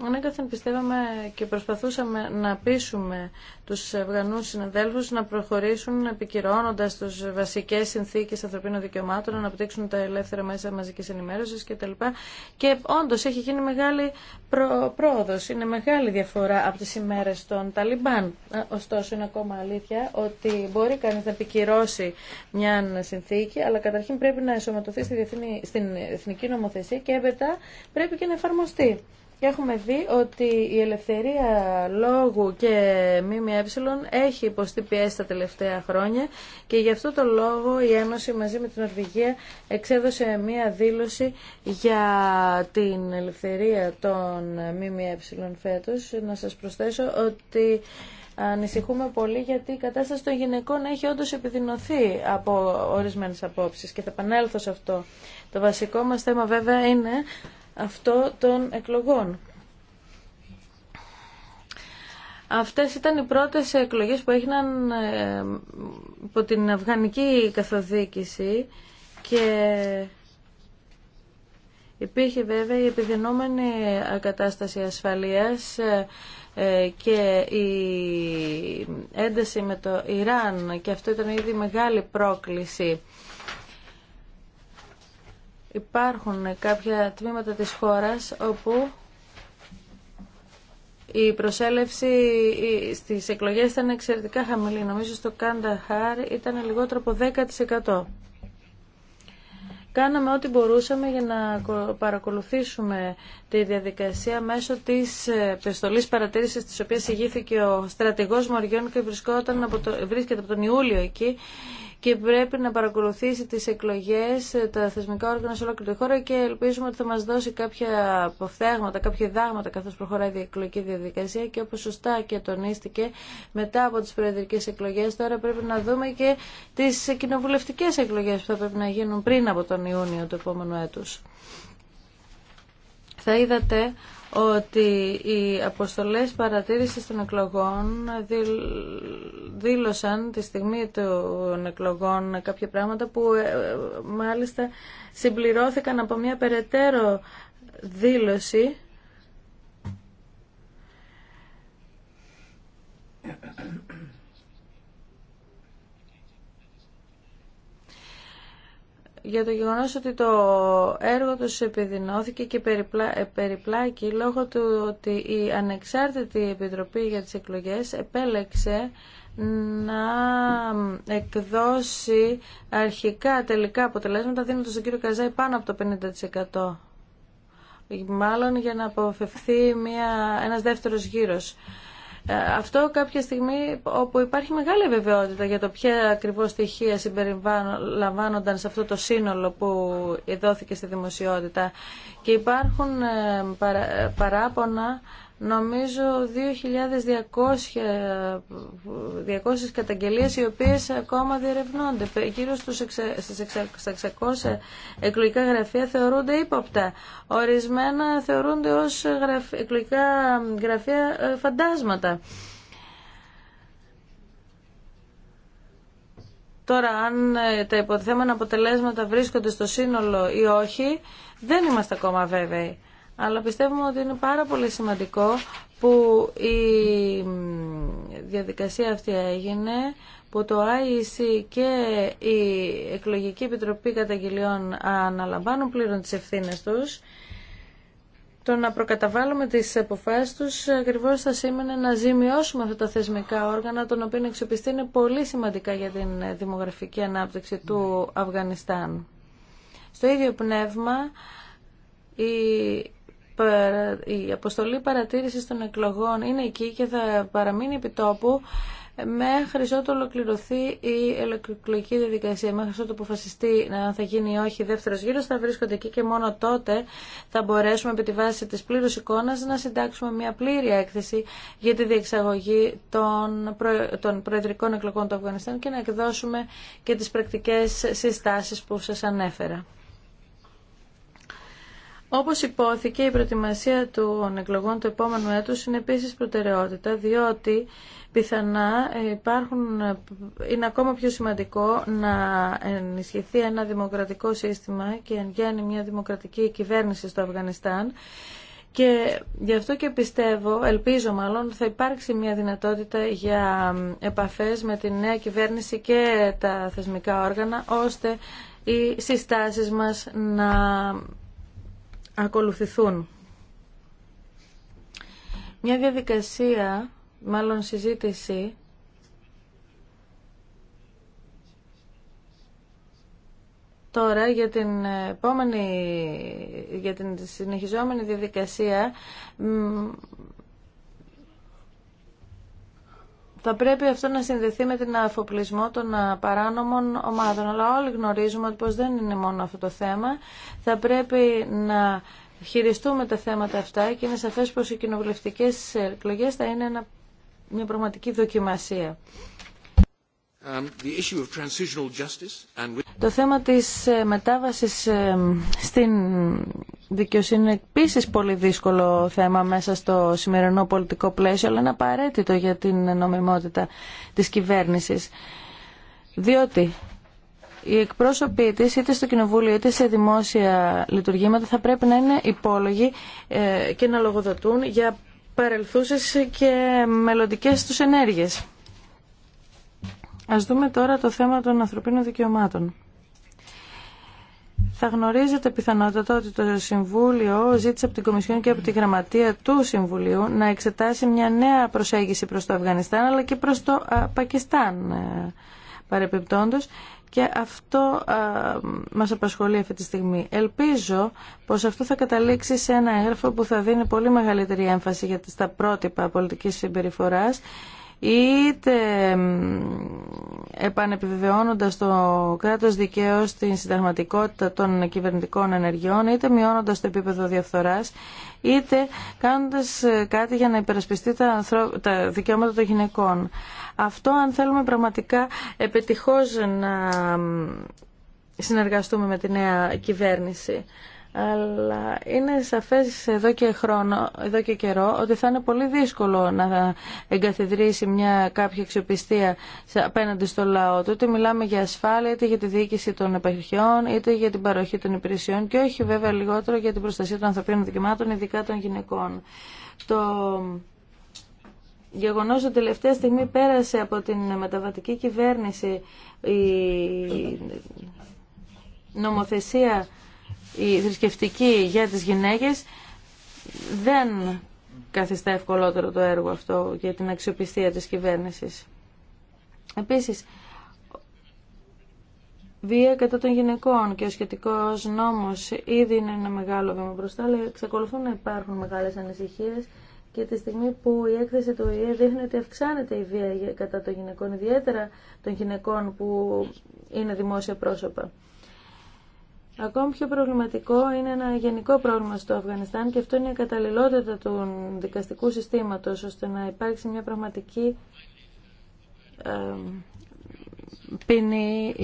Ανέκαθεν πιστεύαμε και προσπαθούσαμε να πείσουμε τους Αυγανούς συναδέλφους να προχωρήσουν επικυρώνοντας τους βασικές συνθήκες ανθρωπίνων δικαιωμάτων, να αναπτύξουν τα ελεύθερα μέσα μαζικής ενημέρωσης κτλ. Και όντως έχει γίνει μεγάλη προ... πρόοδος, είναι μεγάλη διαφορά από τις ημέρες των Ταλιμπάν. Ε, ωστόσο είναι ακόμα αλήθεια ότι μπορεί κανεί να επικυρώσει μια συνθήκη, αλλά καταρχήν πρέπει να εσωματωθεί στην εθνική νομοθεσία και έπειτα πρέπει και να εφαρμοστεί. Και έχουμε δει ότι η ελευθερία λόγου και ΜΜΕ έχει υποστεί πιέσει τα τελευταία χρόνια και γι' αυτό το λόγο η Ένωση μαζί με την Ορβηγία εξέδωσε μία δήλωση για την ελευθερία των ΜΜΕ φέτος. Να σας προσθέσω ότι ανησυχούμε πολύ γιατί η κατάσταση των γυναικών έχει όντως επιδεινωθεί από ορισμένες απόψεις και θα επανέλθω σε αυτό. Το βασικό μας θέμα βέβαια είναι αυτό των εκλογών. Αυτές ήταν οι πρώτες εκλογές που έγιναν από ε, την Αφγανική καθοδήγηση και υπήρχε βέβαια η επιδεινόμενη κατάσταση ασφαλείας ε, ε, και η ένταση με το Ιράν και αυτό ήταν ήδη μεγάλη πρόκληση υπάρχουν κάποια τμήματα της χώρας όπου η προσέλευση στις εκλογές ήταν εξαιρετικά χαμηλή. Νομίζω στο Κανταχάρ ήταν λιγότερο από 10%. Κάναμε ό,τι μπορούσαμε για να παρακολουθήσουμε τη διαδικασία μέσω της ε, πιστολής παρατήρησης της οποίας ηγήθηκε ο στρατηγός Μοριών και βρισκόταν βρίσκεται από τον Ιούλιο εκεί και πρέπει να παρακολουθήσει τις εκλογές, ε, τα θεσμικά όργανα σε και τη χώρα και ελπίζουμε ότι θα μας δώσει κάποια αποφθέγματα, κάποια δάγματα καθώς προχωράει η εκλογική διαδικασία και όπως σωστά και τονίστηκε μετά από τις προεδρικές εκλογές τώρα πρέπει να δούμε και τις κοινοβουλευτικές εκλογές που θα πρέπει να γίνουν πριν από τον Ιούνιο του επόμενου έτους. Θα είδατε ότι οι αποστολές παρατήρησης των εκλογών δήλωσαν τη στιγμή των εκλογών κάποια πράγματα που ε, μάλιστα συμπληρώθηκαν από μια περαιτέρω δήλωση για το γεγονός ότι το έργο τους επιδεινώθηκε και ε, περιπλάκει λόγω του ότι η ανεξάρτητη Επιτροπή για τις εκλογές επέλεξε να εκδώσει αρχικά τελικά αποτελέσματα δίνοντας στον κύριο Καζάη πάνω από το 50%. Μάλλον για να αποφευθεί μια, ένας δεύτερος γύρος. Ε, αυτό κάποια στιγμή όπου υπάρχει μεγάλη βεβαιότητα για το ποια ακριβώς στοιχεία συμπεριλαμβάνονταν σε αυτό το σύνολο που δόθηκε στη δημοσιότητα και υπάρχουν ε, παράπονα νομίζω 2.200 200 καταγγελίες οι οποίες ακόμα διερευνώνται. Γύρω στους 600 εκλογικά γραφεία θεωρούνται ύποπτα. Ορισμένα θεωρούνται ως εκλογικά γραφεία ε, φαντάσματα. Τώρα, αν ε, τα υποθεμένα αποτελέσματα βρίσκονται στο σύνολο ή όχι, δεν είμαστε ακόμα βέβαιοι αλλά πιστεύουμε ότι είναι πάρα πολύ σημαντικό που η διαδικασία αυτή έγινε, που το IEC και η Εκλογική Επιτροπή Καταγγελιών αναλαμβάνουν πλήρων τις ευθύνες τους. Το να προκαταβάλουμε τις αποφάσεις τους ακριβώ θα σήμαινε να ζημιώσουμε αυτά τα θεσμικά όργανα, των οποίων εξοπιστή είναι πολύ σημαντικά για την δημογραφική ανάπτυξη του ναι. Αφγανιστάν. Στο ίδιο πνεύμα, η η αποστολή παρατήρησης των εκλογών είναι εκεί και θα παραμείνει επιτόπου μέχρι ότου ολοκληρωθεί η εκλογική διαδικασία, μέχρι ότου αποφασιστεί να θα γίνει ή όχι δεύτερος γύρος, θα βρίσκονται εκεί και μόνο τότε θα μπορέσουμε επί τη βάση της πλήρους εικόνας να συντάξουμε μια πλήρη έκθεση για τη διεξαγωγή των, προ... προεδρικών εκλογών του Αφγανιστάν και να εκδώσουμε και τις πρακτικές συστάσεις που σας ανέφερα. Όπως υπόθηκε, η προετοιμασία των εκλογών του επόμενου έτους είναι επίσης προτεραιότητα, διότι πιθανά υπάρχουν, είναι ακόμα πιο σημαντικό να ενισχυθεί ένα δημοκρατικό σύστημα και εν γέννη μια δημοκρατική κυβέρνηση στο Αφγανιστάν. Και γι' αυτό και πιστεύω, ελπίζω μάλλον, θα υπάρξει μια δυνατότητα για επαφές με τη νέα κυβέρνηση και τα θεσμικά όργανα, ώστε οι συστάσεις μας να ακολουθηθούν. Μια διαδικασία, μάλλον συζήτηση, τώρα για την επόμενη, για την συνεχιζόμενη διαδικασία Θα πρέπει αυτό να συνδεθεί με την αφοπλισμό των παράνομων ομάδων. Αλλά όλοι γνωρίζουμε ότι πως δεν είναι μόνο αυτό το θέμα. Θα πρέπει να χειριστούμε τα θέματα αυτά και είναι σαφές πως οι κοινοβουλευτικές εκλογέ θα είναι μια πραγματική δοκιμασία. Um, Το θέμα της ε, μετάβασης ε, στην δικαιοσύνη είναι επίσης πολύ δύσκολο θέμα μέσα στο σημερινό πολιτικό πλαίσιο, αλλά είναι απαραίτητο για την νομιμότητα της κυβέρνησης. Διότι οι εκπρόσωποι τη είτε στο κοινοβούλιο είτε σε δημόσια λειτουργήματα θα πρέπει να είναι υπόλογοι ε, και να λογοδοτούν για παρελθούσες και μελλοντικές τους ενέργειες. Ας δούμε τώρα το θέμα των ανθρωπίνων δικαιωμάτων. Θα γνωρίζετε πιθανότατα ότι το Συμβούλιο ζήτησε από την Κομισιόν και από τη Γραμματεία του Συμβουλίου να εξετάσει μια νέα προσέγγιση προς το Αφγανιστάν αλλά και προς το Πακιστάν ε, παρεπιπτόντως και αυτό α, μας απασχολεί αυτή τη στιγμή. Ελπίζω πως αυτό θα καταλήξει σε ένα έγγραφο που θα δίνει πολύ μεγαλύτερη έμφαση για, τα πρότυπα πολιτικής συμπεριφοράς είτε επανεπιβεβαιώνοντας το κράτος δικαίου στην συνταγματικότητα των κυβερνητικών ενεργειών, είτε μειώνοντας το επίπεδο διαφθοράς, είτε κάνοντας ε, κάτι για να υπερασπιστεί τα, τα δικαιώματα των γυναικών. Αυτό αν θέλουμε πραγματικά επιτυχώς να συνεργαστούμε με τη νέα κυβέρνηση αλλά είναι σαφές εδώ και χρόνο, εδώ και καιρό, ότι θα είναι πολύ δύσκολο να εγκαθιδρύσει μια κάποια αξιοπιστία απέναντι στο λαό του, είτε μιλάμε για ασφάλεια, είτε για τη διοίκηση των επαρχιών, είτε για την παροχή των υπηρεσιών και όχι βέβαια λιγότερο για την προστασία των ανθρωπίνων δικαιωμάτων, ειδικά των γυναικών. Το γεγονός ότι τελευταία στιγμή πέρασε από την μεταβατική κυβέρνηση η νομοθεσία η θρησκευτική για τις γυναίκες δεν καθιστά ευκολότερο το έργο αυτό για την αξιοπιστία της κυβέρνησης. Επίσης, βία κατά των γυναικών και ο σχετικός νόμος ήδη είναι ένα μεγάλο βήμα μπροστά, αλλά εξακολουθούν να υπάρχουν μεγάλες ανησυχίες και τη στιγμή που η έκθεση του ΙΕ δείχνει ότι αυξάνεται η βία κατά των γυναικών, ιδιαίτερα των γυναικών που είναι δημόσια πρόσωπα. Ακόμη πιο προβληματικό είναι ένα γενικό πρόβλημα στο Αφγανιστάν και αυτό είναι η καταλληλότητα του δικαστικού συστήματος ώστε να υπάρξει μια πραγματική ποινή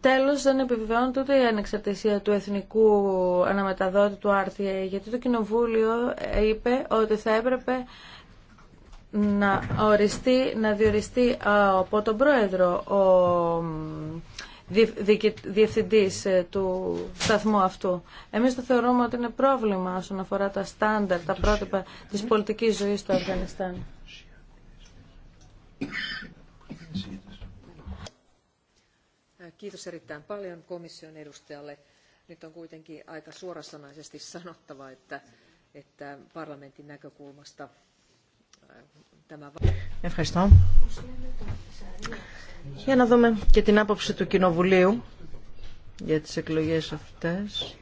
Τέλος, δεν επιβεβαιώνεται ούτε η ανεξαρτησία του εθνικού αναμεταδότη του Άρθια, γιατί το Κοινοβούλιο είπε ότι θα έπρεπε να οριστεί, να διοριστεί από τον πρόεδρο ο διευθυντής ε, του σταθμού αυτού. Εμείς το θεωρούμε ότι είναι πρόβλημα όσον αφορά τα στάνταρ, τα πρότυπα της πολιτικής ζωής του Αφγανιστάν. Kiitos erittäin paljon komission edustajalle. Nyt on kuitenkin aika suorasanaisesti sanottava, että, että parlamentin näkökulmasta Ευχαριστώ. Για να δούμε και την άποψη του Κοινοβουλίου για τις εκλογές αυτές.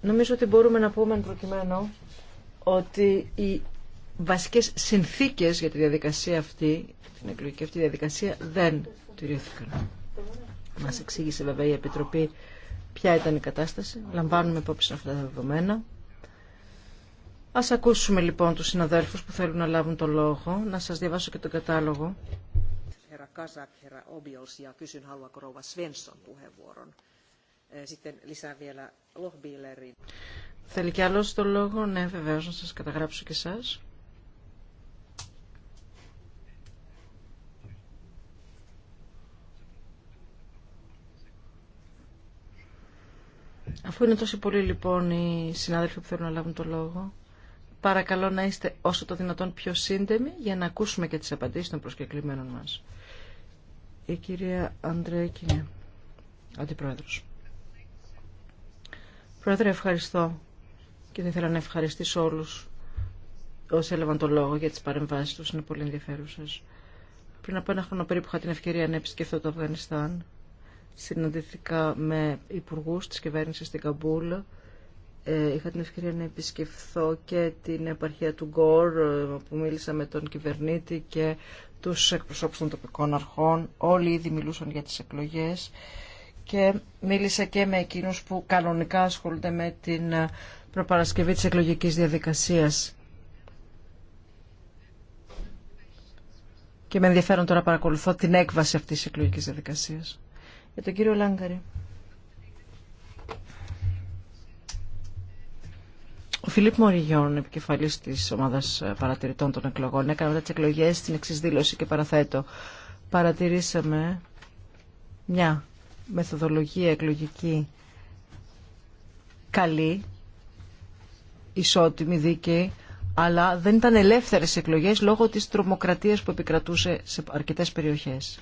Νομίζω ότι μπορούμε να πούμε προκειμένου ότι οι βασικές συνθήκες για τη διαδικασία αυτή, την εκλογική αυτή διαδικασία, δεν τηρήθηκαν. Μας εξήγησε βέβαια η Επιτροπή ποια ήταν η κατάσταση. Λαμβάνουμε υπόψη αυτά τα δεδομένα. Ας ακούσουμε λοιπόν τους συναδέλφους που θέλουν να λάβουν το λόγο. Να σας διαβάσω και τον κατάλογο. Θέλει κι άλλος το λόγο. Ναι, βεβαίως, να σας καταγράψω και εσάς. Αφού είναι τόσο πολλοί λοιπόν οι συνάδελφοι που θέλουν να λάβουν το λόγο, Παρακαλώ να είστε όσο το δυνατόν πιο σύντομοι για να ακούσουμε και τις απαντήσεις των προσκεκλημένων μας. Η κυρία Αντρέκη, Κινέ, Αντιπρόεδρος. Πρόεδρε, ευχαριστώ και δεν ήθελα να ευχαριστήσω όλους όσοι έλαβαν το λόγο για τις παρεμβάσεις τους. Είναι πολύ ενδιαφέρουσες. Πριν από ένα χρόνο περίπου είχα την ευκαιρία να επισκεφθώ το Αφγανιστάν. Συναντηθήκα με υπουργούς της κυβέρνησης στην Καμπούλα ε, είχα την ευκαιρία να επισκεφθώ και την επαρχία του Γκόρ ε, που μίλησα με τον κυβερνήτη και τους εκπροσώπους των τοπικών αρχών. Όλοι ήδη μιλούσαν για τις εκλογές και μίλησα και με εκείνους που κανονικά ασχολούνται με την ε, προπαρασκευή της εκλογικής διαδικασίας. Και με ενδιαφέρον τώρα παρακολουθώ την έκβαση αυτής της εκλογικής διαδικασίας. Για τον κύριο Λάγκαρη. Ο Φιλίπ Μοριγιόν, επικεφαλής της ομάδας ε, παρατηρητών των εκλογών, έκανε μετά τις εκλογές την εξή δήλωση και παραθέτω. Παρατηρήσαμε μια μεθοδολογία εκλογική καλή, ισότιμη, δίκαιη, αλλά δεν ήταν ελεύθερες εκλογές λόγω της τρομοκρατίας που επικρατούσε σε αρκετές περιοχές.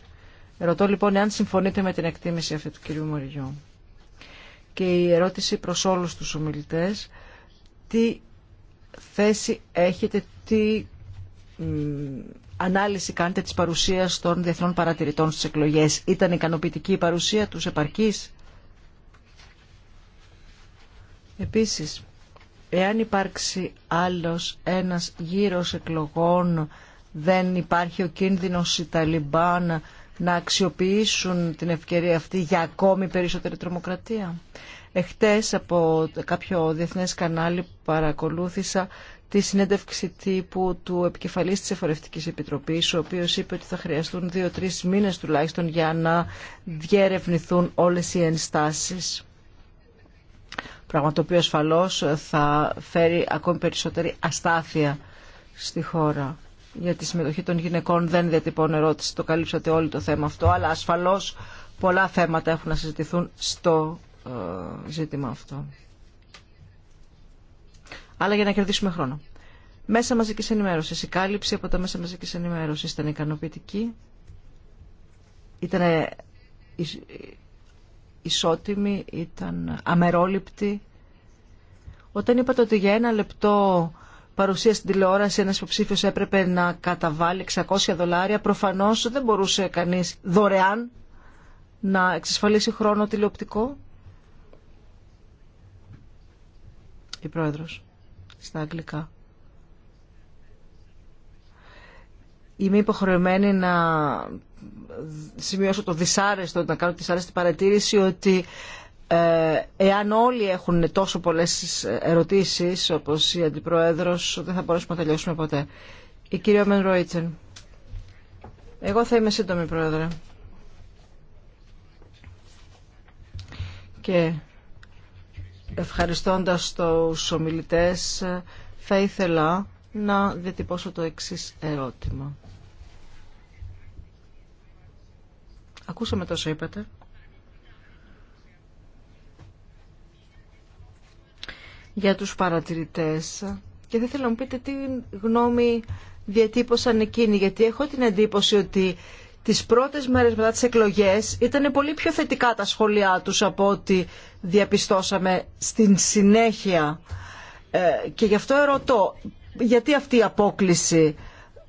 Ερωτώ λοιπόν εάν συμφωνείτε με την εκτίμηση αυτή του κυρίου Μοριγιόν. Και η ερώτηση προς όλους τους ομιλητές τι θέση έχετε, τι ανάλυση κάνετε της παρουσίας των διεθνών παρατηρητών στις εκλογές. Ήταν ικανοποιητική η παρουσία τους επαρκής. Επίσης, εάν υπάρξει άλλος ένας γύρος εκλογών, δεν υπάρχει ο κίνδυνος οι Ταλιμπάν να αξιοποιήσουν την ευκαιρία αυτή για ακόμη περισσότερη τρομοκρατία. Εχθές από κάποιο διεθνές κανάλι παρακολούθησα τη συνέντευξη τύπου του επικεφαλής της Εφορευτικής Επιτροπής, ο οποίος είπε ότι θα χρειαστούν δύο-τρεις μήνες τουλάχιστον για να διερευνηθούν όλες οι ενστάσεις. Πράγμα το οποίο ασφαλώς θα φέρει ακόμη περισσότερη αστάθεια στη χώρα. Για τη συμμετοχή των γυναικών δεν διατυπώνω ερώτηση, το καλύψατε όλοι το θέμα αυτό, αλλά ασφαλώς πολλά θέματα έχουν να συζητηθούν στο ε, ζήτημα αυτό. Αλλά για να κερδίσουμε χρόνο. Μέσα μαζικής ενημέρωσης. Η κάλυψη από τα μέσα μαζικής ενημέρωσης ήταν ικανοποιητική. Ήταν ισότιμη, ήταν αμερόληπτη. Όταν είπατε ότι για ένα λεπτό παρουσία στην τηλεόραση ένας υποψήφιος έπρεπε να καταβάλει 600 δολάρια, προφανώς δεν μπορούσε κανείς δωρεάν να εξασφαλίσει χρόνο τηλεοπτικό. στα αγγλικά. Είμαι υποχρεωμένη να σημειώσω το δυσάρεστο, να κάνω τη δυσάρεστη παρατήρηση ότι ε, εάν όλοι έχουν τόσο πολλές ερωτήσεις όπως η Αντιπροέδρος δεν θα μπορέσουμε να τελειώσουμε ποτέ. Η κυρία Μενρόιτσεν. Εγώ θα είμαι σύντομη Πρόεδρε. Και ευχαριστώντας τους ομιλητές θα ήθελα να διατυπώσω το εξής ερώτημα. Ακούσαμε τόσο είπατε. Για τους παρατηρητές και δεν θέλω να μου πείτε τι γνώμη διατύπωσαν εκείνοι γιατί έχω την εντύπωση ότι τι πρώτες μέρες μετά τις εκλογές ήταν πολύ πιο θετικά τα σχόλιά τους από ό,τι διαπιστώσαμε στην συνέχεια. Ε, και γι' αυτό ερωτώ, γιατί αυτή η απόκληση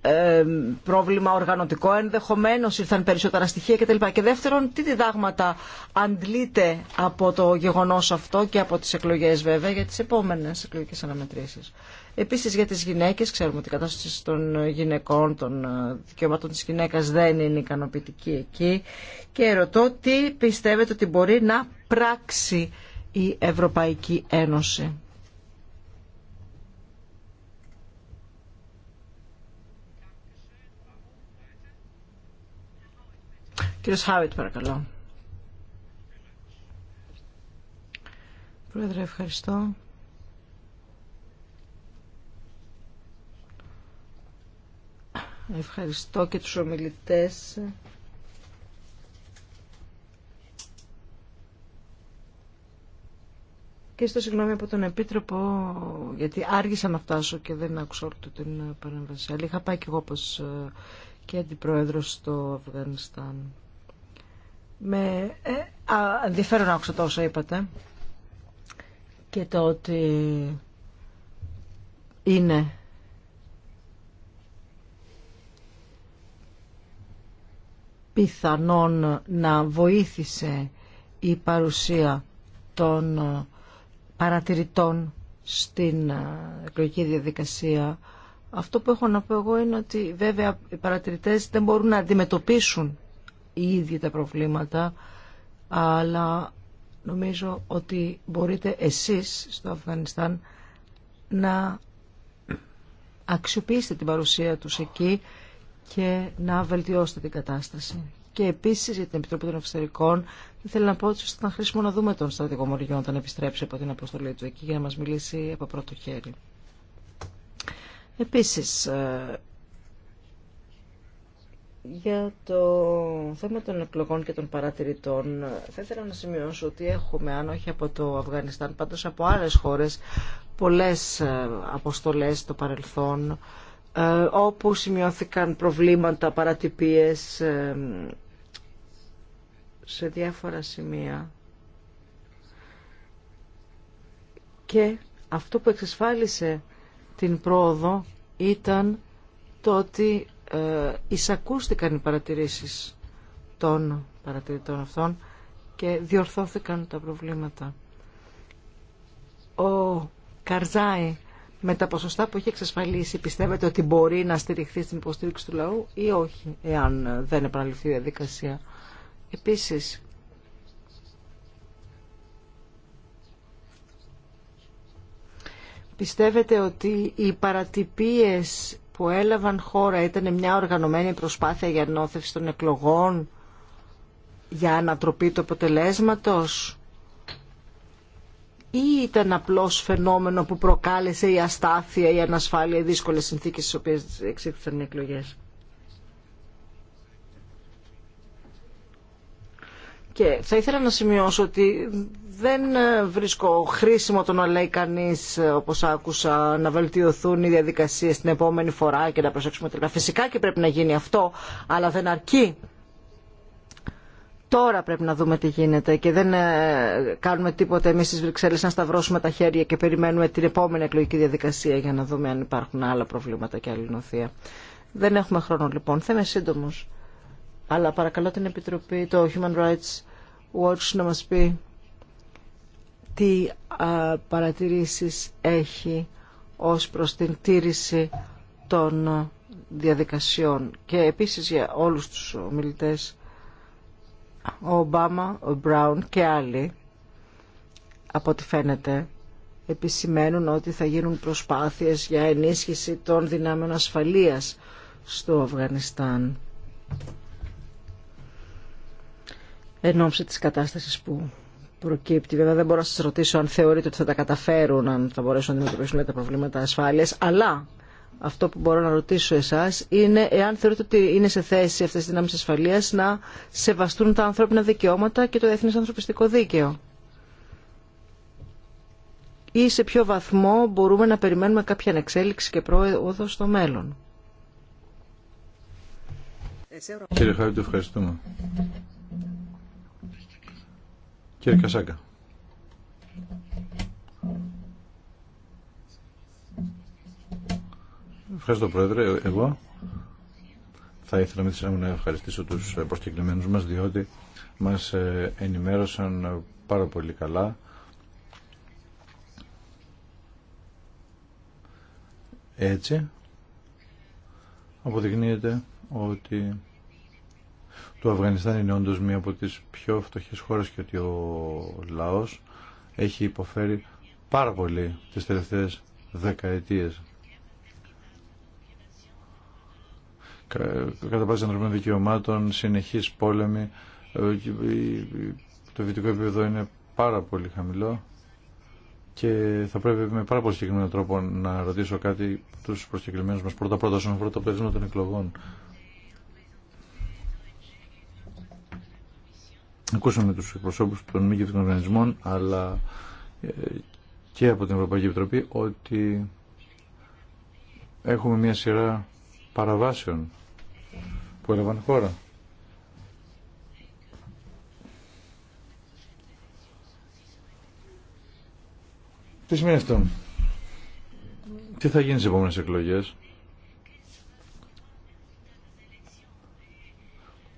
ε, πρόβλημα οργανωτικό, Ενδεχομένω, ήρθαν περισσότερα στοιχεία κτλ. Και δεύτερον, τι διδάγματα αντλείται από το γεγονός αυτό και από τις εκλογές βέβαια για τις επόμενες εκλογικές αναμετρήσεις. Επίσης για τις γυναίκες, ξέρουμε ότι η κατάσταση των γυναικών, των ε, δικαιωμάτων της γυναίκας δεν είναι ικανοποιητική εκεί. Και ρωτώ τι πιστεύετε ότι μπορεί να πράξει η Ευρωπαϊκή Ένωση. Κύριος Χάουιτ, παρακαλώ. Πρόεδρε, ευχαριστώ. Ευχαριστώ και τους ομιλητές. Και στο συγγνώμη από τον Επίτροπο, γιατί άργησα να φτάσω και δεν άκουσα όλη την παρέμβαση. Αλλά είχα πάει και εγώ όπως ε, και αντιπρόεδρος στο Αφγανιστάν. Με ε, α, ενδιαφέρον άκουσα τόσο είπατε. Και το ότι είναι πιθανόν να βοήθησε η παρουσία των ε, παρατηρητών στην ε, εκλογική διαδικασία. Αυτό που έχω να πω εγώ είναι ότι βέβαια οι παρατηρητές δεν μπορούν να αντιμετωπίσουν οι ίδιοι τα προβλήματα, αλλά νομίζω ότι μπορείτε εσείς στο Αφγανιστάν να αξιοποιήσετε την παρουσία τους εκεί και να βελτιώσετε την κατάσταση. Και επίση για την Επιτροπή των Εξωτερικών, θέλω να πω ότι θα ήταν χρήσιμο να δούμε τον στρατηγό Μοριό όταν επιστρέψει από την αποστολή του εκεί για να μα μιλήσει από πρώτο χέρι. Επίση, ε, για το θέμα των εκλογών και των παρατηρητών, ε, θα ήθελα να σημειώσω ότι έχουμε, αν όχι από το Αφγανιστάν, πάντως από άλλες χώρες, πολλές ε, αποστολές στο παρελθόν ε, όπου σημειώθηκαν προβλήματα, παρατυπίες ε, σε διάφορα σημεία. Και αυτό που εξασφάλισε την πρόοδο ήταν το ότι ε, εισακούστηκαν οι παρατηρήσεις των παρατηρητών αυτών και διορθώθηκαν τα προβλήματα. Ο Καρζάη με τα ποσοστά που έχει εξασφαλίσει πιστεύετε ότι μπορεί να στηριχθεί στην υποστήριξη του λαού ή όχι εάν δεν επαναληφθεί η διαδικασία. Επίσης, πιστεύετε ότι οι παρατυπίες που έλαβαν χώρα ήταν μια οργανωμένη προσπάθεια για ενώθευση των εκλογών, για ανατροπή του αποτελέσματος ή ήταν απλώς φαινόμενο που προκάλεσε η αστάθεια, η ανασφάλεια, οι δύσκολες συνθήκες στις οποίες εξήγησαν οι εκλογές. Και θα ήθελα να σημειώσω ότι δεν ε, βρίσκω χρήσιμο το να λέει κανεί, ε, όπω άκουσα, να βελτιωθούν οι διαδικασίε την επόμενη φορά και να προσέξουμε τελικά. Φυσικά και πρέπει να γίνει αυτό, αλλά δεν αρκεί. Τώρα πρέπει να δούμε τι γίνεται και δεν ε, κάνουμε τίποτα εμείς στις Βρυξέλλες να σταυρώσουμε τα χέρια και περιμένουμε την επόμενη εκλογική διαδικασία για να δούμε αν υπάρχουν άλλα προβλήματα και άλλη νοθεία. Δεν έχουμε χρόνο λοιπόν, θα είμαι σύντομο. Αλλά παρακαλώ την Επιτροπή, το Human Rights Watch να μας πει τι παρατηρήσεις έχει ως προς την τήρηση των ε, διαδικασιών. Και επίσης για όλους τους ομιλητές ο Ομπάμα, ο Μπράουν και άλλοι, από ό,τι φαίνεται, επισημαίνουν ότι θα γίνουν προσπάθειες για ενίσχυση των δυνάμεων ασφαλείας στο Αφγανιστάν. Εν ώψη της κατάστασης που προκύπτει. Βέβαια δεν μπορώ να σας ρωτήσω αν θεωρείτε ότι θα τα καταφέρουν, αν θα μπορέσουν να αντιμετωπίσουν τα προβλήματα ασφάλειας, αλλά αυτό που μπορώ να ρωτήσω εσάς είναι εάν θεωρείτε ότι είναι σε θέση αυτές οι δυνάμεις ασφαλείας να σεβαστούν τα ανθρώπινα δικαιώματα και το Εθνικό ανθρωπιστικό δίκαιο. Ή σε ποιο βαθμό μπορούμε να περιμένουμε κάποια ανεξέλιξη και πρόοδο στο μέλλον. Κύριε Χάρη, του ευχαριστούμε. Κύριε Κασάκα. Ευχαριστώ Πρόεδρε. Εγώ θα ήθελα με να ευχαριστήσω τους προσκεκλημένους μας διότι μας ε, ενημέρωσαν πάρα πολύ καλά έτσι αποδεικνύεται ότι το Αφγανιστάν είναι όντως μία από τις πιο φτωχές χώρες και ότι ο λαός έχει υποφέρει πάρα πολύ τις τελευταίες δεκαετίες. κατά πάση ανθρωπίνων δικαιωμάτων, συνεχής πόλεμη ε, Το βιωτικό επίπεδο είναι πάρα πολύ χαμηλό και θα πρέπει με πάρα πολύ συγκεκριμένο τρόπο να ρωτήσω κάτι τους προσκεκλημένους μας πρώτα πρώτα όσον αφορά το των εκλογών. Ακούσαμε τους εκπροσώπους των μη κυβερνητικών οργανισμών αλλά ε, και από την Ευρωπαϊκή Επιτροπή ότι έχουμε μια σειρά παραβάσεων που έλαβαν χώρα. Τι σημαίνει αυτό. Τι θα γίνει στις επόμενες εκλογές.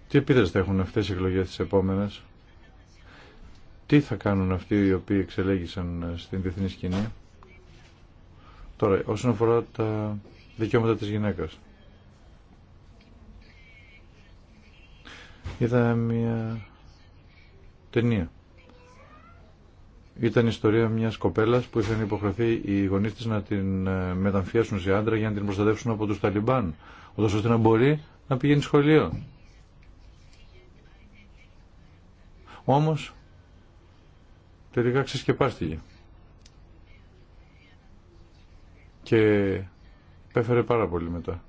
Τι επίδραση θα έχουν αυτές οι εκλογές τις επόμενες. Τι θα κάνουν αυτοί οι οποίοι εξελέγησαν στην διεθνή σκηνή. Τώρα, όσον αφορά τα δικαιώματα της γυναίκας. είδα μια ταινία. Ήταν η ιστορία μιας κοπέλας που είχαν υποχρεωθεί οι γονείς της να την ε, μεταμφιάσουν σε άντρα για να την προστατεύσουν από τους Ταλιμπάν, ούτως ώστε να μπορεί να πηγαίνει σχολείο. Όμως, τελικά ξεσκεπάστηκε. Και πέφερε πάρα πολύ μετά.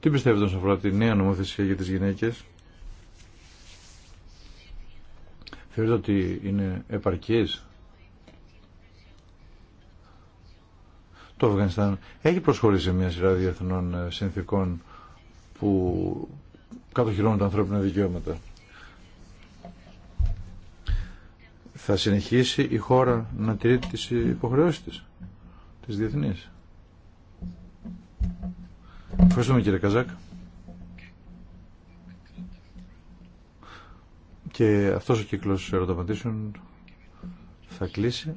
Τι πιστεύετε όσον αφορά τη νέα νομοθεσία για τις γυναίκες. Θεωρείτε ότι είναι επαρκής. Το Αφγανιστάν έχει προσχωρήσει μια σειρά διεθνών ε, συνθήκων που κατοχυρώνουν τα ανθρώπινα δικαιώματα. Θα συνεχίσει η χώρα να τηρεί τις υποχρεώσεις της, της διεθνής. Ευχαριστούμε κύριε Καζάκ. Και αυτός ο κύκλος ερωταπαντήσεων θα κλείσει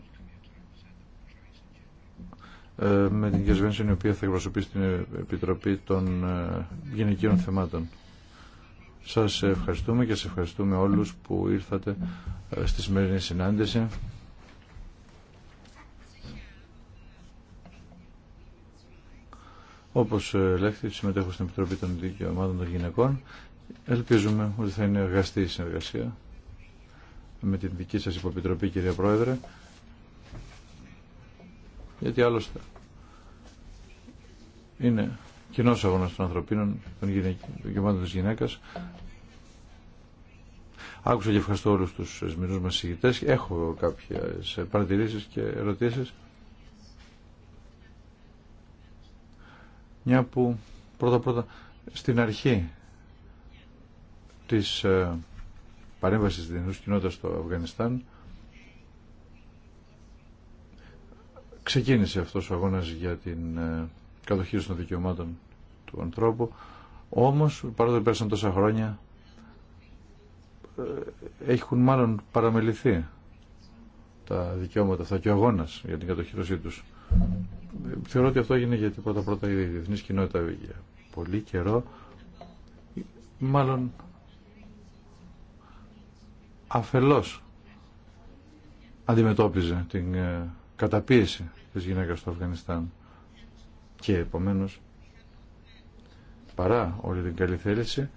ε, με την Σβένσον, η οποία θα εκπροσωπήσει την Επιτροπή των ε, Γυναικείων Θεμάτων. Σας ευχαριστούμε και σας ευχαριστούμε όλους που ήρθατε ε, στη σημερινή συνάντηση. Όπως ε, λέχθη, συμμετέχω στην Επιτροπή των Δικαιωμάτων των Γυναικών. Ελπίζουμε ότι θα είναι εργαστή η συνεργασία με την δική σα υποπιτροπή, κυρία Πρόεδρε. Γιατί άλλωστε είναι κοινό αγώνα των ανθρωπίνων, των δικαιωμάτων τη Γυναίκα. Άκουσα και ευχαριστώ όλου τους εσμηνού μα συγητές. Έχω κάποιε παρατηρήσει και ερωτήσει. μια που πρώτα πρώτα στην αρχή της ε, παρέμβασης της κοινότητας στο Αφγανιστάν ξεκίνησε αυτός ο αγώνας για την κατοχή ε, κατοχήρωση των δικαιωμάτων του ανθρώπου όμως παρότι πέρασαν τόσα χρόνια ε, έχουν μάλλον παραμεληθεί τα δικαιώματα αυτά και ο αγώνας για την κατοχήρωσή τους θεωρώ ότι αυτό έγινε γιατί πρώτα πρώτα η διεθνή κοινότητα για πολύ καιρό μάλλον αφελώς αντιμετώπιζε την ε, καταπίεση της γυναίκας στο Αφγανιστάν και επομένως παρά όλη την καλή θέληση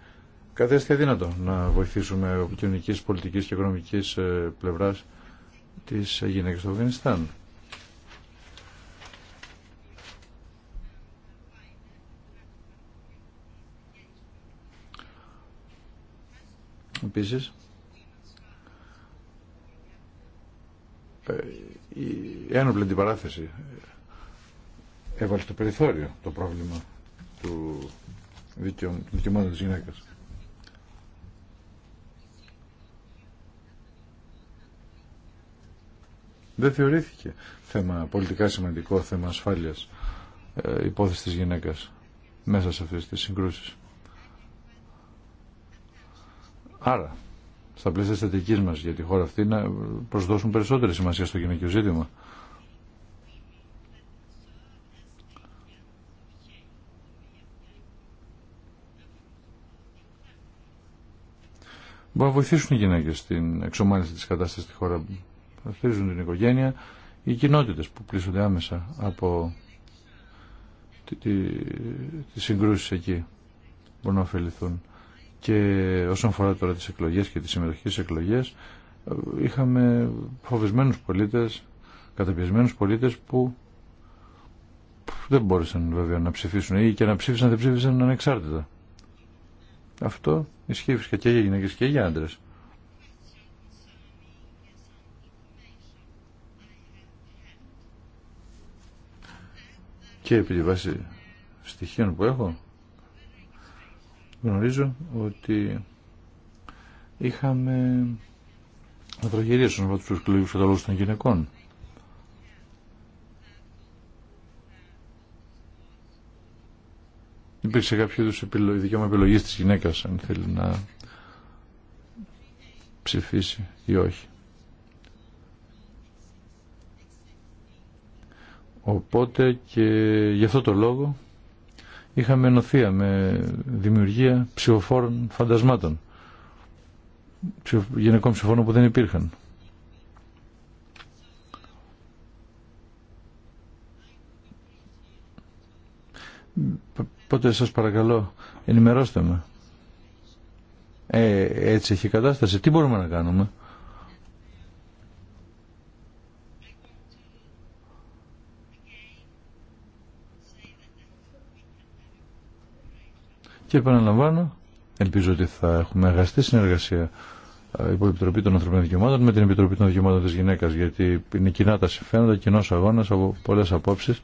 καθέστηκε δύνατο να βοηθήσουμε από κοινωνικής, πολιτικής και οικονομικής ε, πλευράς της γυναίκας στο Αφγανιστάν. Ε, η ένοπλη αντιπαράθεση έβαλε στο περιθώριο το πρόβλημα του δικαιωμάτων της γυναίκας. Δεν θεωρήθηκε θέμα πολιτικά σημαντικό, θέμα ασφάλειας, ε, υπόθεση της γυναίκας μέσα σε αυτές τις συγκρούσεις. Άρα, στα πλαίσια τη θετική μα για τη χώρα αυτή να προσδώσουν περισσότερη σημασία στο γυναικείο ζήτημα. Μπορεί να βοηθήσουν οι γυναίκε στην εξομάλυνση τη κατάσταση στη χώρα. που στηρίζουν την οικογένεια, οι κοινότητε που πλήσονται άμεσα από τι συγκρούσει εκεί. Μπορούν να ωφεληθούν. Και όσον αφορά τώρα τις εκλογές και τις συμμετοχές εκλογές, είχαμε φοβισμένους πολίτες, καταπιεσμένους πολίτες που δεν μπόρεσαν βέβαια να ψηφίσουν ή και να ψήφισαν δεν ψήφισαν ανεξάρτητα. Αυτό ισχύει φυσικά και για γυναίκες και για άντρες. Και επί τη βάση στοιχείων που έχω, γνωρίζω ότι είχαμε να στον αφορά τους εκλογικούς καταλόγους των γυναικών. Υπήρξε κάποιο επιλογή δικαίωμα επιλογή τη γυναίκα, αν θέλει να ψηφίσει ή όχι. Οπότε και γι' αυτό το λόγο είχαμε ενωθεία με δημιουργία ψηφοφόρων φαντασμάτων. Γυναικών ψηφοφόρων που δεν υπήρχαν. Πότε σας παρακαλώ ενημερώστε με. Ε, έτσι έχει κατάσταση. Τι μπορούμε να κάνουμε. Και επαναλαμβάνω, ελπίζω ότι θα έχουμε αγαστή συνεργασία ε, υπό Επιτροπή των Ανθρωπίνων Δικαιωμάτων με την Επιτροπή των Δικαιωμάτων τη Γυναίκα. γιατί είναι κοινά τα συμφέροντα, κοινό αγώνα από πολλέ απόψει.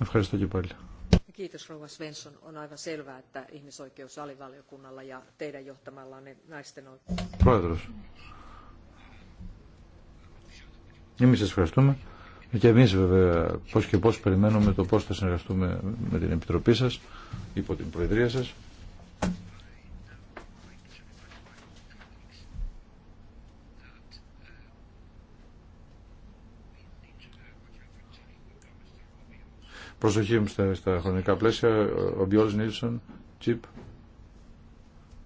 Ευχαριστώ και πάλι. Kiitos rouva Svensson. On aivan selvää, että ihmisoikeus alivaliokunnalla ja teidän johtamallanne naisten oikeus. Πρόεδρος. Εμείς σας ευχαριστούμε. Και εμείς βέβαια πώς και πώς περιμένουμε το πώς θα συνεργαστούμε με την Επιτροπή σας, υπό την Προεδρία σας. Προσοχή μου στα, χρονικά πλαίσια, ο Μπιόλς Νίλσον, Τσίπ,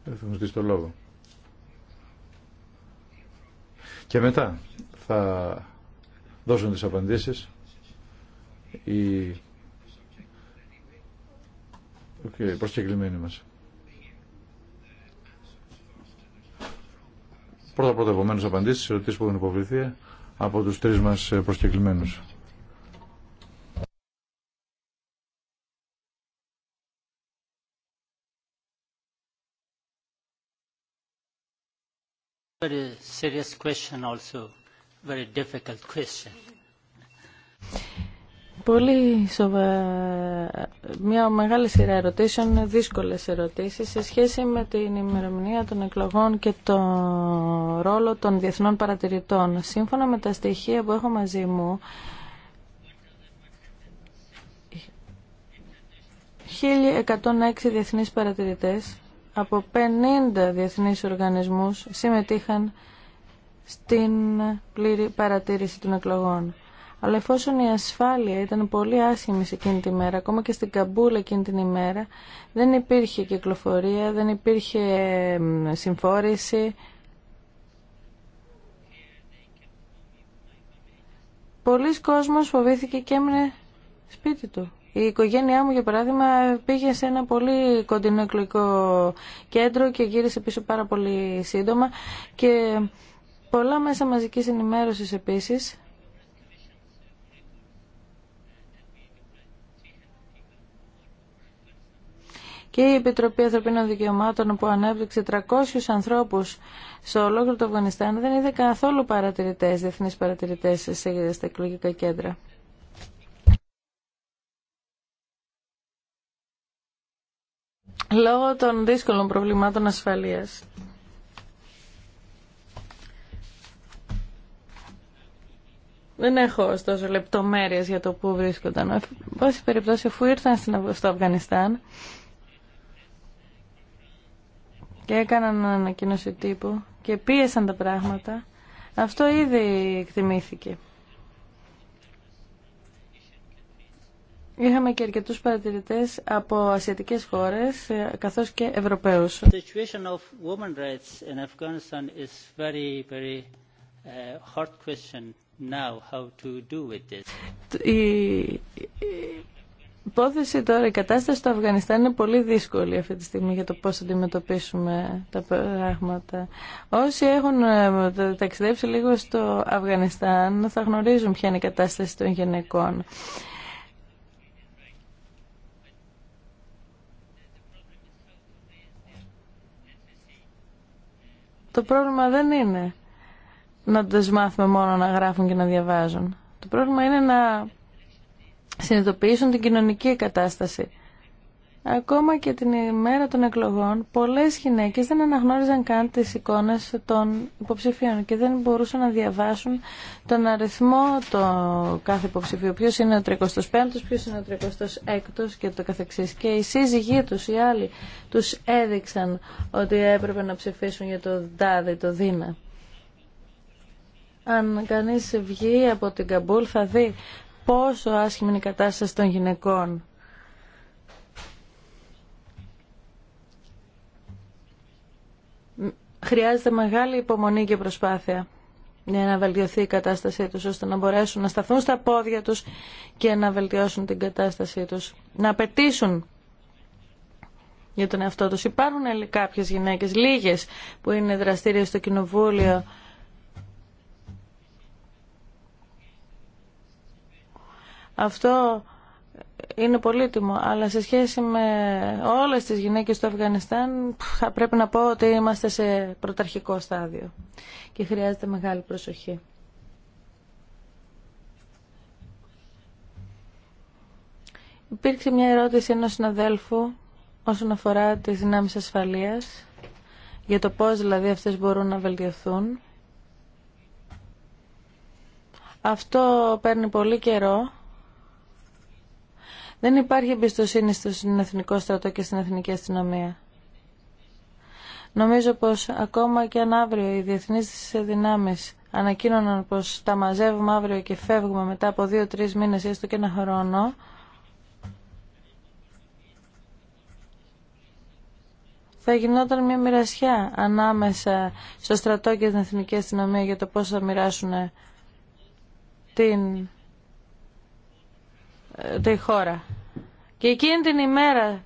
θα μου το λόγο. Και μετά θα δώσουν τις απαντήσεις οι, okay, προσκεκλημένοι μας. Πρώτα πρώτα επομένως απαντήσεις σε ερωτήσεις που έχουν υποβληθεί από τους τρεις μας προσκεκλημένους. Very serious question also. Πολύ σοβαρή μια μεγάλη σειρά ερωτήσεων, δύσκολες ερωτήσεις σε σχέση με την ημερομηνία των εκλογών και το ρόλο των διεθνών παρατηρητών. Σύμφωνα με τα στοιχεία που έχω μαζί μου, 1.106 διεθνείς παρατηρητές από 50 διεθνείς οργανισμούς συμμετείχαν στην πλήρη παρατήρηση των εκλογών. Αλλά εφόσον η ασφάλεια ήταν πολύ άσχημη σε εκείνη τη μέρα, ακόμα και στην Καμπούλ εκείνη την ημέρα, δεν υπήρχε κυκλοφορία, δεν υπήρχε συμφόρηση. Πολλοί κόσμος φοβήθηκε και έμεινε σπίτι του. Η οικογένειά μου, για παράδειγμα, πήγε σε ένα πολύ κοντινό εκλογικό κέντρο και γύρισε πίσω πάρα πολύ σύντομα και Πολλά μέσα μαζικής ενημέρωσης επίσης και η Επιτροπή Ανθρωπίνων Δικαιωμάτων που ανέπτυξε 300 ανθρώπους σε ολόκληρο το Αφγανιστάν δεν είδε καθόλου παρατηρητές, διεθνείς παρατηρητές σε, στα εκλογικά κέντρα. Λόγω των δύσκολων προβλημάτων ασφαλείας. Δεν έχω ωστόσο λεπτομέρειες για το πού βρίσκονταν. Πάση περιπτώσει αφού ήρθαν στο Αφγανιστάν και έκαναν ανακοίνωση τύπου και πίεσαν τα πράγματα, αυτό ήδη εκτιμήθηκε. Είχαμε και αρκετού παρατηρητέ από ασιατικέ χώρε καθώ και Ευρωπαίου. Now, how to do with this. Η υπόθεση τώρα, η κατάσταση στο Αφγανιστάν είναι πολύ δύσκολη αυτή τη στιγμή για το πώς θα αντιμετωπίσουμε τα πράγματα. Όσοι έχουν ε, ταξιδέψει λίγο στο Αφγανιστάν θα γνωρίζουν ποια είναι η κατάσταση των γυναικών. Το πρόβλημα δεν είναι να τους μάθουμε μόνο να γράφουν και να διαβάζουν. Το πρόβλημα είναι να συνειδητοποιήσουν την κοινωνική κατάσταση. Ακόμα και την ημέρα των εκλογών, πολλές γυναίκες δεν αναγνώριζαν καν τις εικόνες των υποψηφίων και δεν μπορούσαν να διαβάσουν τον αριθμό το κάθε υποψηφίου. Ποιος είναι ο 35ος, ποιος είναι ο 36ος και το καθεξής. Και οι σύζυγοί τους, οι άλλοι, τους έδειξαν ότι έπρεπε να ψηφίσουν για το ΔΑΔΕ, το ΔΙΝΑ. Αν κανείς βγει από την Καμπούλ θα δει πόσο άσχημη είναι η κατάσταση των γυναικών. Χρειάζεται μεγάλη υπομονή και προσπάθεια για να βελτιωθεί η κατάστασή τους, ώστε να μπορέσουν να σταθούν στα πόδια τους και να βελτιώσουν την κατάστασή τους. Να απαιτήσουν για τον εαυτό τους. Υπάρχουν κάποιες γυναίκες, λίγες, που είναι δραστήριες στο κοινοβούλιο, Αυτό είναι πολύτιμο, αλλά σε σχέση με όλες τις γυναίκες του Αφγανιστάν πρέπει να πω ότι είμαστε σε πρωταρχικό στάδιο και χρειάζεται μεγάλη προσοχή. Υπήρξε μια ερώτηση ενός συναδέλφου όσον αφορά τις δυνάμεις ασφαλείας, για το πώς δηλαδή αυτές μπορούν να βελτιωθούν. Αυτό παίρνει πολύ καιρό δεν υπάρχει εμπιστοσύνη στον Εθνικό Στρατό και στην Εθνική Αστυνομία. Νομίζω πως ακόμα και αν αύριο οι διεθνείς δυνάμεις ανακοίνωναν πως τα μαζεύουμε αύριο και φεύγουμε μετά από δύο-τρεις μήνες έστω και ένα χρόνο, θα γινόταν μια μοιρασιά ανάμεσα στο στρατό και την Εθνική Αστυνομία για το πώς θα μοιράσουν την τη χώρα. Και εκείνη την ημέρα,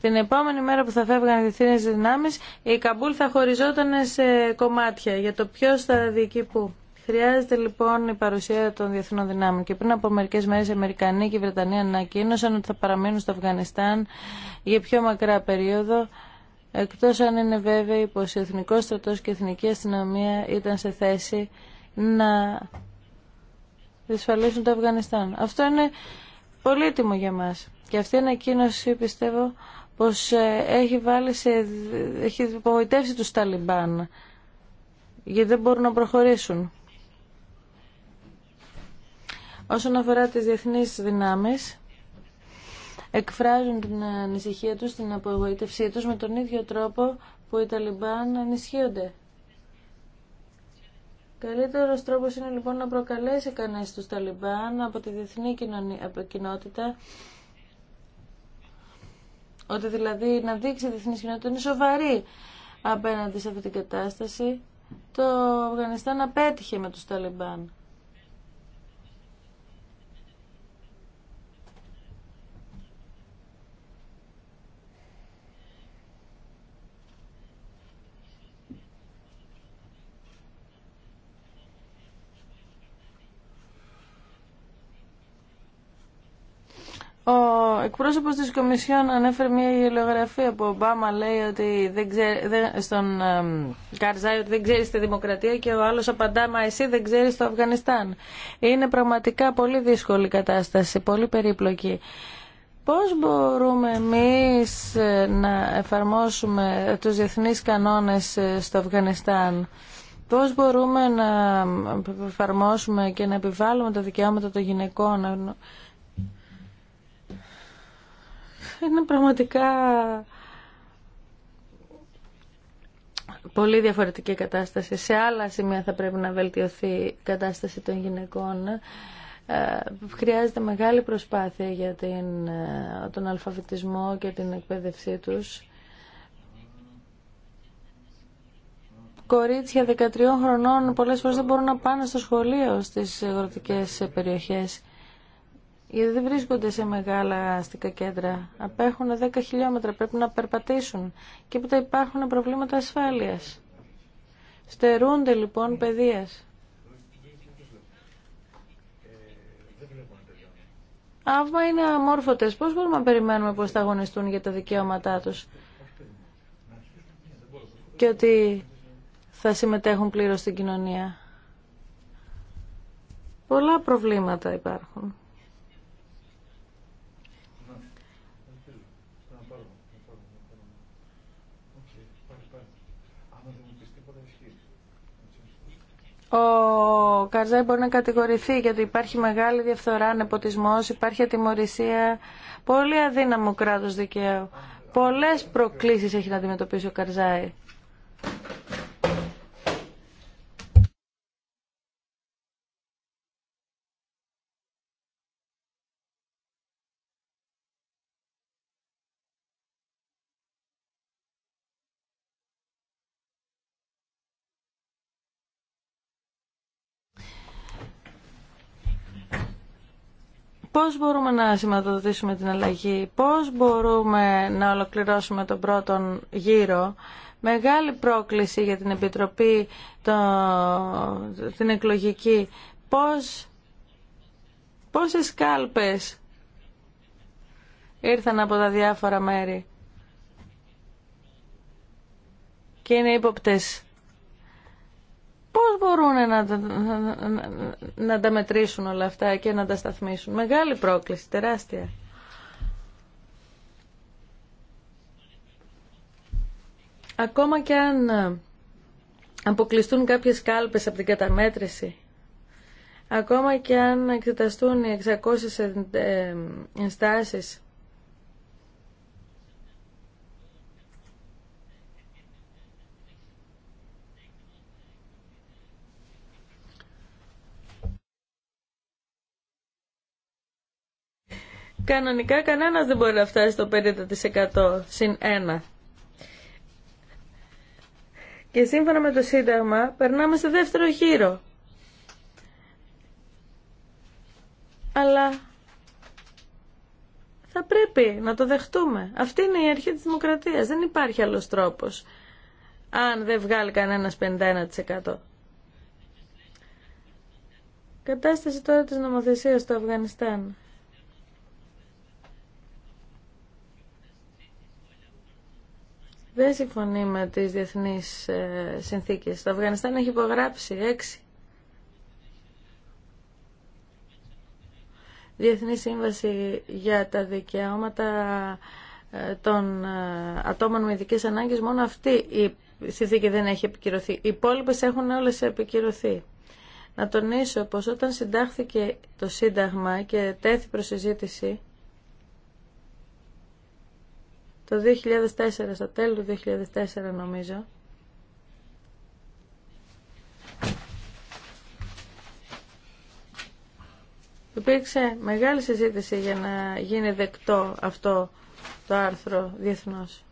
την επόμενη μέρα που θα φεύγαν οι διεθνείς δυνάμεις, η Καμπούλ θα χωριζόταν σε κομμάτια για το ποιος θα διοικεί πού. Χρειάζεται λοιπόν η παρουσία των διεθνών δυνάμεων. Και πριν από μερικέ μέρε, οι Αμερικανοί και οι Βρετανοί ανακοίνωσαν ότι θα παραμείνουν στο Αφγανιστάν για πιο μακρά περίοδο, εκτό αν είναι βέβαιοι πω ο Εθνικό Στρατό και η Εθνική Αστυνομία ήταν σε θέση να δυσφαλίσουν το Αφγανιστάν. Αυτό είναι πολύτιμο για μας. Και αυτή η ανακοίνωση πιστεύω πως ε, έχει, βάλει σε, έχει υπογοητεύσει τους Ταλιμπάν γιατί δεν μπορούν να προχωρήσουν. Όσον αφορά τις διεθνείς δυνάμεις, εκφράζουν την ανησυχία τους, την απογοήτευσή τους με τον ίδιο τρόπο που οι Ταλιμπάν ανησυχούνται. Καλύτερος τρόπος είναι λοιπόν να προκαλέσει κανείς τους Ταλιμπάν από τη διεθνή κοινότητα ότι δηλαδή να δείξει η διεθνή κοινότητα είναι σοβαρή απέναντι σε αυτή την κατάσταση. Το Αφγανιστάν απέτυχε με τους Ταλιμπάν. Ο εκπρόσωπος τη Κομισιόν ανέφερε μια γελιογραφία που ο Ομπάμα λέει ότι δεν ξέρει, δεν, στον Καρζάι ότι δεν ξέρει τη δημοκρατία και ο άλλο απαντά μα εσύ δεν ξέρει το Αφγανιστάν. Είναι πραγματικά πολύ δύσκολη κατάσταση, πολύ περίπλοκη. Πώς μπορούμε εμεί ε, να εφαρμόσουμε τους διεθνεί κανόνες ε, στο Αφγανιστάν Πώ μπορούμε να εφαρμόσουμε και να επιβάλλουμε τα δικαιώματα των γυναικών είναι πραγματικά πολύ διαφορετική κατάσταση. Σε άλλα σημεία θα πρέπει να βελτιωθεί η κατάσταση των γυναικών. Ε, χρειάζεται μεγάλη προσπάθεια για την, ε, τον αλφαβητισμό και την εκπαίδευσή τους. Κορίτσια 13 χρονών πολλές φορές δεν μπορούν να πάνε στο σχολείο στις αγροτικές περιοχές γιατί δεν βρίσκονται σε μεγάλα αστικά κέντρα. Απέχουν 10 χιλιόμετρα, πρέπει να περπατήσουν και τα υπάρχουν προβλήματα ασφάλειας. Στερούνται λοιπόν παιδείας. Άυμα είναι αμόρφωτες, πώς μπορούμε να περιμένουμε πως θα αγωνιστούν για τα δικαιώματά τους και ότι θα συμμετέχουν πλήρως στην κοινωνία. Πολλά προβλήματα υπάρχουν. ο καρζάι μπορεί να κατηγορηθεί γιατί υπάρχει μεγάλη διαφθορά, νεποτισμός, υπάρχει ατιμορρησία, πολύ αδύναμο κράτος δικαίου. Πολλές προκλήσεις έχει να αντιμετωπίσει ο καρζάι. πώς μπορούμε να σηματοδοτήσουμε την αλλαγή, πώς μπορούμε να ολοκληρώσουμε τον πρώτο γύρο. Μεγάλη πρόκληση για την Επιτροπή, το, την εκλογική. Πώς, πόσες κάλπες ήρθαν από τα διάφορα μέρη και είναι ύποπτες Πώς μπορούν να, να, να τα μετρήσουν όλα αυτά και να τα σταθμίσουν. Μεγάλη πρόκληση, τεράστια. Ακόμα και αν αποκλειστούν κάποιες κάλπες από την καταμέτρηση, ακόμα και αν εξεταστούν οι 600 ε, ενστάσεις Κανονικά κανένας δεν μπορεί να φτάσει στο 50% συν 1. Και σύμφωνα με το Σύνταγμα περνάμε σε δεύτερο γύρο. Αλλά θα πρέπει να το δεχτούμε. Αυτή είναι η αρχή της δημοκρατίας. Δεν υπάρχει άλλος τρόπος. Αν δεν βγάλει κανένας 51%. Κατάσταση τώρα της νομοθεσίας στο Αφγανιστάν. δεν συμφωνεί με τις διεθνείς ε, συνθήκες. Το Αφγανιστάν έχει υπογράψει έξι Διεθνή Σύμβαση για τα Δικαιώματα ε, των ε, Ατόμων με Ειδικές Ανάγκες. Μόνο αυτή η συνθήκη δεν έχει επικυρωθεί. Οι υπόλοιπε έχουν όλες επικυρωθεί. Να τονίσω πως όταν συντάχθηκε το Σύνταγμα και τέθη προσυζήτηση το 2004, στο τέλος του 2004 νομίζω, υπήρξε μεγάλη συζήτηση για να γίνει δεκτό αυτό το άρθρο διεθνώς.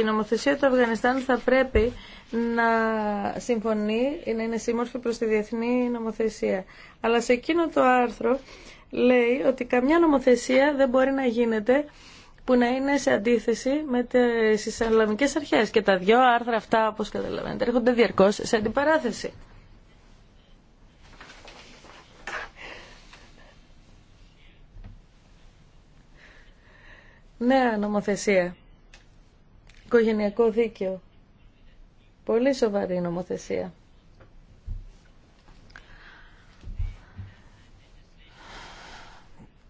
Η νομοθεσία του Αφγανιστάν θα πρέπει να συμφωνεί, ή να είναι σύμμορφη προς τη διεθνή νομοθεσία. Αλλά σε εκείνο το άρθρο λέει ότι καμιά νομοθεσία δεν μπορεί να γίνεται που να είναι σε αντίθεση με τις Ισλαμικές αρχές. Και τα δυο άρθρα αυτά, όπως καταλαβαίνετε, έρχονται διαρκώς σε αντιπαράθεση. Νέα νομοθεσία. Οικογενειακό δίκαιο. Πολύ σοβαρή νομοθεσία.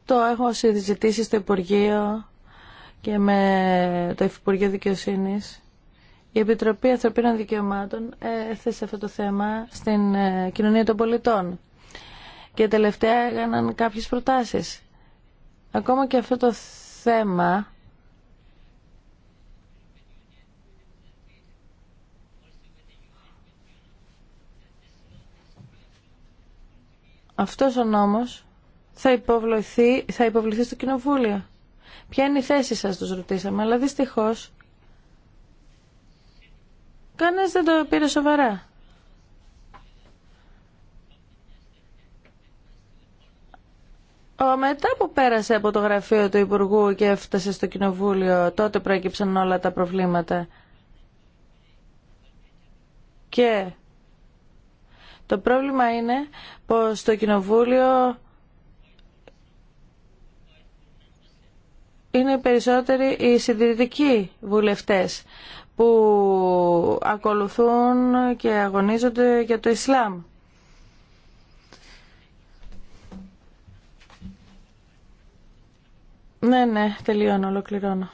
Το έχω συζητήσει στο Υπουργείο και με το Υπουργείο Δικαιοσύνη. Η Επιτροπή Ανθρωπίνων Δικαιωμάτων έθεσε αυτό το θέμα στην ε, κοινωνία των πολιτών. Και τελευταία έκαναν κάποιες προτάσεις. Ακόμα και αυτό το θέμα Αυτός ο νόμος θα υποβληθεί, θα υποβληθεί στο Κοινοβούλιο. Ποια είναι η θέση σας, τους ρωτήσαμε, αλλά δυστυχώς κανένας δεν το πήρε σοβαρά. Μετά που πέρασε από το γραφείο του Υπουργού και έφτασε στο Κοινοβούλιο, τότε προέκυψαν όλα τα προβλήματα. Και το πρόβλημα είναι πως το Κοινοβούλιο είναι περισσότεροι οι συντηρητικοί βουλευτές που ακολουθούν και αγωνίζονται για το Ισλάμ. Ναι, ναι, τελειώνω, ολοκληρώνω.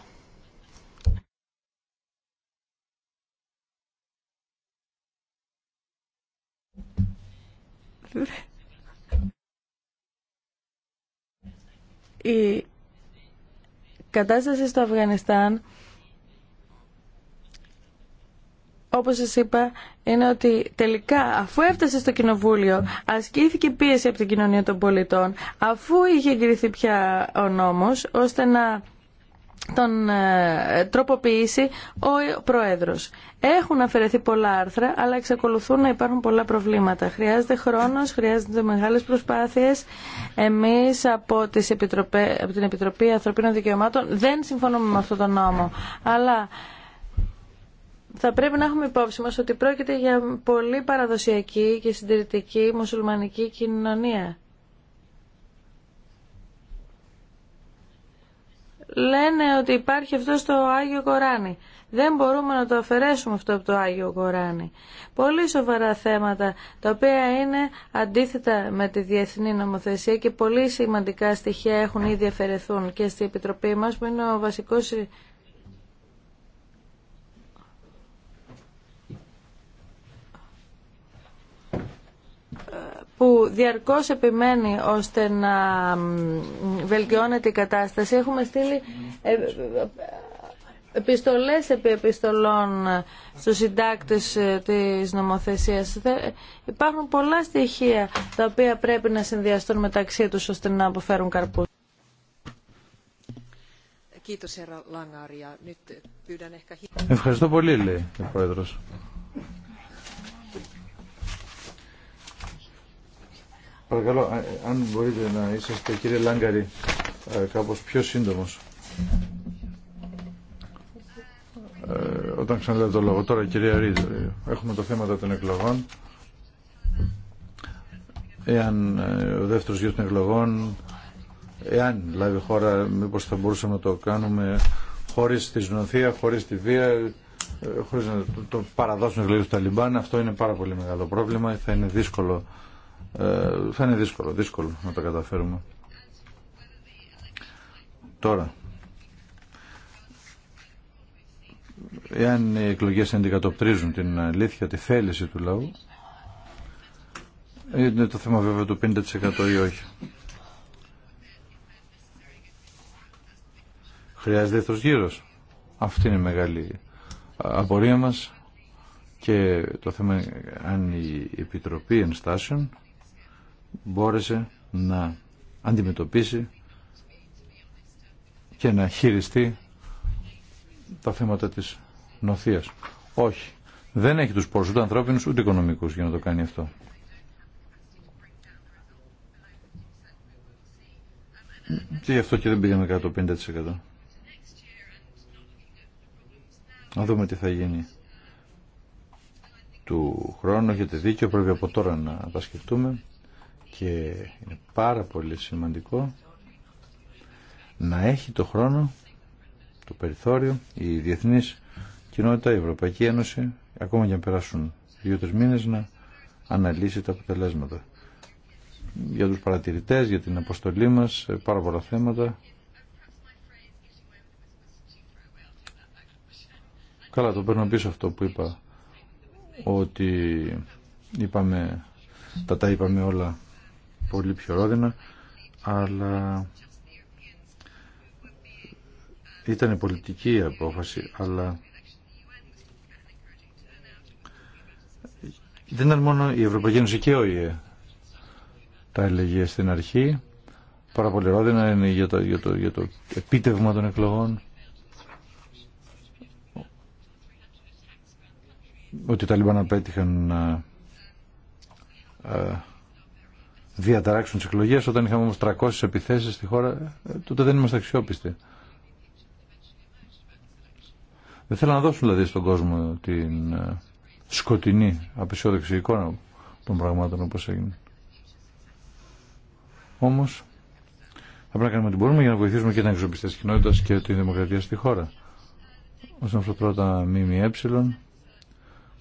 Η κατάσταση στο Αφγανιστάν όπως σας είπα, είναι ότι τελικά αφού έφτασε στο Κοινοβούλιο, ασκήθηκε πίεση από την κοινωνία των πολιτών, αφού είχε εγκριθεί πια ο νόμος, ώστε να τον ε, τροποποιήσει ο Πρόεδρος. Έχουν αφαιρεθεί πολλά άρθρα, αλλά εξακολουθούν να υπάρχουν πολλά προβλήματα. Χρειάζεται χρόνος, χρειάζονται μεγάλες προσπάθειες. Εμείς από, τις Επιτροπέ, από την Επιτροπή Ανθρωπίνων Δικαιωμάτων δεν συμφωνούμε με αυτόν τον νόμο. Αλλά θα πρέπει να έχουμε υπόψη μας ότι πρόκειται για πολύ παραδοσιακή και συντηρητική μουσουλμανική κοινωνία. λένε ότι υπάρχει αυτό στο Άγιο Κοράνι. Δεν μπορούμε να το αφαιρέσουμε αυτό από το Άγιο Κοράνι. Πολύ σοβαρά θέματα, τα οποία είναι αντίθετα με τη διεθνή νομοθεσία και πολύ σημαντικά στοιχεία έχουν ήδη αφαιρεθούν και στην Επιτροπή μας, που είναι ο βασικός που διαρκώς επιμένει ώστε να βελτιώνεται η κατάσταση. Έχουμε στείλει ε, ε, επιστολές επί επιστολών στους συντάκτες ε, της νομοθεσίας. Υπάρχουν πολλά στοιχεία τα οποία πρέπει να συνδυαστούν μεταξύ τους ώστε να αποφέρουν καρπούς. Ευχαριστώ πολύ, λέει ο Πρόεδρος. Παρακαλώ, ε, αν μπορείτε να είσαστε, κύριε Λάγκαρη, ε, κάπως πιο σύντομος. Ε, όταν ξαναλέω το λόγο τώρα, κυρία Ρίζερ, έχουμε το θέμα των εκλογών. Εάν ο δεύτερος γύρος των εκλογών, εάν λάβει χώρα, μήπως θα μπορούσαμε να το κάνουμε χωρίς τη ζνοθεία, χωρίς τη βία, χωρίς να το παραδώσουμε, εκλογές του Ταλιμπάν. Αυτό είναι πάρα πολύ μεγάλο πρόβλημα, θα είναι δύσκολο ε, θα είναι δύσκολο, δύσκολο να τα καταφέρουμε. Τώρα, εάν οι εκλογές αντικατοπτρίζουν την αλήθεια, τη θέληση του λαού, είναι το θέμα βέβαια του 50% ή όχι. Χρειάζεται δεύτερος γύρος. Αυτή είναι η μεγάλη απορία μας και το θέμα αν η Επιτροπή Ενστάσεων μπόρεσε να αντιμετωπίσει και να χειριστεί τα θέματα της νοθείας. Όχι. Δεν έχει τους πόρους ούτε ανθρώπινους ούτε οικονομικούς για να το κάνει αυτό. Και γι' αυτό και δεν πήγαμε κάτω το 50%. Να δούμε τι θα γίνει του χρόνου. τη δίκαιο πρέπει από τώρα να τα σκεφτούμε και είναι πάρα πολύ σημαντικό να έχει το χρόνο, το περιθώριο, η διεθνής κοινότητα, η Ευρωπαϊκή Ένωση, ακόμα και αν περάσουν δύο-τρεις μήνες, να αναλύσει τα αποτελέσματα. Για τους παρατηρητές, για την αποστολή μας, πάρα πολλά θέματα. Καλά, το παίρνω πίσω αυτό που είπα, ότι είπαμε, τα τα είπαμε όλα πολύ πιο ρόδινα, αλλά ήταν η πολιτική απόφαση, αλλά δεν ήταν μόνο η Ευρωπαϊκή Ένωση και ο ΙΕ. Τα έλεγε στην αρχή, πάρα πολύ ρόδινα είναι για το, για, το, για το επίτευγμα των εκλογών. Ότι τα Λίμπανα πέτυχαν να ε, ε, διαταράξουν τι εκλογέ. Όταν είχαμε όμω 300 επιθέσει στη χώρα, ε, τότε δεν είμαστε αξιόπιστοι. Δεν θέλω να δώσω, δηλαδή στον κόσμο την ε, σκοτεινή, απεσιόδοξη εικόνα των πραγμάτων όπω έγινε. Όμω, θα πρέπει να κάνουμε ό,τι μπορούμε για να βοηθήσουμε και την αξιοπιστία τη κοινότητα και τη δημοκρατία στη χώρα. Όσον αυτό τώρα τα ΜΜΕ,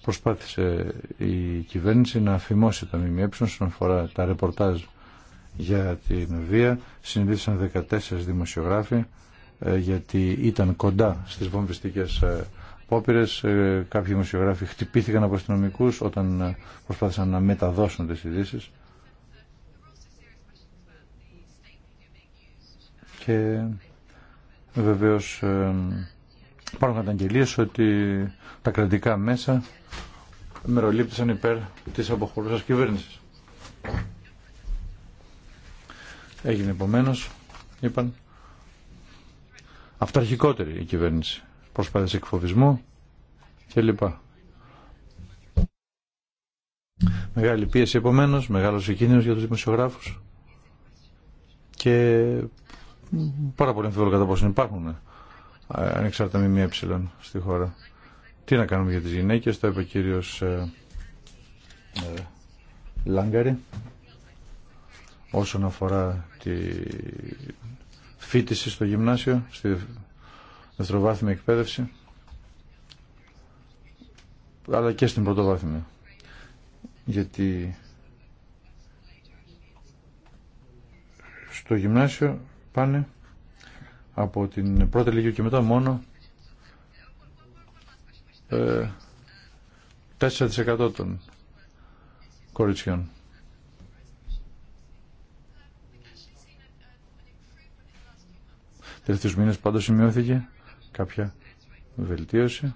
προσπάθησε η κυβέρνηση να αφημώσει τα ΜΜΕ όσον αφορά τα ρεπορτάζ για την βία. Συνδύσαν 14 δημοσιογράφοι ε, γιατί ήταν κοντά στις βομβιστικές ε, πόπειρες. Ε, κάποιοι δημοσιογράφοι χτυπήθηκαν από αστυνομικού όταν προσπάθησαν να μεταδώσουν τις ειδήσει. Και βεβαίως Υπάρχουν καταγγελίε ότι τα κρατικά μέσα μερολήπτησαν υπέρ τη αποχωρούσα κυβέρνηση. Έγινε επομένω, είπαν, αυταρχικότερη η κυβέρνηση. Προσπάθειες και λοιπά. Μεγάλη πίεση επομένω, μεγάλος εκείνο για τους δημοσιογράφου και πάρα πολύ αμφιβολικά κατά πόσον υπάρχουν ανεξάρτητα έψιλον στη χώρα. Τι να κάνουμε για τις γυναίκες, το είπε ο κύριος ε, ε, Λάγκαρη. Όσον αφορά τη φίτηση στο γυμνάσιο, στη δευτεροβάθμια εκπαίδευση, αλλά και στην πρωτοβάθμια. Γιατί στο γυμνάσιο πάνε από την πρώτη λίγη και μετά μόνο 4% ε, των κοριτσιών. Τελευταίους μήνες πάντως σημειώθηκε κάποια βελτίωση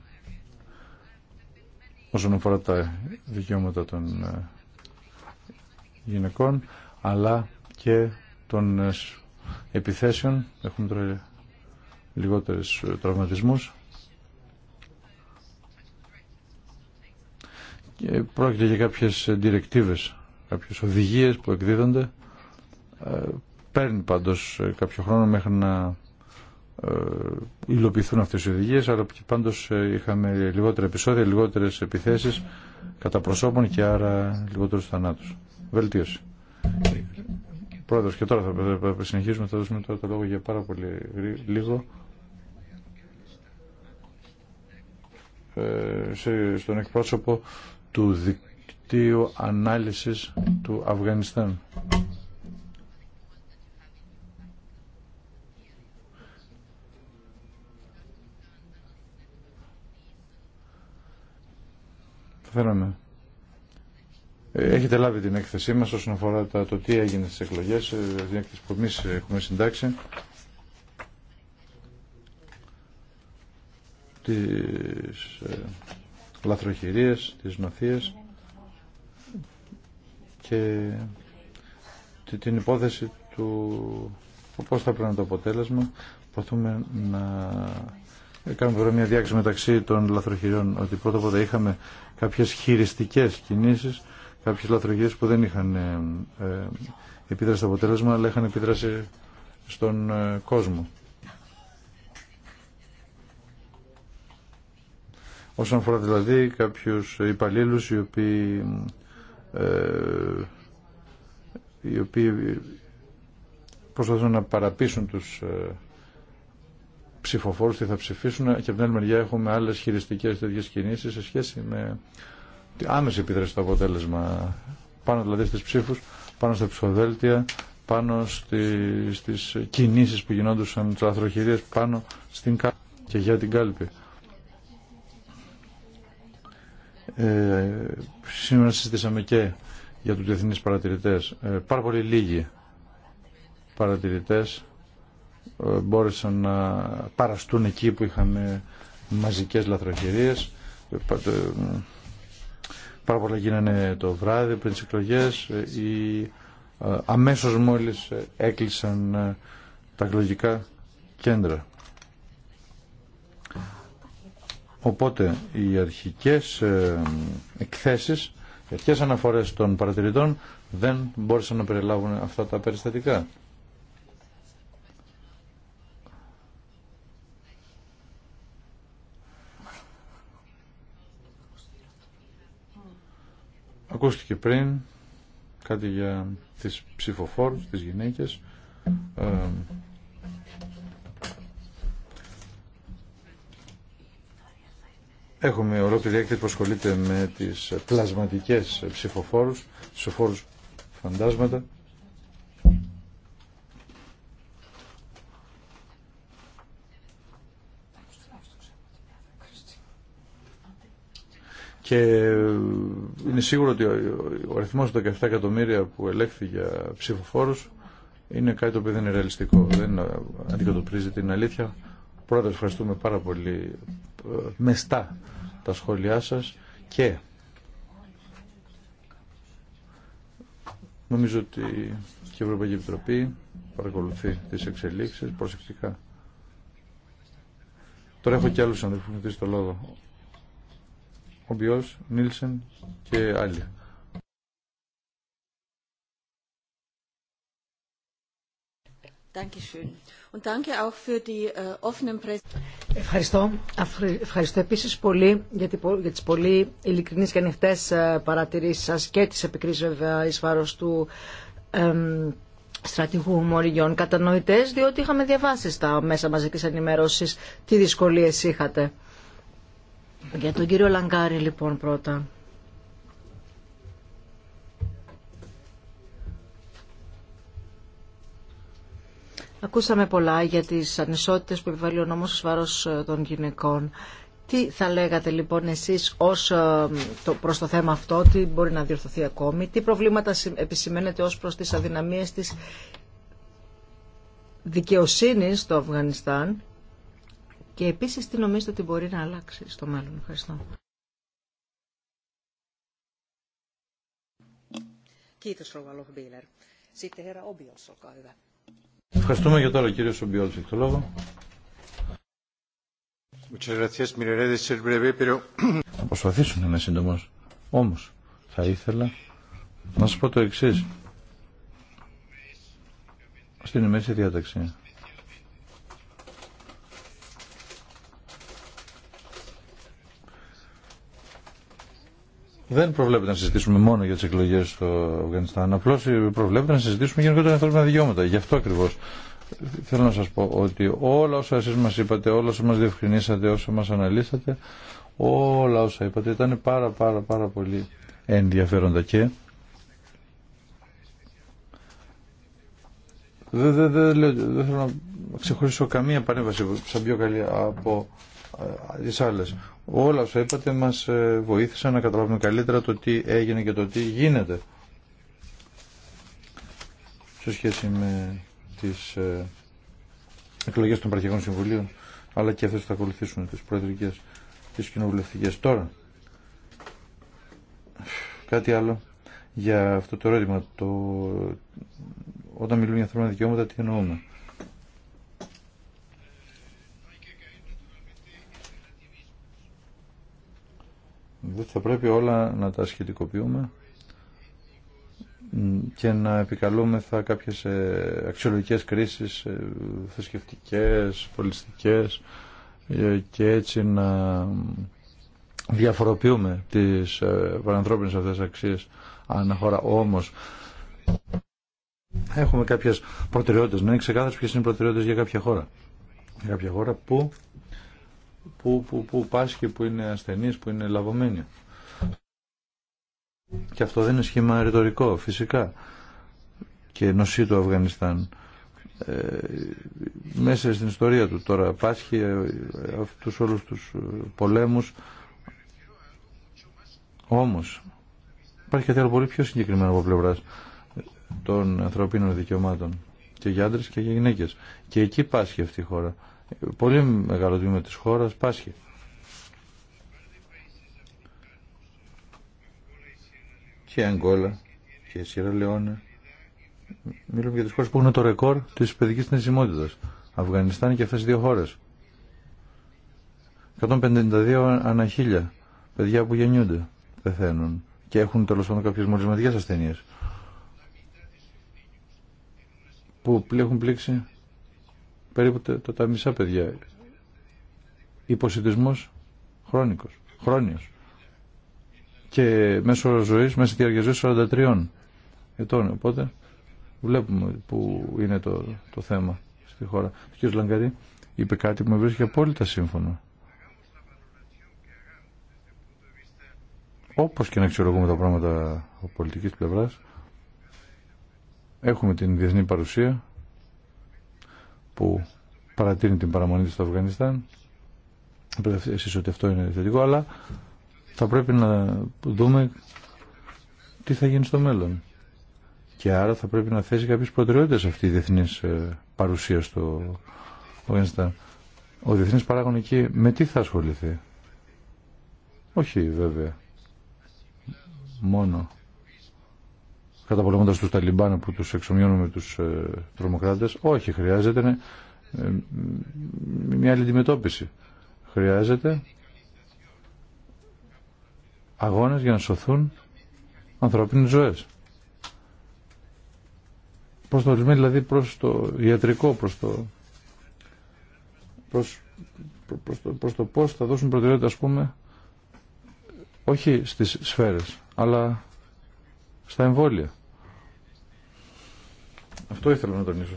όσον αφορά τα δικαιώματα των ε, γυναικών αλλά και των ε, επιθέσεων έχουμε τώρα λιγότερες ε, τραυματισμούς. Και πρόκειται για κάποιες διρεκτίβες, κάποιες οδηγίες που εκδίδονται. Ε, παίρνει πάντως ε, κάποιο χρόνο μέχρι να υλοποιηθούν αυτές οι οδηγίες, αλλά πάντως είχαμε λιγότερα επεισόδια, λιγότερες επιθέσεις κατά προσώπων και άρα λιγότερους θανάτους. Βελτίωση. Πρόεδρος, και τώρα θα συνεχίσουμε, θα δώσουμε τώρα το λόγο για πάρα πολύ λίγο Ε, στον εκπρόσωπο του δικτύου ανάλυσης του Αφγανιστάν. Ε, έχετε λάβει την έκθεσή μας όσον αφορά το τι έγινε στις εκλογές, ε, δηλαδή την έκθεση που εμείς έχουμε συντάξει. τις ε, λαθροχειρίες, τις νοθείες και την υπόθεση του πώς θα πρέπει να το αποτέλεσμα προσπαθούμε να κάνουμε μια διάκριση μεταξύ των λαθροχειριών ότι πρώτα πρώτα είχαμε κάποιες χειριστικές κινήσεις κάποιες λαθροχειρίες που δεν είχαν ε, ε, επίδραση στο αποτέλεσμα αλλά είχαν επίδραση στον κόσμο όσον αφορά δηλαδή κάποιους υπαλλήλους οι οποίοι, ε, οι οποίοι προσπαθούν να παραπείσουν τους ε, ψηφοφόρους τι θα ψηφίσουν και από την άλλη μεριά έχουμε άλλες χειριστικές τέτοιες κινήσεις σε σχέση με άμεση επίδραση στο αποτέλεσμα πάνω δηλαδή στις ψήφους, πάνω στα ψηφοδέλτια, πάνω στι στις κινήσεις που γινόντουσαν, τις αθροχειρίες πάνω στην κάλπη και για την κάλπη. Ε, σήμερα συζητήσαμε και για τους διεθνείς παρατηρητές. Ε, πάρα πολύ λίγοι παρατηρητές ε, μπόρεσαν να παραστούν εκεί που είχαμε μαζικές λαθροχειρίες. Ε, ε, πάρα πολλά γίνανε το βράδυ πριν τις εκλογές ή αμέσως μόλις έκλεισαν τα εκλογικά κέντρα. Οπότε οι αρχικές ε, εκθέσεις, οι αρχικές αναφορές των παρατηρητών δεν μπόρεσαν να περιλάβουν αυτά τα περιστατικά. Ακούστηκε πριν κάτι για τις ψηφοφόρους, τις γυναίκες. Ε, Έχουμε ολόκληρη έκθεση που ασχολείται με τις πλασματικές ψηφοφόρου, ψηφοφόρου φαντάσματα. Και είναι σίγουρο ότι ο αριθμό των 17 εκατομμύρια που ελέγχθη για ψηφοφόρου είναι κάτι το οποίο δεν είναι ρεαλιστικό, δεν αντικατοπτρίζει την αλήθεια. Πρώτα ευχαριστούμε πάρα πολύ μεστά τα σχόλιά σας και νομίζω ότι και η Ευρωπαϊκή Επιτροπή παρακολουθεί τις εξελίξεις προσεκτικά. Τώρα έχω και άλλους ανθρώπους που το λόγο. Ο Μπιός, Νίλσεν και άλλοι. Äh, ευχαριστώ. Ευχαριστώ επίσης πολύ για τις πολύ ειλικρινείς και ανοιχτές ε, παρατηρήσεις σας και τις επικρίσεις βέβαια εις βάρος του στρατηγού Μοριγιών κατανοητές διότι είχαμε διαβάσει στα μέσα μαζικής ενημέρωσης τι δυσκολίες είχατε. Για τον κύριο Λαγκάρη λοιπόν πρώτα. Ακούσαμε πολλά για τις ανισότητες που επιβάλλει ο νόμος σφάρος ε, των γυναικών. Τι θα λέγατε λοιπόν εσείς ως, ε, το, προς το θέμα αυτό, τι μπορεί να διορθωθεί ακόμη, τι προβλήματα επισημαίνετε ως προς τις αδυναμίες της δικαιοσύνης στο Αφγανιστάν και επίσης τι νομίζετε ότι μπορεί να αλλάξει στο μέλλον. Ευχαριστώ. herra hyvä. Ευχαριστούμε για τώρα κύριε Σομπιόλ, το λόγο. Θα προσπαθήσω να είμαι σύντομο. Όμω θα ήθελα να σα πω το εξή. Στην μέση διάταξη δεν προβλέπεται να συζητήσουμε μόνο για τι εκλογέ στο Αφγανιστάν. Απλώ προβλέπεται να συζητήσουμε γενικότερα ανθρώπινα δικαιώματα. Γι' αυτό ακριβώ θέλω να σα πω ότι όλα όσα εσεί μα είπατε, όλα όσα μα διευκρινίσατε, όσα μα αναλύσατε, όλα όσα είπατε ήταν πάρα πάρα πάρα πολύ ενδιαφέροντα και δεν δε, δε, θέλω να ξεχωρίσω καμία παρέμβαση σαν πιο καλή από τις Όλα όσα είπατε μας ε, βοήθησαν να καταλάβουμε καλύτερα το τι έγινε και το τι γίνεται σε σχέση με τις ε, εκλογές των Παρχικών Συμβουλίων αλλά και αυτές που θα ακολουθήσουν τις προεδρικές, τις κοινοβουλευτικές τώρα. Κάτι άλλο για αυτό το ερώτημα. Το... Όταν μιλούμε για θέματα δικαιώματα, τι εννοούμε. Δεν θα πρέπει όλα να τα σχετικοποιούμε και να θα κάποιες ε, αξιολογικές κρίσεις ε, θρησκευτικέ, πολιτιστικές ε, και έτσι να διαφοροποιούμε τις παρανθρώπινες αυτές αξίες χώρα. Όμως έχουμε κάποιες προτεραιότητες, να είναι ξεκάθαρες ποιες είναι οι προτεραιότητες για κάποια χώρα. Για κάποια χώρα που που, που, που πάσχει, που είναι ασθενής, που είναι λαβωμένοι. Και αυτό δεν είναι σχήμα ρητορικό, φυσικά. Και νοσεί το Αφγανιστάν. Ε, μέσα στην ιστορία του τώρα πάσχει ε, αυτούς όλους τους ε, πολέμους όμως υπάρχει κάτι άλλο πολύ πιο συγκεκριμένο από πλευρά των ανθρωπίνων δικαιωμάτων και για άντρες και για γυναίκες και εκεί πάσχει αυτή η χώρα Πολύ μεγάλο τμήμα της χώρας πάσχει. Και Αγγόλα και Σιέρα Λεόνα. Μιλούμε για τις χώρες που έχουν το ρεκόρ της παιδικής νησιμότητας. Αφγανιστάν και αυτές οι δύο χώρες. 152 ανά χίλια παιδιά που γεννιούνται πεθαίνουν και έχουν τέλο πάντων κάποιε μολυσματικέ ασθένειε που έχουν πλήξει περίπου τα, τα μισά παιδιά. Υποσυντισμός χρόνικος, χρόνιος. Και μέσω ζωής, μέσα στη διάρκεια ζωής 43 ετών. Οπότε βλέπουμε που είναι το, το θέμα στη χώρα. Ο κ. Λαγκαρή είπε κάτι που με βρίσκει απόλυτα σύμφωνο. Όπως και να αξιολογούμε τα πράγματα από πολιτική πλευράς, έχουμε την διεθνή παρουσία που παρατείνει την παραμονή της στο Αφγανιστάν. Πρέπει ότι αυτό είναι θετικό, αλλά θα πρέπει να δούμε τι θα γίνει στο μέλλον. Και άρα θα πρέπει να θέσει κάποιες προτεραιότητες αυτή η διεθνής ε, παρουσία στο Αφγανιστάν. Ο διεθνής παράγων εκεί με τι θα ασχοληθεί. Όχι βέβαια. Μόνο καταπολεμώντα του Ταλιμπάν που τους εξομοιώνουμε του τους ε, τρομοκράτες. Όχι, χρειάζεται ε, μια άλλη αντιμετώπιση. Χρειάζεται αγώνες για να σωθούν ανθρώπινες ζωές. ορισμένο, δηλαδή προς το ιατρικό, προ το, προς, το, προς το πώς θα δώσουν προτεραιότητα ας πούμε όχι στις σφαίρες αλλά στα εμβόλια. Αυτό ήθελα να τονίσω.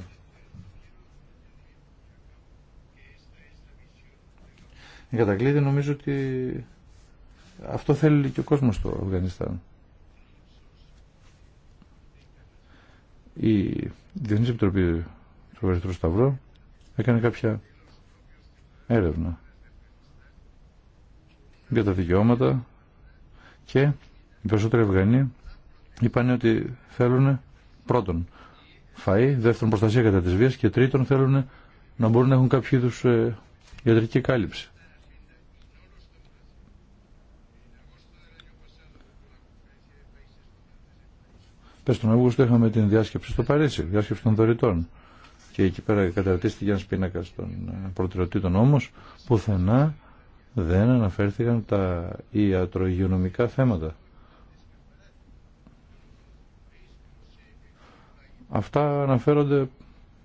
Η κατακλείδη νομίζω ότι αυτό θέλει και ο κόσμος στο Αφγανιστάν. Η Διεθνής Επιτροπή του Βαριστρού Σταυρό έκανε κάποια έρευνα για τα δικαιώματα και οι περισσότεροι Αφγανοί είπαν ότι θέλουν πρώτον φαΐ, δεύτερον προστασία κατά της βίας και τρίτον θέλουν να μπορούν να έχουν κάποιο είδους ε, ιατρική κάλυψη. Πες τον Αύγουστο είχαμε την διάσκεψη στο Παρίσι, διάσκεψη των δωρητών. Και εκεί πέρα καταρτίστηκε ένας πίνακας των ε, προτεραιοτήτων όμως, πουθενά δεν αναφέρθηκαν τα ιατρο-υγειονομικά θέματα. Αυτά αναφέρονται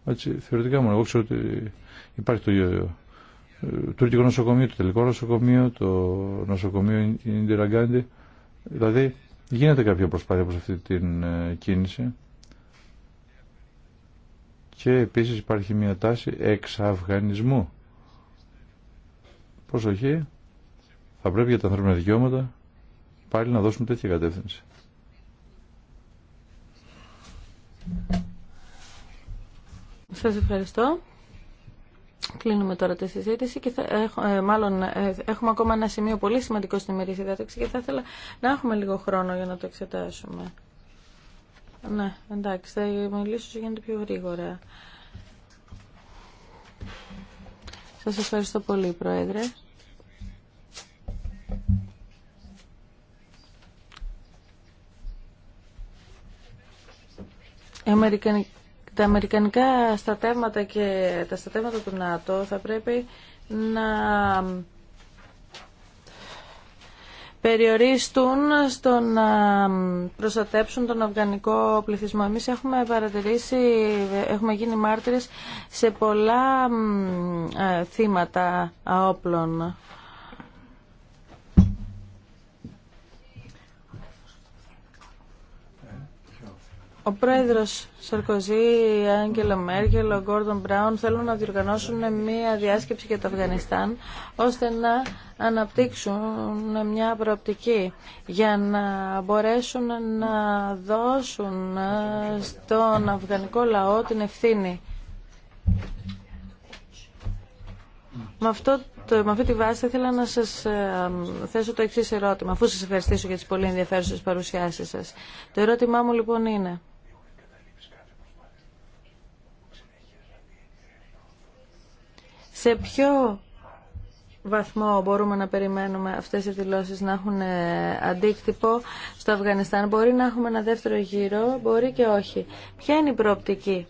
έτσι, θεωρητικά μόνο. Εγώ ξέρω ότι υπάρχει το ε, τουρκικό νοσοκομείο, το τελικό νοσοκομείο, το νοσοκομείο Ιντιραγκάντι. Δηλαδή γίνεται κάποια προσπάθεια προς αυτή την ε, κίνηση. Και επίσης υπάρχει μια τάση εξαφγανισμού. Προσοχή, θα πρέπει για τα ανθρώπινα δικαιώματα πάλι να δώσουμε τέτοια κατεύθυνση. Σας ευχαριστώ. Κλείνουμε τώρα τη συζήτηση και θα, ε, μάλλον ε, έχουμε ακόμα ένα σημείο πολύ σημαντικό στην ημερήσια διάταξη και θα ήθελα να έχουμε λίγο χρόνο για να το εξετάσουμε. Ναι, εντάξει, θα μιλήσω για γίνεται πιο γρήγορα. Σας ευχαριστώ πολύ, Πρόεδρε. τα αμερικανικά στρατεύματα και τα στρατεύματα του ΝΑΤΟ θα πρέπει να περιορίστουν στο να προστατέψουν τον αυγανικό πληθυσμό. Εμεί έχουμε παρατηρήσει, έχουμε γίνει μάρτυρες σε πολλά ε, θύματα όπλων. Ο πρόεδρος Σαρκοζή, η Άγγελα Μέρκελ, ο Γκόρντον Μπράουν θέλουν να διοργανώσουν μια διάσκεψη για το Αφγανιστάν ώστε να αναπτύξουν μια προοπτική για να μπορέσουν να δώσουν στον αφγανικό λαό την ευθύνη. Με αυτό με αυτή τη βάση θα ήθελα να σας ε, θέσω το εξής ερώτημα, αφού σας ευχαριστήσω για τις πολύ ενδιαφέρουσες παρουσιάσεις σας. Το ερώτημά μου λοιπόν είναι... σε ποιο βαθμό μπορούμε να περιμένουμε αυτές οι δηλώσεις να έχουν ε, αντίκτυπο στο Αφγανιστάν. Μπορεί να έχουμε ένα δεύτερο γύρο, μπορεί και όχι. Ποια είναι η προοπτική.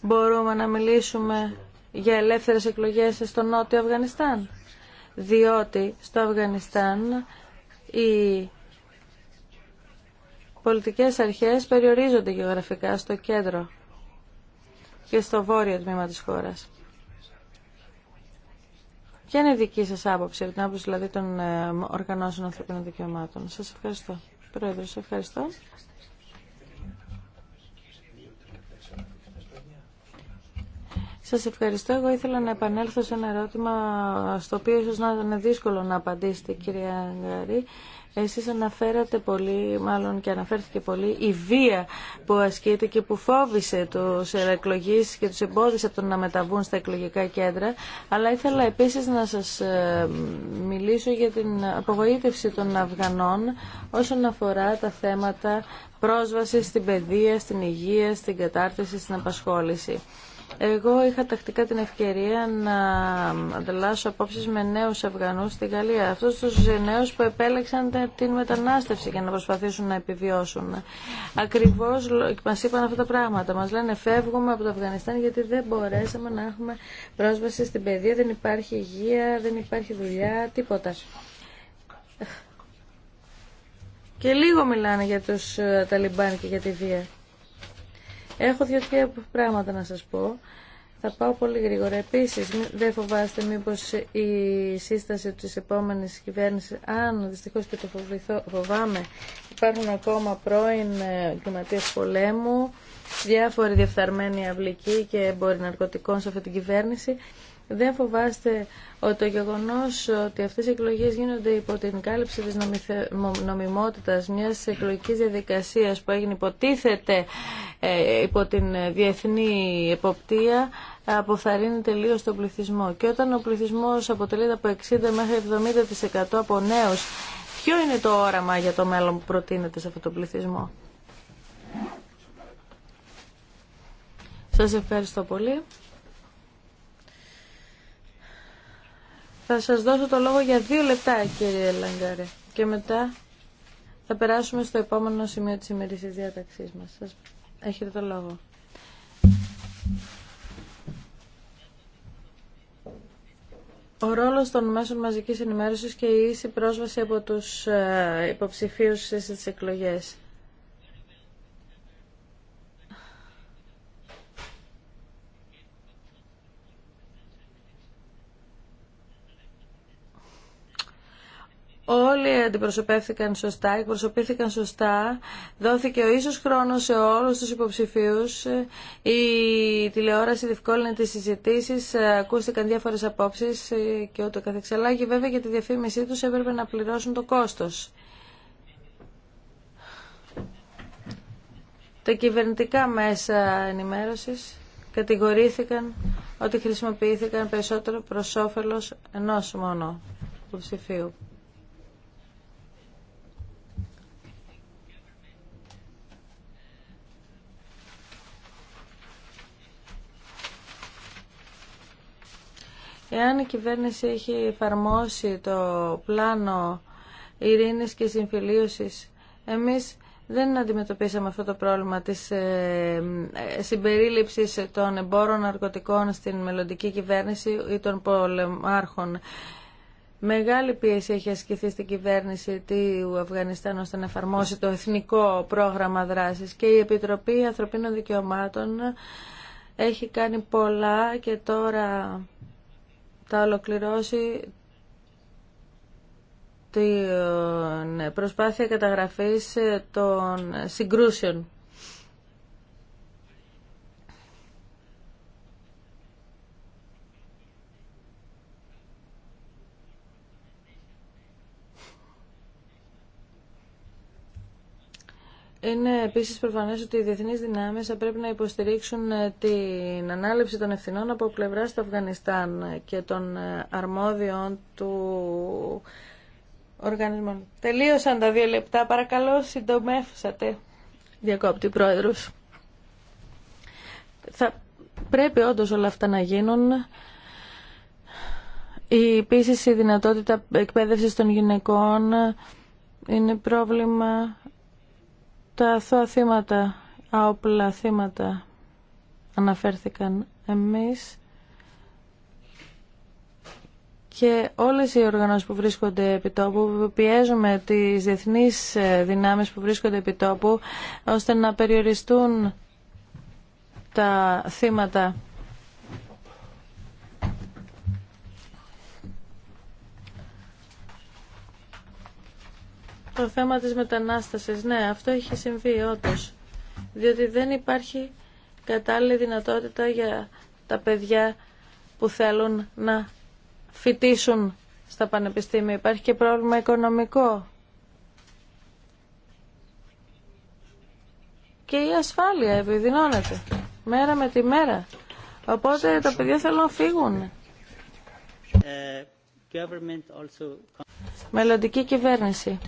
Μπορούμε να μιλήσουμε για ελεύθερες εκλογές στο νότιο Αφγανιστάν. Διότι στο Αφγανιστάν πολιτικές αρχές περιορίζονται γεωγραφικά στο κέντρο και στο βόρειο τμήμα της χώρας. Ποια είναι η δική σας άποψη, την άποψη δηλαδή των ε, οργανώσεων ανθρωπίνων δικαιωμάτων. Σας ευχαριστώ. Πρόεδρε, σας ευχαριστώ. Σας ευχαριστώ. Εγώ ήθελα να επανέλθω σε ένα ερώτημα στο οποίο ίσως να είναι δύσκολο να απαντήσετε κυρία Αγκαρή. Εσείς αναφέρατε πολύ, μάλλον και αναφέρθηκε πολύ, η βία που ασκείται και που φόβησε τους εκλογείς και τους εμπόδισε από το να μεταβούν στα εκλογικά κέντρα. Αλλά ήθελα επίσης να σας ε, μιλήσω για την απογοήτευση των Αφγανών όσον αφορά τα θέματα πρόσβαση στην παιδεία, στην υγεία, στην κατάρτιση, στην απασχόληση. Εγώ είχα τακτικά την ευκαιρία να ανταλλάσσω απόψεις με νέους Αφγανού στη Γαλλία. Αυτούς τους νέους που επέλεξαν την μετανάστευση για να προσπαθήσουν να επιβιώσουν. Ακριβώς μας είπαν αυτά τα πράγματα. Μας λένε φεύγουμε από το Αφγανιστάν γιατί δεν μπορέσαμε να έχουμε πρόσβαση στην παιδεία, δεν υπάρχει υγεία, δεν υπάρχει δουλειά, τίποτα. Και λίγο μιλάνε για τους ε, Ταλιμπάν και για τη βία. Έχω δύο-τρία πράγματα να σας πω. Θα πάω πολύ γρήγορα. Επίσης, δεν φοβάστε μήπως η σύσταση της επόμενης κυβέρνησης, αν δυστυχώς και το φοβηθώ, φοβάμαι, υπάρχουν ακόμα πρώην ε, κλιματίες πολέμου, διάφοροι διεφθαρμένοι αυλικοί και εμπόροι ναρκωτικών σε αυτή την κυβέρνηση. Δεν φοβάστε ότι το γεγονός ότι αυτές οι εκλογές γίνονται υπό την κάλυψη της νομιμότητας μιας εκλογικής διαδικασίας που έγινε υποτίθεται ε, υπό την διεθνή εποπτεία αποθαρρύνει τελείω τον πληθυσμό. Και όταν ο πληθυσμό αποτελείται από 60 μέχρι 70% από νέου, ποιο είναι το όραμα για το μέλλον που προτείνεται σε αυτόν τον πληθυσμό. Σας ευχαριστώ πολύ. Θα σας δώσω το λόγο για δύο λεπτά κύριε Λαγκάρε και μετά θα περάσουμε στο επόμενο σημείο της ημερήσης διάταξής μας. έχετε το λόγο. Ο ρόλος των μέσων μαζικής ενημέρωσης και η ίση πρόσβαση από τους ε, υποψηφίους στις εκλογές. Όλοι αντιπροσωπεύθηκαν σωστά, εκπροσωπήθηκαν σωστά, δόθηκε ο ίσος χρόνος σε όλους τους υποψηφίους, η τηλεόραση διευκόλυνε τις συζητήσεις, ακούστηκαν διάφορες απόψεις ε, και ούτω καθεξή. και βέβαια για τη διαφήμισή τους έπρεπε να πληρώσουν το κόστος. Τα κυβερνητικά μέσα ενημέρωσης κατηγορήθηκαν ότι χρησιμοποιήθηκαν περισσότερο προς όφελος ενός μόνο υποψηφίου. Εάν η κυβέρνηση έχει εφαρμόσει το πλάνο ειρήνης και συμφιλίωσης, εμείς δεν αντιμετωπίσαμε αυτό το πρόβλημα της ε, ε, συμπερίληψης των εμπόρων ναρκωτικών στην μελλοντική κυβέρνηση ή των πολεμάρχων. Μεγάλη πίεση έχει ασκηθεί στην κυβέρνηση του Αφγανιστάν ώστε να εφαρμόσει το εθνικό πρόγραμμα δράσης και η Επιτροπή Ανθρωπίνων Δικαιωμάτων έχει κάνει πολλά και τώρα θα ολοκληρώσει την ε, προσπάθεια καταγραφής ε, των συγκρούσεων Είναι επίση προφανέ ότι οι διεθνεί δυνάμει θα πρέπει να υποστηρίξουν ε, την ανάληψη των ευθυνών από πλευρά του Αφγανιστάν και των ε, αρμόδιων του οργανισμού. Τελείωσαν τα δύο λεπτά. Παρακαλώ, συντομεύσατε. Διακόπτη, πρόεδρο. Θα πρέπει όντω όλα αυτά να γίνουν. Επίση, η δυνατότητα εκπαίδευση των γυναικών είναι πρόβλημα τα αθώα θύματα, άοπλα θύματα αναφέρθηκαν εμείς και όλες οι οργανώσεις που βρίσκονται επιτόπου τόπου, πιέζουμε τις διεθνείς ε, δυνάμεις που βρίσκονται επιτόπου τόπου, ώστε να περιοριστούν τα θύματα Το θέμα της μετανάστασης, ναι, αυτό έχει συμβεί όντως. Διότι δεν υπάρχει κατάλληλη δυνατότητα για τα παιδιά που θέλουν να φοιτήσουν στα πανεπιστήμια. Υπάρχει και πρόβλημα οικονομικό. Και η ασφάλεια επιδεινώνεται μέρα με τη μέρα. Οπότε τα παιδιά θέλουν να φύγουν. Ε, Μελλοντική κυβέρνηση.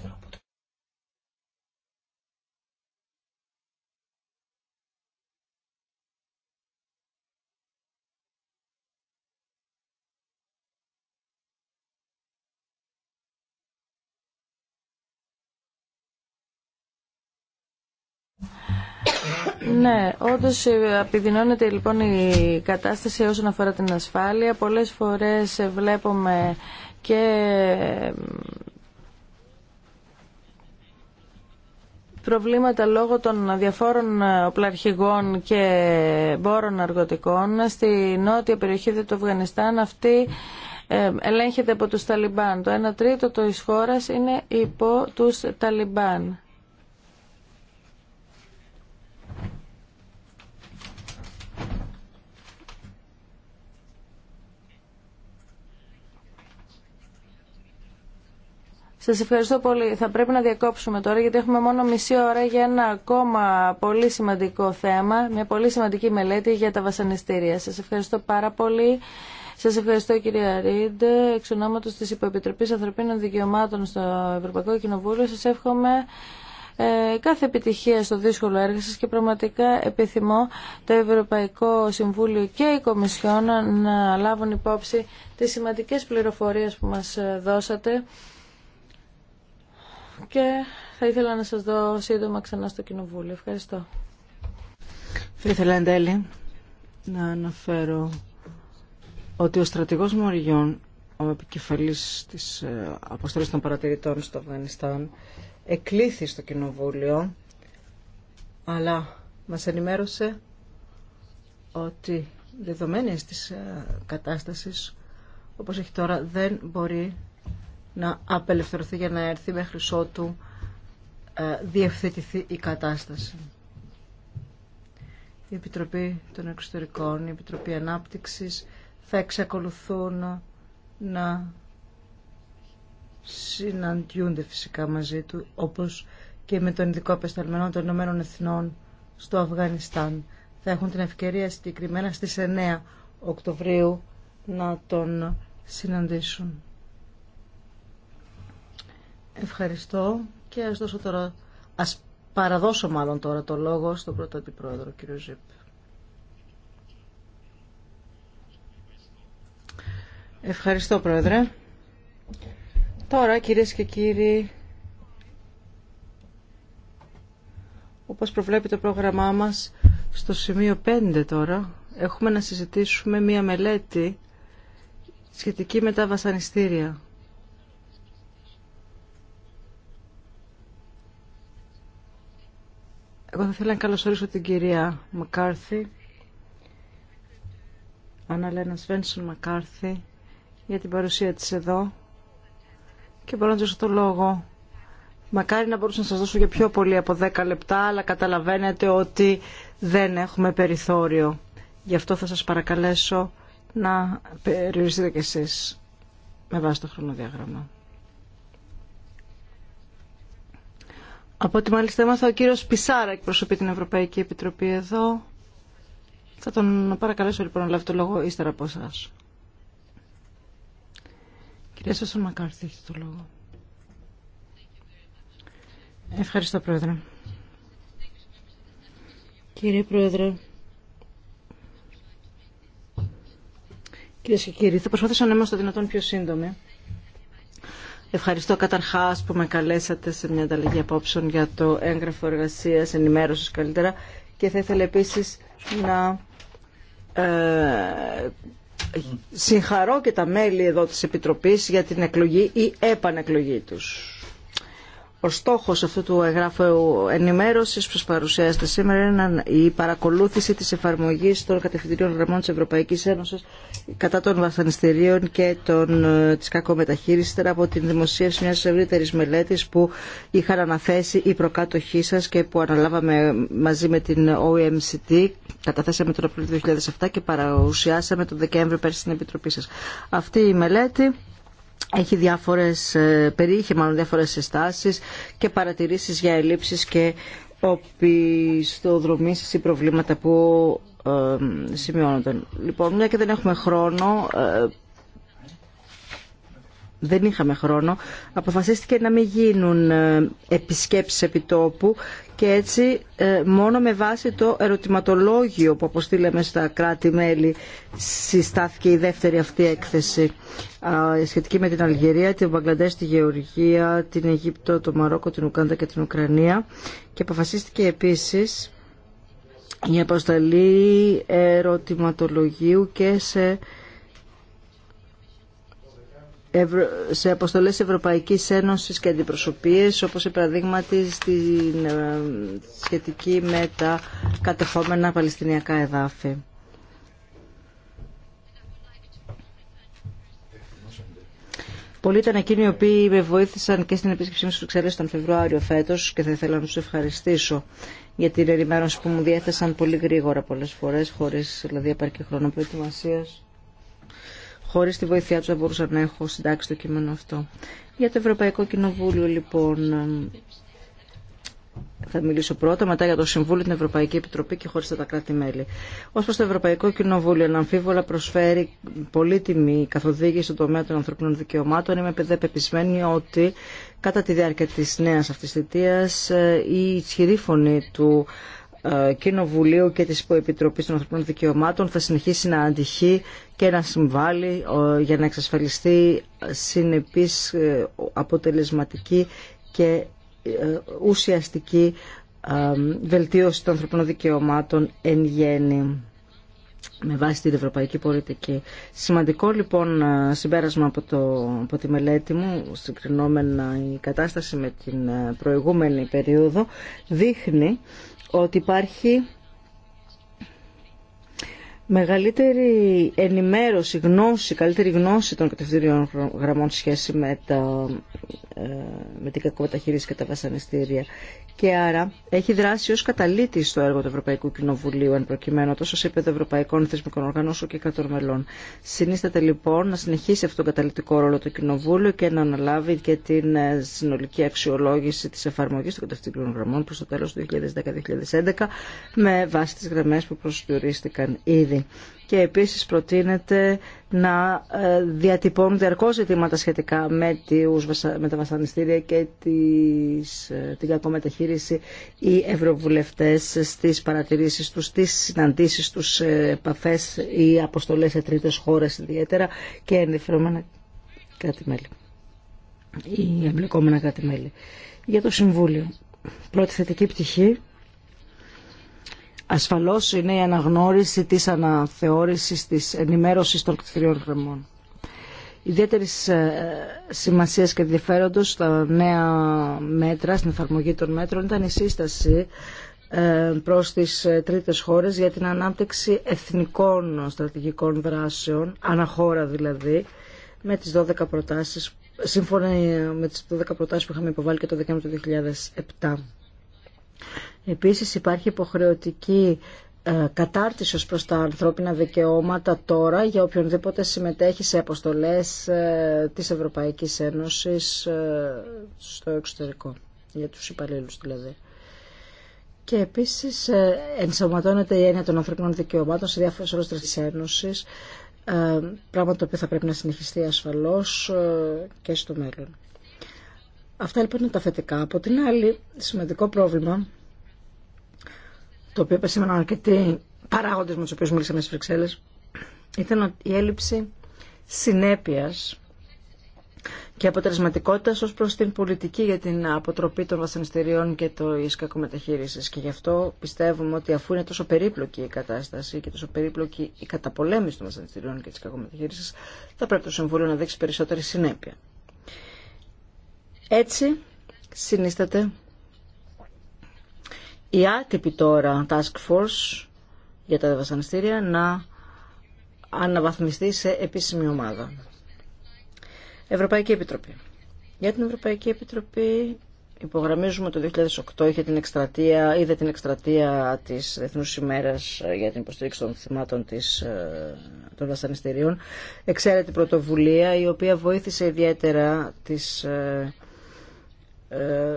Ναι, όντω επιδεινώνεται λοιπόν η κατάσταση όσον αφορά την ασφάλεια. Πολλές φορές ε, βλέπουμε και ε, προβλήματα λόγω των διαφόρων ε, οπλαρχηγών και μπόρων αργοτικών. Στη νότια περιοχή του Αφγανιστάν αυτή ελέγχεται από τους Ταλιμπάν. Το 1 τρίτο της χώρας είναι υπό τους Ταλιμπάν. Σας ευχαριστώ πολύ. Θα πρέπει να διακόψουμε τώρα γιατί έχουμε μόνο μισή ώρα για ένα ακόμα πολύ σημαντικό θέμα, μια πολύ σημαντική μελέτη για τα βασανιστήρια. Σας ευχαριστώ πάρα πολύ. Σας ευχαριστώ κυρία Ρίντ, εξ ονόματος της Υποεπιτροπής Ανθρωπίνων Δικαιωμάτων στο Ευρωπαϊκό Κοινοβούλιο. Σας εύχομαι ε, κάθε επιτυχία στο δύσκολο έργο σας και πραγματικά επιθυμώ το Ευρωπαϊκό Συμβούλιο και η Κομισιόν να λάβουν υπόψη τις σημαντικές πληροφορίες που μας ε, δώσατε και θα ήθελα να σας δω σύντομα ξανά στο Κοινοβούλιο. Ευχαριστώ. Θα ήθελα εν τέλει να αναφέρω ότι ο στρατηγός Μοριών, ο επικεφαλής της ε, αποστολής των παρατηρητών στο Αφγανιστάν, εκλήθη στο Κοινοβούλιο, αλλά μας ενημέρωσε ότι δεδομένης της ε, κατάστασης, όπως έχει τώρα, δεν μπορεί να απελευθερωθεί για να έρθει μέχρι ότου ε, διευθετηθεί η κατάσταση. Η Επιτροπή των Εξωτερικών, η Επιτροπή Ανάπτυξης θα εξακολουθούν να συναντιούνται φυσικά μαζί του, όπως και με τον ειδικό απεσταλμένο των Ηνωμένων Εθνών στο Αφγανιστάν. Θα έχουν την ευκαιρία συγκεκριμένα στις 9 Οκτωβρίου να τον συναντήσουν. Ευχαριστώ και ας τώρα, ας παραδώσω μάλλον τώρα το λόγο στον πρώτο αντιπρόεδρο, κύριο Ζήπ. Ευχαριστώ, Πρόεδρε. Τώρα, κυρίες και κύριοι, όπως προβλέπει το πρόγραμμά μας, στο σημείο 5 τώρα έχουμε να συζητήσουμε μία μελέτη σχετική με τα βασανιστήρια Εγώ θα ήθελα να καλωσορίσω την κυρία Μακάρθη, Αναλένα Σβένσον Μακάρθη, για την παρουσία της εδώ και μπορώ να δώσω το λόγο. Μακάρι να μπορούσα να σας δώσω για πιο πολύ από 10 λεπτά, αλλά καταλαβαίνετε ότι δεν έχουμε περιθώριο. Γι' αυτό θα σας παρακαλέσω να περιοριστείτε κι εσείς με βάση το χρονοδιάγραμμα. Από ό,τι μάλιστα έμαθα ο κύριος Πισάρα εκπροσωπεί την Ευρωπαϊκή Επιτροπή εδώ. Θα τον παρακαλέσω λοιπόν να λάβει το λόγο ύστερα από εσά. Κυρία Σασόν Μακάρθη, έχετε το λόγο. Ευχαριστώ, Πρόεδρε. Κύριε Πρόεδρε, κυρίε και κύριοι, θα προσπαθήσω να είμαστε δυνατόν πιο σύντομοι. Ευχαριστώ καταρχά που με καλέσατε σε μια ανταλλαγή απόψεων για το έγγραφο εργασία, ενημέρωση καλύτερα και θα ήθελα επίση να ε, συγχαρώ και τα μέλη εδώ της Επιτροπής για την εκλογή ή επανεκλογή τους. Ο στόχο αυτού του εγγράφου ενημέρωση που σα παρουσιάζεται σήμερα είναι η παρακολούθηση τη εφαρμογή των κατευθυντήριων γραμμών τη Ευρωπαϊκή Ένωση κατά των βασανιστήριων και τη ε, της κακομεταχείρισης από την δημοσίευση μια ευρύτερη μελέτη που είχαν αναθέσει οι προκάτοχοί σα και που αναλάβαμε μαζί με την OMCT, καταθέσαμε τον Απρίλιο 2007 και παρουσιάσαμε τον Δεκέμβριο πέρσι στην Επιτροπή σα. Αυτή η μελέτη έχει διάφορες, ε, περιείχε μάλλον διάφορες συστάσεις και παρατηρήσεις για ελλείψεις και οπισθοδρομήσεις ή προβλήματα που ε, σημειώνονταν. Λοιπόν, μια και δεν έχουμε χρόνο, ε, δεν είχαμε χρόνο, αποφασίστηκε να μην γίνουν ε, επισκέψεις επιτόπου και έτσι ε, μόνο με βάση το ερωτηματολόγιο που αποστήλαμε στα κράτη-μέλη συστάθηκε η δεύτερη αυτή έκθεση σχετική με την Αλγερία, την Μπαγκλαντές, τη Γεωργία, την Αιγύπτο, το Μαρόκο, την Ουκάντα και την Ουκρανία και αποφασίστηκε επίσης η αποσταλή ερωτηματολογίου και σε σε αποστολές Ευρωπαϊκής Ένωσης και αντιπροσωπείες όπως η παραδείγματι ε, σχετική με τα κατεχόμενα παλαιστινιακά εδάφη. Πολλοί ήταν εκείνοι οι οποίοι με βοήθησαν και στην επίσκεψή μου στους Βρυξέλλες τον Φεβρουάριο φέτος και θα ήθελα να τους ευχαριστήσω για την ενημέρωση που μου διέθεσαν πολύ γρήγορα πολλές φορές χωρίς δηλαδή επαρκή χρόνο προετοιμασίας. Χωρίς τη βοήθειά του, θα μπορούσα να έχω συντάξει το κείμενο αυτό. Για το Ευρωπαϊκό Κοινοβούλιο λοιπόν θα μιλήσω πρώτα, μετά για το Συμβούλιο, την Ευρωπαϊκή Επιτροπή και χωρίς τα κράτη-μέλη. Ως προς το Ευρωπαϊκό Κοινοβούλιο, αναμφίβολα προσφέρει πολύτιμη καθοδήγηση στον τομέα των ανθρωπίνων δικαιωμάτων. Είμαι πεπισμένη ότι κατά τη διάρκεια της νέας αυτής θητείας ε, η ισχυρή φωνή του ε, Κοινοβουλίου και της Υποεπιτροπής των Ανθρωπίνων Δικαιωμάτων θα συνεχίσει να αντιχεί και να συμβάλλει ε, για να εξασφαλιστεί ε, συνεπής αποτελεσματική και ουσιαστική βελτίωση των ανθρωπίνων δικαιωμάτων εν γέννη με βάση την ευρωπαϊκή πολιτική. Σημαντικό λοιπόν συμπέρασμα από, το, από τη μελέτη μου, συγκρινόμενα η κατάσταση με την προηγούμενη περίοδο, δείχνει ότι υπάρχει μεγαλύτερη ενημέρωση, γνώση, καλύτερη γνώση των κατευθυντήριων γραμμών σχέση με, τα, ε, με την κακομεταχείριση και τα βασανιστήρια και άρα έχει δράσει ως καταλήτη στο έργο του Ευρωπαϊκού Κοινοβουλίου εν προκειμένου τόσο σε επίπεδο ευρωπαϊκών θεσμικών οργάνων και Κατ' Ορμελών. Συνίσταται λοιπόν να συνεχίσει αυτόν τον καταλητικό ρόλο το Κοινοβούλιο και να αναλάβει και την ε, συνολική αξιολόγηση της εφαρμογής των κατευθυντικών γραμμών προς το τέλος του 2010-2011 με βάση τις γραμμές που προσδιορίστηκαν ήδη και επίσης προτείνεται να ε, διατυπώνουν διαρκώς ζητήματα σχετικά με, τις, με τα βασανιστήρια και τις, ε, την κακομεταχείριση οι ευρωβουλευτές στις παρατηρήσεις τους, στις συναντήσεις τους, επαφές ή αποστολές σε τρίτες χώρες ιδιαίτερα και ενδιαφερομενα κάτι κράτη-μέλη ή εμπλεκόμενα κράτη-μέλη. Για το Συμβούλιο, πρώτη θετική πτυχή ασφαλώς είναι η αναγνώριση της αναθεώρησης της ενημέρωσης των κτηριών γραμμών. Ιδιαίτερη ε, σημασία και ενδιαφέροντο στα νέα μέτρα, στην εφαρμογή των μέτρων, ήταν η σύσταση ε, προ τι ε, τρίτε χώρε για την ανάπτυξη εθνικών στρατηγικών δράσεων, αναχώρα δηλαδή, με τις 12 προτάσεις, σύμφωνα με τι 12 προτάσει που είχαμε υποβάλει και το Δεκέμβριο του 2007. Επίσης υπάρχει υποχρεωτική ε, κατάρτιση ως προς τα ανθρώπινα δικαιώματα τώρα για οποιονδήποτε συμμετέχει σε αποστολές ε, της Ευρωπαϊκής Ένωσης ε, στο εξωτερικό, για τους υπαλλήλους δηλαδή. Και επίσης ενσωματώνεται η έννοια των ανθρωπίνων δικαιωμάτων σε διάφορες όλες της Ένωσης, πράγμα το οποίο θα πρέπει να συνεχιστεί ασφαλώς και στο μέλλον. Αυτά λοιπόν είναι τα θετικά. Από την άλλη, σημαντικό πρόβλημα το οποίο επεσήμαναν αρκετοί παράγοντε με του οποίου μίλησαμε στις Βρυξέλλε, ήταν η έλλειψη συνέπεια και αποτελεσματικότητα ω προ την πολιτική για την αποτροπή των βασανιστήριων και τη κακομεταχείριση. Και γι' αυτό πιστεύουμε ότι αφού είναι τόσο περίπλοκη η κατάσταση και τόσο περίπλοκη η καταπολέμηση των βασανιστήριων και τη κακομεταχείριση, θα πρέπει το Συμβούλιο να δείξει περισσότερη συνέπεια. Έτσι, συνίσταται η άτυπη τώρα task force για τα βασανιστήρια να αναβαθμιστεί σε επίσημη ομάδα. Ευρωπαϊκή Επιτροπή. Για την Ευρωπαϊκή Επιτροπή υπογραμμίζουμε το 2008 είχε την εκστρατεία, είδε την εκστρατεία της Εθνούς ημέρας για την υποστήριξη των θυμάτων της, ε, των βασανιστήριων. Εξαίρετη πρωτοβουλία η οποία βοήθησε ιδιαίτερα τις ε,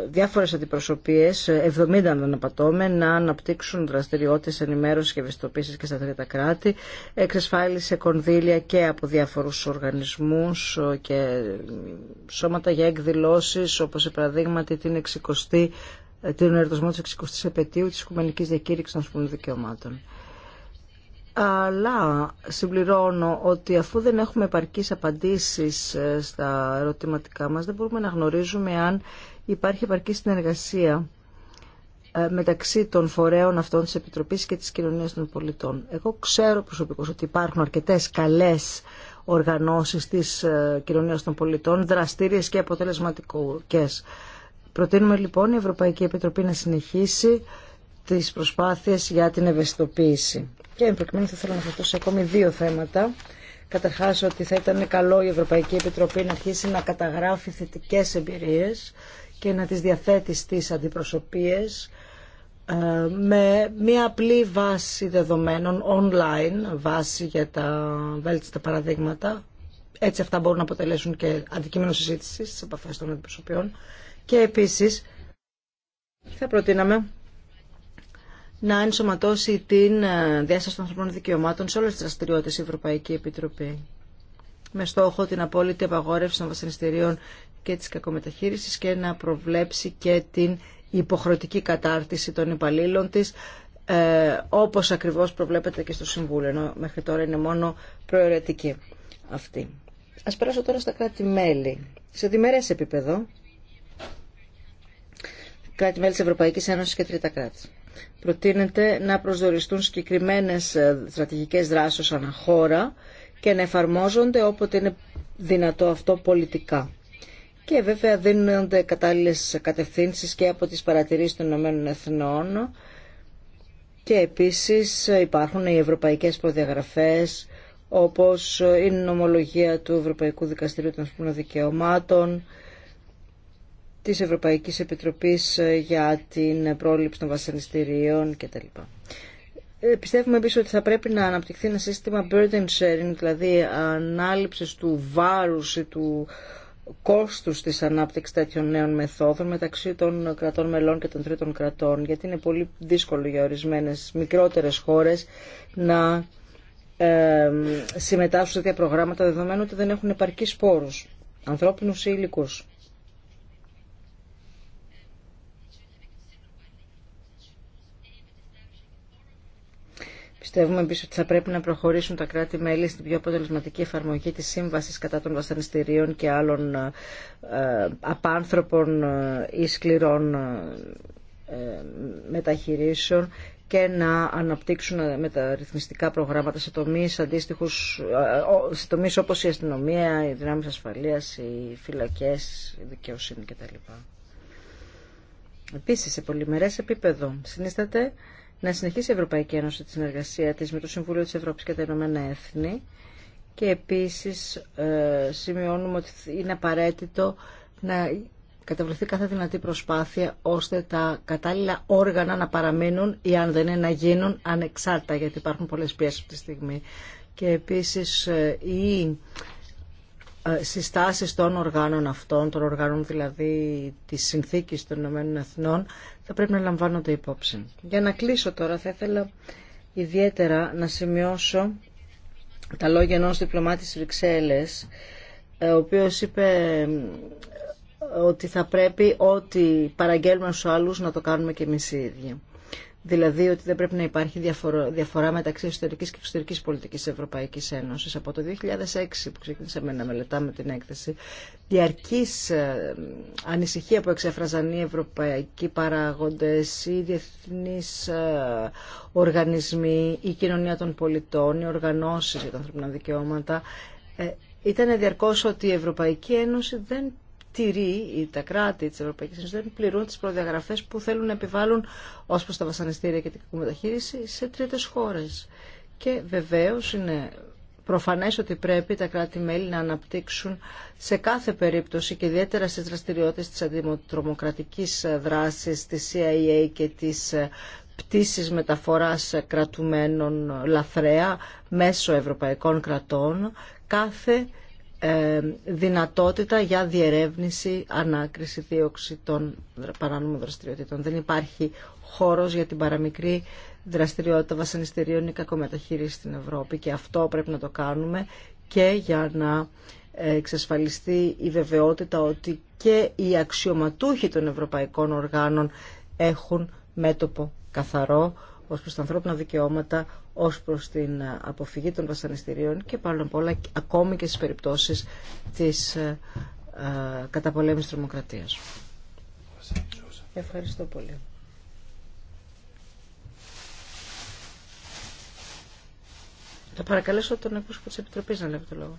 διάφορες αντιπροσωπείες, 70 αναπατώμε, να αναπτύξουν δραστηριότητες ενημέρωσης και ευαισθητοποίησης και στα τρίτα κράτη. Εξασφάλισε κονδύλια και από διάφορους οργανισμούς και σώματα για εκδηλώσεις, όπως παραδείγματι την 60 την ερωτασμό της 60ης επαιτίου της Οικουμενικής Διακήρυξης των Σπουδών Δικαιωμάτων. Αλλά συμπληρώνω ότι αφού δεν έχουμε επαρκείς απαντήσεις ε, στα ερωτηματικά μας, δεν μπορούμε να γνωρίζουμε αν υπάρχει επαρκή συνεργασία ε, μεταξύ των φορέων αυτών της Επιτροπής και της Κοινωνίας των Πολιτών. Εγώ ξέρω προσωπικώς ότι υπάρχουν αρκετές καλές οργανώσεις της ε, Κοινωνίας των Πολιτών, δραστήριες και αποτελεσματικές. Προτείνουμε λοιπόν η Ευρωπαϊκή Επιτροπή να συνεχίσει τις προσπάθειες για την ευαισθητοποίηση. Και προκειμένου θα ήθελα να φωτώ σε ακόμη δύο θέματα. Καταρχάς ότι θα ήταν καλό η Ευρωπαϊκή Επιτροπή να αρχίσει να καταγράφει θετικές εμπειρίες και να τις διαθέτει στις αντιπροσωπείες ε, με μια απλή βάση δεδομένων online, βάση για τα βέλτιστα παραδείγματα. Έτσι αυτά μπορούν να αποτελέσουν και αντικείμενο συζήτηση στις επαφές των αντιπροσωπιών. Και επίσης θα προτείναμε να ενσωματώσει την ε, διάσταση των ανθρωπινών δικαιωμάτων σε όλες τις δραστηριότητες η Ευρωπαϊκή Επιτροπή με στόχο την απόλυτη απαγόρευση των βασανιστήριων και της κακομεταχείρισης και να προβλέψει και την υποχρεωτική κατάρτιση των υπαλλήλων της ε, όπως ακριβώς προβλέπεται και στο Συμβούλιο ενώ μέχρι τώρα είναι μόνο προαιρετική αυτή. Ας περάσω τώρα στα κράτη-μέλη. Σε διμερές επίπεδο κράτη-μέλη της Ευρωπαϊκής Ένωσης και τρίτα κράτη. Προτείνεται να προσδοριστούν συγκεκριμένες ε, στρατηγικές δράσεις αναχώρα και να εφαρμόζονται όποτε είναι δυνατό αυτό πολιτικά και βέβαια δίνονται κατάλληλες κατευθύνσεις και από τις παρατηρήσεις των Ηνωμένων Εθνών και επίσης υπάρχουν οι ευρωπαϊκές προδιαγραφές όπως η νομολογία του Ευρωπαϊκού Δικαστηρίου των Σπουδών Δικαιωμάτων, της Ευρωπαϊκής Επιτροπής για την πρόληψη των βασανιστήριων κτλ. Ε, πιστεύουμε επίσης ότι θα πρέπει να αναπτυχθεί ένα σύστημα burden sharing, δηλαδή ανάληψης του βάρους του κόστους της ανάπτυξης τέτοιων νέων μεθόδων μεταξύ των κρατών μελών και των τρίτων κρατών, γιατί είναι πολύ δύσκολο για ορισμένες μικρότερες χώρες να συμμετάσχουν σε τέτοια προγράμματα, δεδομένου ότι δεν έχουν επαρκείς πόρους, ανθρώπινους ή υλικούς. Πιστεύουμε επίση ότι θα πρέπει να προχωρήσουν τα κράτη-μέλη στην πιο αποτελεσματική εφαρμογή τη σύμβαση κατά των βασανιστήριων και άλλων ε, ε απάνθρωπων ε, ή σκληρών ε, μεταχειρήσεων και να αναπτύξουν μεταρρυθμιστικά προγράμματα σε τομείς, σε τομείς όπως η αστυνομία, οι δυνάμεις ασφαλείας, οι φυλακές, η δικαιοσύνη κτλ. Επίσης, σε πολυμερές επίπεδο συνίσταται να συνεχίσει η Ευρωπαϊκή Ένωση τη συνεργασία της με το Συμβούλιο της Ευρώπης και τα Ηνωμένα Έθνη και επίσης ε, σημειώνουμε ότι είναι απαραίτητο να καταβληθεί κάθε δυνατή προσπάθεια ώστε τα κατάλληλα όργανα να παραμείνουν ή αν δεν είναι να γίνουν ανεξάρτητα γιατί υπάρχουν πολλές πιέσεις αυτή τη στιγμή. Και επίσης ε, η ε, συστάσεις των οργάνων αυτών, των οργάνων δηλαδή της συνθήκης των Ηνωμένων Εθνών, θα πρέπει να λαμβάνονται υπόψη. Για να κλείσω τώρα θα ήθελα ιδιαίτερα να σημειώσω τα λόγια ενός διπλωμάτη Βρυξέλλες, ε, ο οποίος είπε ε, ότι θα πρέπει ό,τι παραγγέλνουμε στους άλλους να το κάνουμε και εμείς οι ίδιοι δηλαδή ότι δεν πρέπει να υπάρχει διαφορά μεταξύ εσωτερικής και εξωτερικής πολιτικής Ευρωπαϊκής Ένωσης. Από το 2006 που ξεκινήσαμε να μελετάμε την έκθεση, διαρκής ε, ανησυχία που εξέφραζαν οι ευρωπαϊκοί παράγοντες, οι διεθνείς ε, οργανισμοί, η κοινωνία των πολιτών, οι οργανώσεις για τα ανθρώπινα δικαιώματα, ε, ήταν διαρκώς ότι η Ευρωπαϊκή Ένωση δεν τηρεί τα κράτη της Ευρωπαϊκής Ένωσης δεν πληρούν τις προδιαγραφές που θέλουν να επιβάλλουν ως προς τα βασανιστήρια και την κακομεταχείριση σε τρίτες χώρες. Και βεβαίως είναι προφανές ότι πρέπει τα κράτη-μέλη να αναπτύξουν σε κάθε περίπτωση και ιδιαίτερα στις δραστηριότητες της αντιμοτρομοκρατική δράσης της CIA και της ε, πτήσεις μεταφοράς κρατουμένων λαθρέα μέσω ευρωπαϊκών κρατών κάθε ε, δυνατότητα για διερεύνηση, ανάκριση, δίωξη των παράνομων δραστηριοτήτων. Δεν υπάρχει χώρος για την παραμικρή δραστηριότητα βασανιστήριων ή κακομεταχείριση στην Ευρώπη και αυτό πρέπει να το κάνουμε και για να ε, εξασφαλιστεί η βεβαιότητα ότι και οι αξιωματούχοι των ευρωπαϊκών οργάνων έχουν μέτωπο καθαρό ως προς τα ανθρώπινα δικαιώματα, ως προς την ε, αποφυγή των βασανιστήριων και πάνω απ' όλα ακόμη και στις περιπτώσεις της ε, ε, καταπολέμησης Ευχαριστώ πολύ. Θα παρακαλέσω τον εκπρόσωπο της Επιτροπής να λέει το λόγο.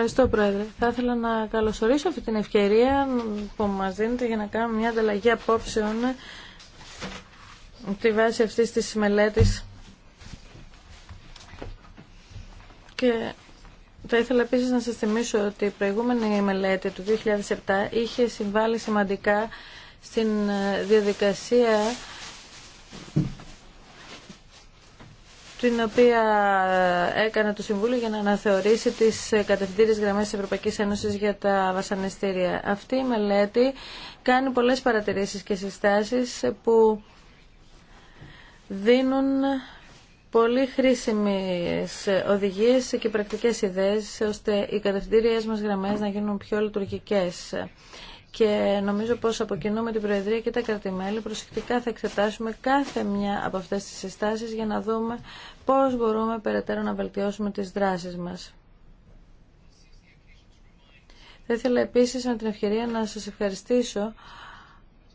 Ευχαριστώ, Πρόεδρε. Θα ήθελα να καλωσορίσω αυτή την ευκαιρία που μα δίνετε για να κάνουμε μια ανταλλαγή απόψεων τη βάση αυτή τη μελέτη. Και θα ήθελα επίσης να σας θυμίσω ότι η προηγούμενη μελέτη του 2007 είχε συμβάλει σημαντικά στην διαδικασία την οποία ε, έκανε το Συμβούλιο για να αναθεωρήσει τις ε, κατευθυντήριες γραμμές της Ευρωπαϊκής Ένωσης για τα βασανιστήρια. Αυτή η μελέτη κάνει πολλές παρατηρήσεις και συστάσεις που δίνουν πολύ χρήσιμες οδηγίες και πρακτικές ιδέες ώστε οι κατευθυντήριες μας γραμμές να γίνουν πιο λειτουργικές και νομίζω πως από κοινού με την Προεδρία και τα κρατημέλη προσεκτικά θα εξετάσουμε κάθε μια από αυτές τις συστάσεις για να δούμε πώς μπορούμε περαιτέρω να βελτιώσουμε τις δράσεις μας. Θα ήθελα επίσης με την ευκαιρία να σας ευχαριστήσω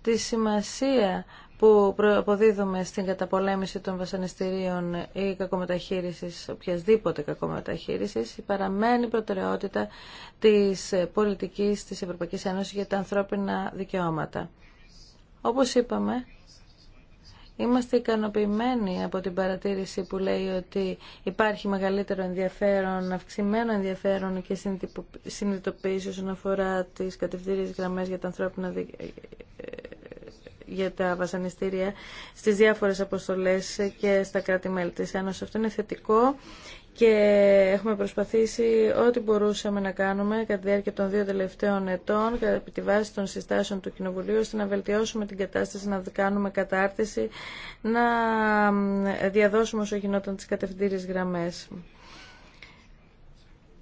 τη σημασία που αποδίδουμε στην καταπολέμηση των βασανιστήριων ή κακομεταχείρισης, οποιασδήποτε κακομεταχείρισης, παραμένει προτεραιότητα της πολιτικής της Ευρωπαϊκής Ένωσης για τα ανθρώπινα δικαιώματα. Όπως είπαμε, Είμαστε ικανοποιημένοι από την παρατήρηση που λέει ότι υπάρχει μεγαλύτερο ενδιαφέρον, αυξημένο ενδιαφέρον και συνειδητοποίηση όσον αφορά τις κατευθύνσεις γραμμές για τα ανθρώπινα δικαιώματα για τα βασανιστήρια στις διάφορες αποστολές και στα κράτη-μέλη της Ένωσης. Αυτό είναι θετικό και έχουμε προσπαθήσει ό,τι μπορούσαμε να κάνουμε κατά τη διάρκεια των δύο τελευταίων ετών κατά τη βάση των συστάσεων του Κοινοβουλίου ώστε να βελτιώσουμε την κατάσταση, να κάνουμε κατάρτιση, να διαδώσουμε όσο γινόταν τις κατευθυντήριες γραμμές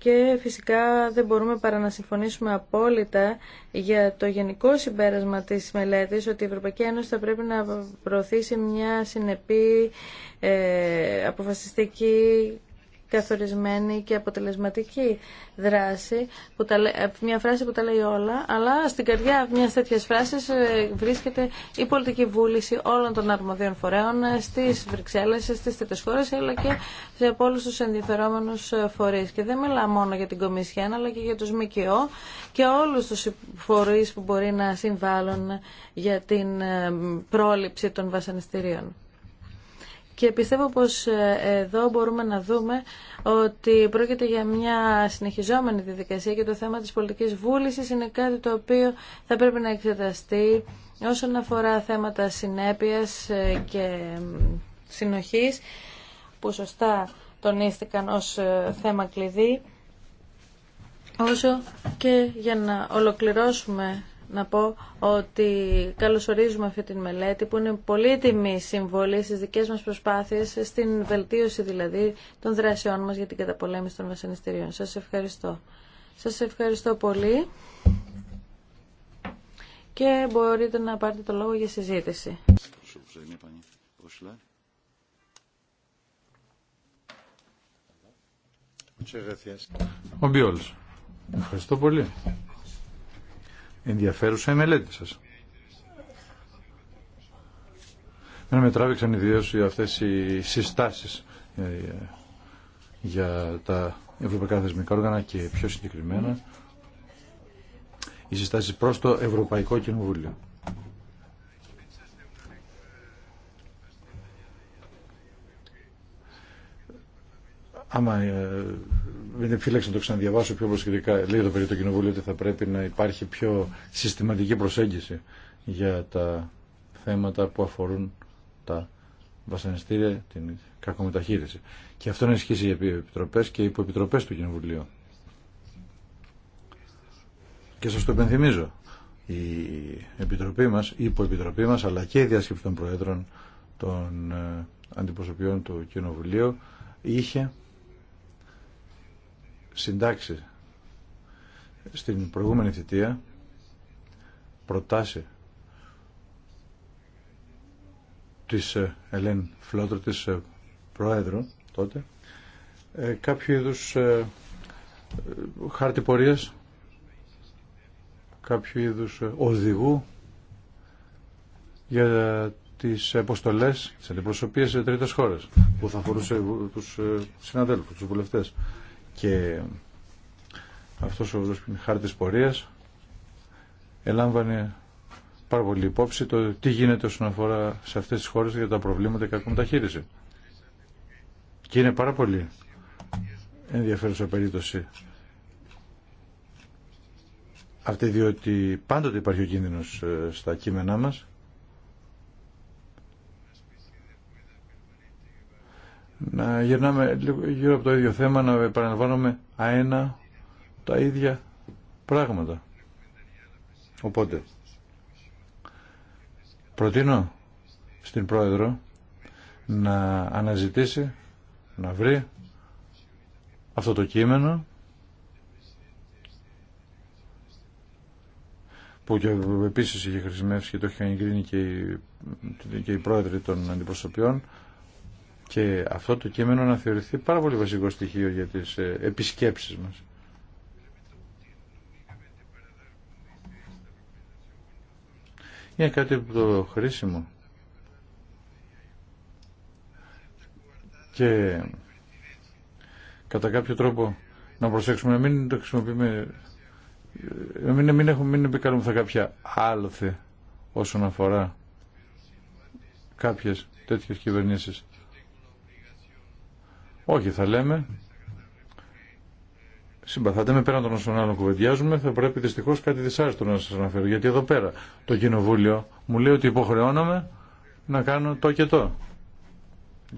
και φυσικά δεν μπορούμε παρά να συμφωνήσουμε απόλυτα για το γενικό συμπέρασμα της μελέτης ότι η Ευρωπαϊκή Ένωση θα πρέπει να προωθήσει μια συνεπή ε, αποφασιστική καθορισμένη και αποτελεσματική δράση, ε, μια φράση που τα λέει όλα, αλλά στην καρδιά μια τέτοια φράση ε, βρίσκεται η πολιτική βούληση όλων των αρμοδίων φορέων ε, στι Βρυξέλλε, στι τρίτε χώρε, αλλά και σε όλου του ενδιαφερόμενου φορεί. Και δεν μιλά μόνο για την Κομισιένα, αλλά και για του ΜΚΟ και όλου του φορεί που μπορεί να συμβάλλουν για την πρόληψη των βασανιστήριων. Και πιστεύω πως ε, εδώ μπορούμε να δούμε ότι πρόκειται για μια συνεχιζόμενη διαδικασία και το θέμα της πολιτικής βούλησης είναι κάτι το οποίο θα πρέπει να εξεταστεί όσον αφορά θέματα συνέπειας ε, και συνοχής που σωστά τονίστηκαν ως ε, θέμα κλειδί όσο και για να ολοκληρώσουμε να πω ότι καλωσορίζουμε αυτή τη μελέτη που είναι πολύτιμη συμβολή στις δικές μας προσπάθειες στην βελτίωση δηλαδή των δράσεών μας για την καταπολέμηση των βασανιστήριων. Σας ευχαριστώ. Σας ευχαριστώ πολύ και μπορείτε να πάρετε το λόγο για συζήτηση. Ο Ευχαριστώ πολύ ενδιαφέρουσα η μελέτη σας. Δεν με τράβηξαν ιδίως αυτές οι συστάσεις ε, για τα ευρωπαϊκά θεσμικά όργανα και πιο συγκεκριμένα οι συστάσεις προς το Ευρωπαϊκό Κοινοβούλιο. άμα δεν φύλαξε να το ξαναδιαβάσω πιο προσεκτικά, λέει το περί το κοινοβούλιο ότι θα πρέπει να υπάρχει πιο συστηματική προσέγγιση για τα θέματα που αφορούν τα βασανιστήρια, την κακομεταχείριση. Και αυτό να ισχύσει για επιτροπές και υποεπιτροπές του Κοινοβουλίου. Και σας το επενθυμίζω, η Επιτροπή μας, η Υποεπιτροπή μας, αλλά και η Διάσκεψη των Προέδρων των ε, Αντιπροσωπιών του Κοινοβουλίου είχε συντάξει στην προηγούμενη θητεία προτάσει της ε, Ελέν Φλότρο, της ε, Προέδρου τότε, ε, κάποιο είδους χάρτη πορείας, κάποιο είδους οδηγού για τις αποστολές, της αντιπροσωπείας σε τρίτες χώρες που θα αφορούσε τους συναδέλφους, τους βουλευτές. Και αυτός ο χάρτης πορείας ελάμβανε πάρα πολύ υπόψη το τι γίνεται όσον αφορά σε αυτές τις χώρες για τα προβλήματα και τα χείριση. Και είναι πάρα πολύ ενδιαφέρουσα περίπτωση αυτή διότι πάντοτε υπάρχει ο κίνδυνος ε, στα κείμενά μας να γυρνάμε γύρω από το ίδιο θέμα, να επαναλαμβάνουμε αένα τα ίδια πράγματα. Οπότε, προτείνω στην Πρόεδρο να αναζητήσει, να βρει αυτό το κείμενο που και επίσης είχε χρησιμεύσει και το είχε εγκρίνει και η, και των αντιπροσωπιών και αυτό το κείμενο να θεωρηθεί πάρα πολύ βασικό στοιχείο για τις ε, επισκέψεις μας. Είναι κάτι το χρήσιμο. Και κατά κάποιο τρόπο να προσέξουμε να μην το χρησιμοποιούμε ε, να μην, μην, έχουμε, μην επικαλούμεθα κάποια άλθη όσον αφορά κάποιες τέτοιες κυβερνήσεις. Όχι, θα λέμε. Συμπαθάτε με πέραν των όσων άλλων κουβεντιάζουμε, θα πρέπει δυστυχώ κάτι δυσάρεστο να σα αναφέρω. Γιατί εδώ πέρα το κοινοβούλιο μου λέει ότι υποχρεώνομαι να κάνω το και το.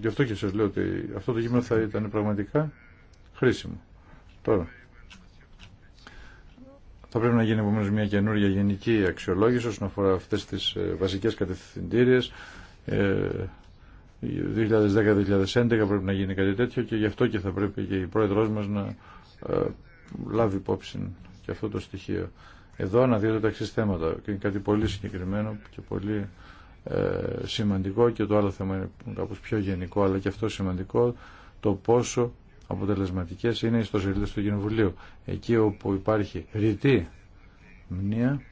Γι' αυτό και σα λέω ότι αυτό το κείμενο θα ήταν πραγματικά χρήσιμο. Τώρα. Θα πρέπει να γίνει επομένω μια καινούργια γενική αξιολόγηση όσον αφορά αυτέ τι ε, βασικέ κατευθυντήριε ε, 2010-2011 πρέπει να γίνει κάτι τέτοιο και γι' αυτό και θα πρέπει και η πρόεδρός μας να ε, λάβει υπόψη και αυτό το στοιχείο. Εδώ αναδύονται τα εξή θέματα. Είναι κάτι πολύ συγκεκριμένο και πολύ ε, σημαντικό και το άλλο θέμα είναι κάπως πιο γενικό αλλά και αυτό σημαντικό το πόσο αποτελεσματικές είναι οι ιστοσελίδες του Κοινοβουλίου. Εκεί όπου υπάρχει ρητή μνήμα,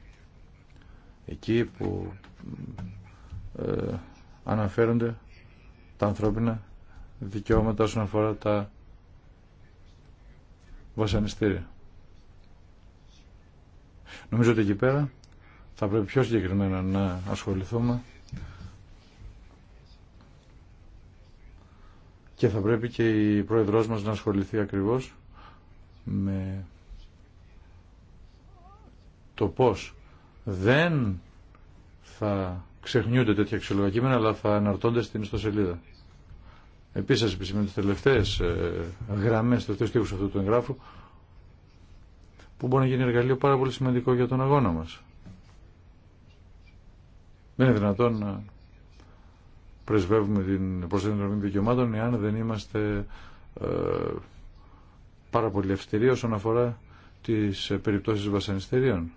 εκεί που ε, αναφέρονται τα ανθρώπινα δικαιώματα όσον αφορά τα βασανιστήρια. Νομίζω ότι εκεί πέρα θα πρέπει πιο συγκεκριμένα να ασχοληθούμε και θα πρέπει και η πρόεδρός μας να ασχοληθεί ακριβώς με το πώς δεν θα ξεχνιούνται τέτοια αξιολογικά αλλά θα αναρτώνται στην ιστοσελίδα. Επίση, σας επισημαίνω τι τελευταίε ε, γραμμές, του τελευταίου αυτού του εγγράφου που μπορεί να γίνει εργαλείο πάρα πολύ σημαντικό για τον αγώνα μας. Δεν είναι δυνατόν να πρεσβεύουμε την προσέγγιση των δικαιωμάτων εάν δεν είμαστε ε, πάρα πολύ ευστηροί όσον αφορά τις ε, περιπτώσεις βασανιστηρίων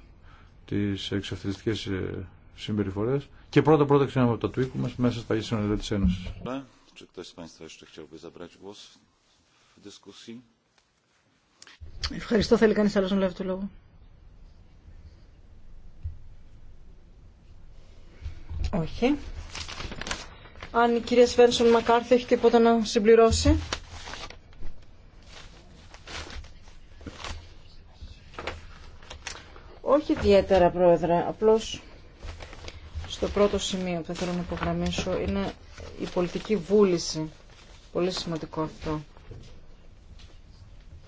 τις εξαφτιστικές ε, συμπεριφορέ και πρώτα πρώτα ξεκινάμε από τα του οίκου μας μέσα στα ίσια τη Czy ktoś z Państwa jeszcze chciałby zabrać głos w dyskusji? Ευχαριστώ. Θέλει κανείς άλλος να λάβει το λόγο. Όχι. Αν η κυρία Σβένσον Μακάρθη έχει τίποτα να συμπληρώσει. Όχι ιδιαίτερα, Πρόεδρε. Απλώς στο πρώτο σημείο που θα θέλω να υπογραμμίσω είναι η πολιτική βούληση. Πολύ σημαντικό αυτό.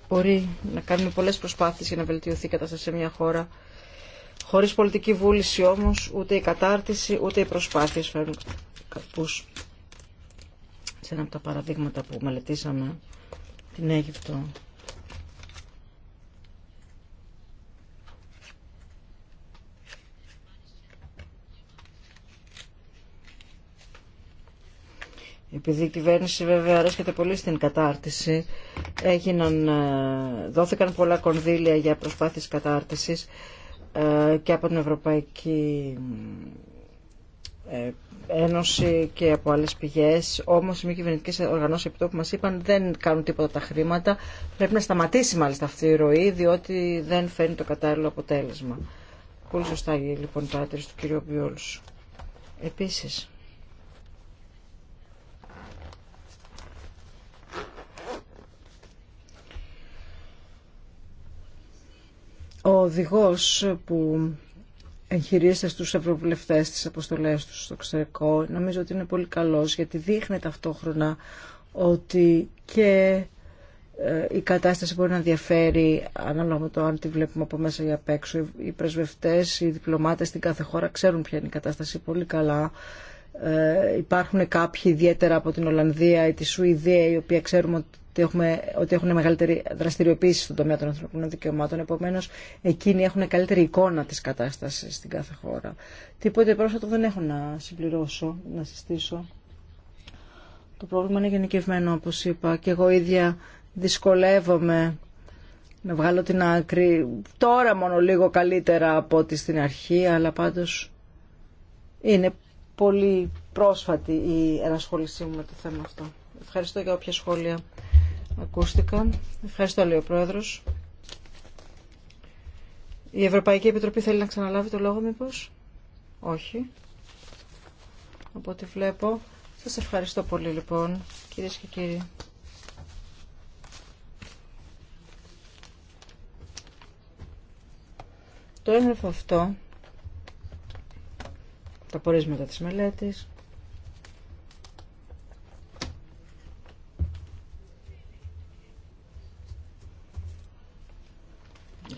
Μπορεί να κάνουμε πολλές προσπάθειες για να βελτιωθεί η κατάσταση σε μια χώρα. Χωρίς πολιτική βούληση όμως ούτε η κατάρτιση ούτε οι προσπάθειες φέρνουν καρπούς. Σε ένα από τα παραδείγματα που μελετήσαμε την Αίγυπτο επειδή η κυβέρνηση βέβαια αρέσκεται πολύ στην κατάρτιση, έγιναν, ε, δόθηκαν πολλά κονδύλια για προσπάθειες κατάρτισης ε, και από την Ευρωπαϊκή ε, Ένωση και από άλλες πηγές. Όμως οι μη κυβερνητικέ οργανώσεις επιτόπου μας είπαν δεν κάνουν τίποτα τα χρήματα. Πρέπει να σταματήσει μάλιστα αυτή η ροή διότι δεν φέρνει το κατάλληλο αποτέλεσμα. Πολύ σωστά λοιπόν η παρατήρηση του κ. Βιόλου. Επίσης, ο οδηγός που εγχειρίζεται στους ευρωβουλευτές τις αποστολές τους στο εξωτερικό νομίζω ότι είναι πολύ καλός γιατί δείχνει ταυτόχρονα ότι και ε, η κατάσταση μπορεί να διαφέρει ανάλογα με το αν τη βλέπουμε από μέσα ή απ' έξω. Οι πρεσβευτές, οι διπλωμάτες στην κάθε χώρα ξέρουν ποια είναι η κατάσταση πολύ καλά. Ε, υπάρχουν κάποιοι ιδιαίτερα από την Ολλανδία ή τη Σουηδία οι οποίοι ξέρουμε ότι ότι, ότι έχουν μεγαλύτερη δραστηριοποίηση στον τομέα των ανθρωπίνων δικαιωμάτων. Επομένω, εκείνοι έχουν καλύτερη εικόνα τη κατάσταση στην κάθε χώρα. Τίποτε πρόσφατο δεν έχω να συμπληρώσω, να συστήσω. Το πρόβλημα είναι γενικευμένο, όπω είπα, και εγώ ίδια δυσκολεύομαι να βγάλω την άκρη τώρα μόνο λίγο καλύτερα από ό,τι στην αρχή, αλλά πάντως είναι πολύ πρόσφατη η ενασχόλησή μου με το θέμα αυτό. Ευχαριστώ για όποια σχόλια ακούστηκαν. Ευχαριστώ, λέει ο πρόεδρο. Η Ευρωπαϊκή Επιτροπή θέλει να ξαναλάβει το λόγο μήπω. Όχι. Από ό,τι βλέπω. Σας ευχαριστώ πολύ λοιπόν, κυρίες και κύριοι. Το έγγραφο αυτό, τα πορίσματα της μελέτης,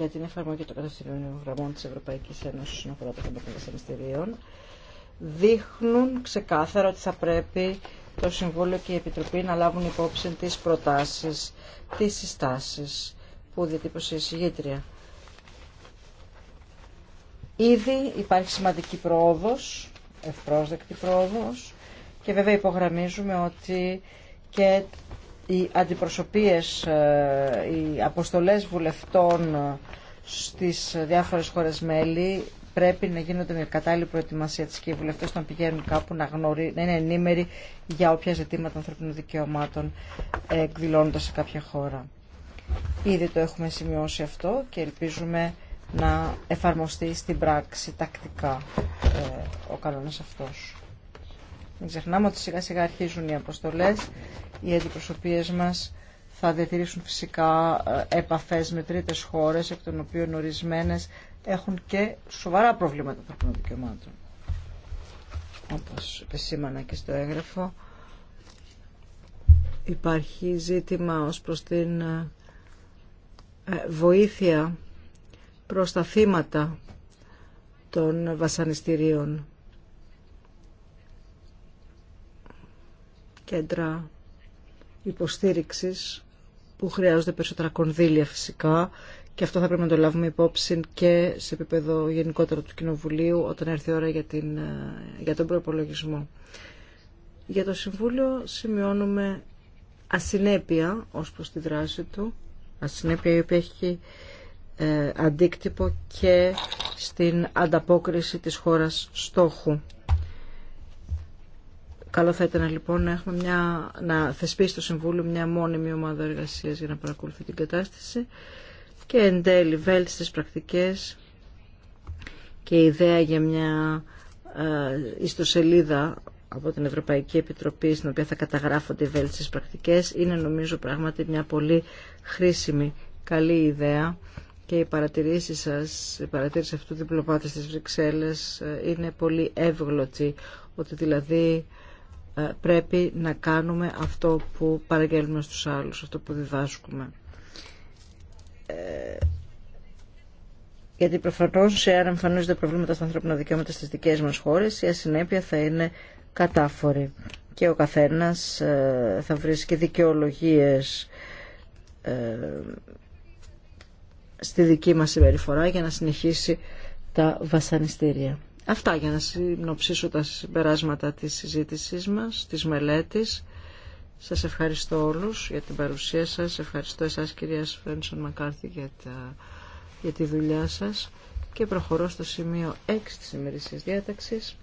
για την εφαρμογή των κατευθυντικών γραμμών της Ευρωπαϊκής Ένωσης όσον αφορά δείχνουν ξεκάθαρα ότι θα πρέπει το Συμβούλιο και η Επιτροπή να λάβουν υπόψη τις προτάσεις, τις συστάσεις που διατύπωσε η συγγήτρια. Ήδη υπάρχει σημαντική πρόοδος, ευπρόσδεκτη πρόοδος και βέβαια υπογραμμίζουμε ότι και οι αντιπροσωπείες, ε, οι αποστολές βουλευτών ε, στις διάφορες χώρες μέλη πρέπει να γίνονται με κατάλληλη προετοιμασία της και οι βουλευτές να πηγαίνουν κάπου να, γνωρί, είναι ενήμεροι για όποια ζητήματα ανθρωπίνων δικαιωμάτων εκδηλώνονται σε κάποια χώρα. Ήδη το έχουμε σημειώσει αυτό και ελπίζουμε να εφαρμοστεί στην πράξη τακτικά ε, ο κανόνας αυτός. Μην ξεχνάμε ότι σιγά σιγά αρχίζουν οι αποστολές οι αντιπροσωπείες μας θα διατηρήσουν φυσικά ε, επαφές με τρίτες χώρες, εκ των οποίων ορισμένες έχουν και σοβαρά προβλήματα των δικαιωμάτων. Όπως επισήμανα και στο έγγραφο, υπάρχει ζήτημα ως προς την ε, ε, βοήθεια προς τα θύματα των βασανιστήριων. Κέντρα υποστήριξης που χρειάζονται περισσότερα κονδύλια φυσικά και αυτό θα πρέπει να το λάβουμε υπόψη και σε επίπεδο γενικότερο του Κοινοβουλίου όταν έρθει η ώρα για, την, ε, για τον προπολογισμό. Για το Συμβούλιο σημειώνουμε ασυνέπεια ως προς τη δράση του, ασυνέπεια η οποία έχει ε, αντίκτυπο και στην ανταπόκριση της χώρας στόχου. Καλό θα ήταν λοιπόν να, έχουμε μια, να θεσπίσει το Συμβούλιο μια μόνιμη ομάδα εργασίας για να παρακολουθεί την κατάσταση και εν τέλει βέλτιστες πρακτικές και η ιδέα για μια ε, ιστοσελίδα από την Ευρωπαϊκή Επιτροπή στην οποία θα καταγράφονται οι βέλτιστες πρακτικές είναι νομίζω πράγματι μια πολύ χρήσιμη καλή ιδέα και οι παρατηρήσει σας, η παρατήρηση αυτού του διπλωμάτη στις Βρυξέλλες ε, είναι πολύ εύγλωτη ότι δηλαδή ε, πρέπει να κάνουμε αυτό που παραγγέλνουμε στους άλλους, αυτό που διδάσκουμε. Ε, γιατί προφανώ, εάν εμφανίζονται προβλήματα στα ανθρώπινα δικαιώματα στι δικέ μα χώρε, η ασυνέπεια θα είναι κατάφορη. Και ο καθένα ε, θα βρίσκει δικαιολογίε στη δική μας συμπεριφορά για να συνεχίσει τα βασανιστήρια. Αυτά για να συνοψίσω τα συμπεράσματα της συζήτησής μας, της μελέτης. Σας ευχαριστώ όλους για την παρουσία σας. Ευχαριστώ εσάς κυρία Σφένσον Μακάρθη για, για τη δουλειά σας. Και προχωρώ στο σημείο 6 της ημερησίας διάταξης.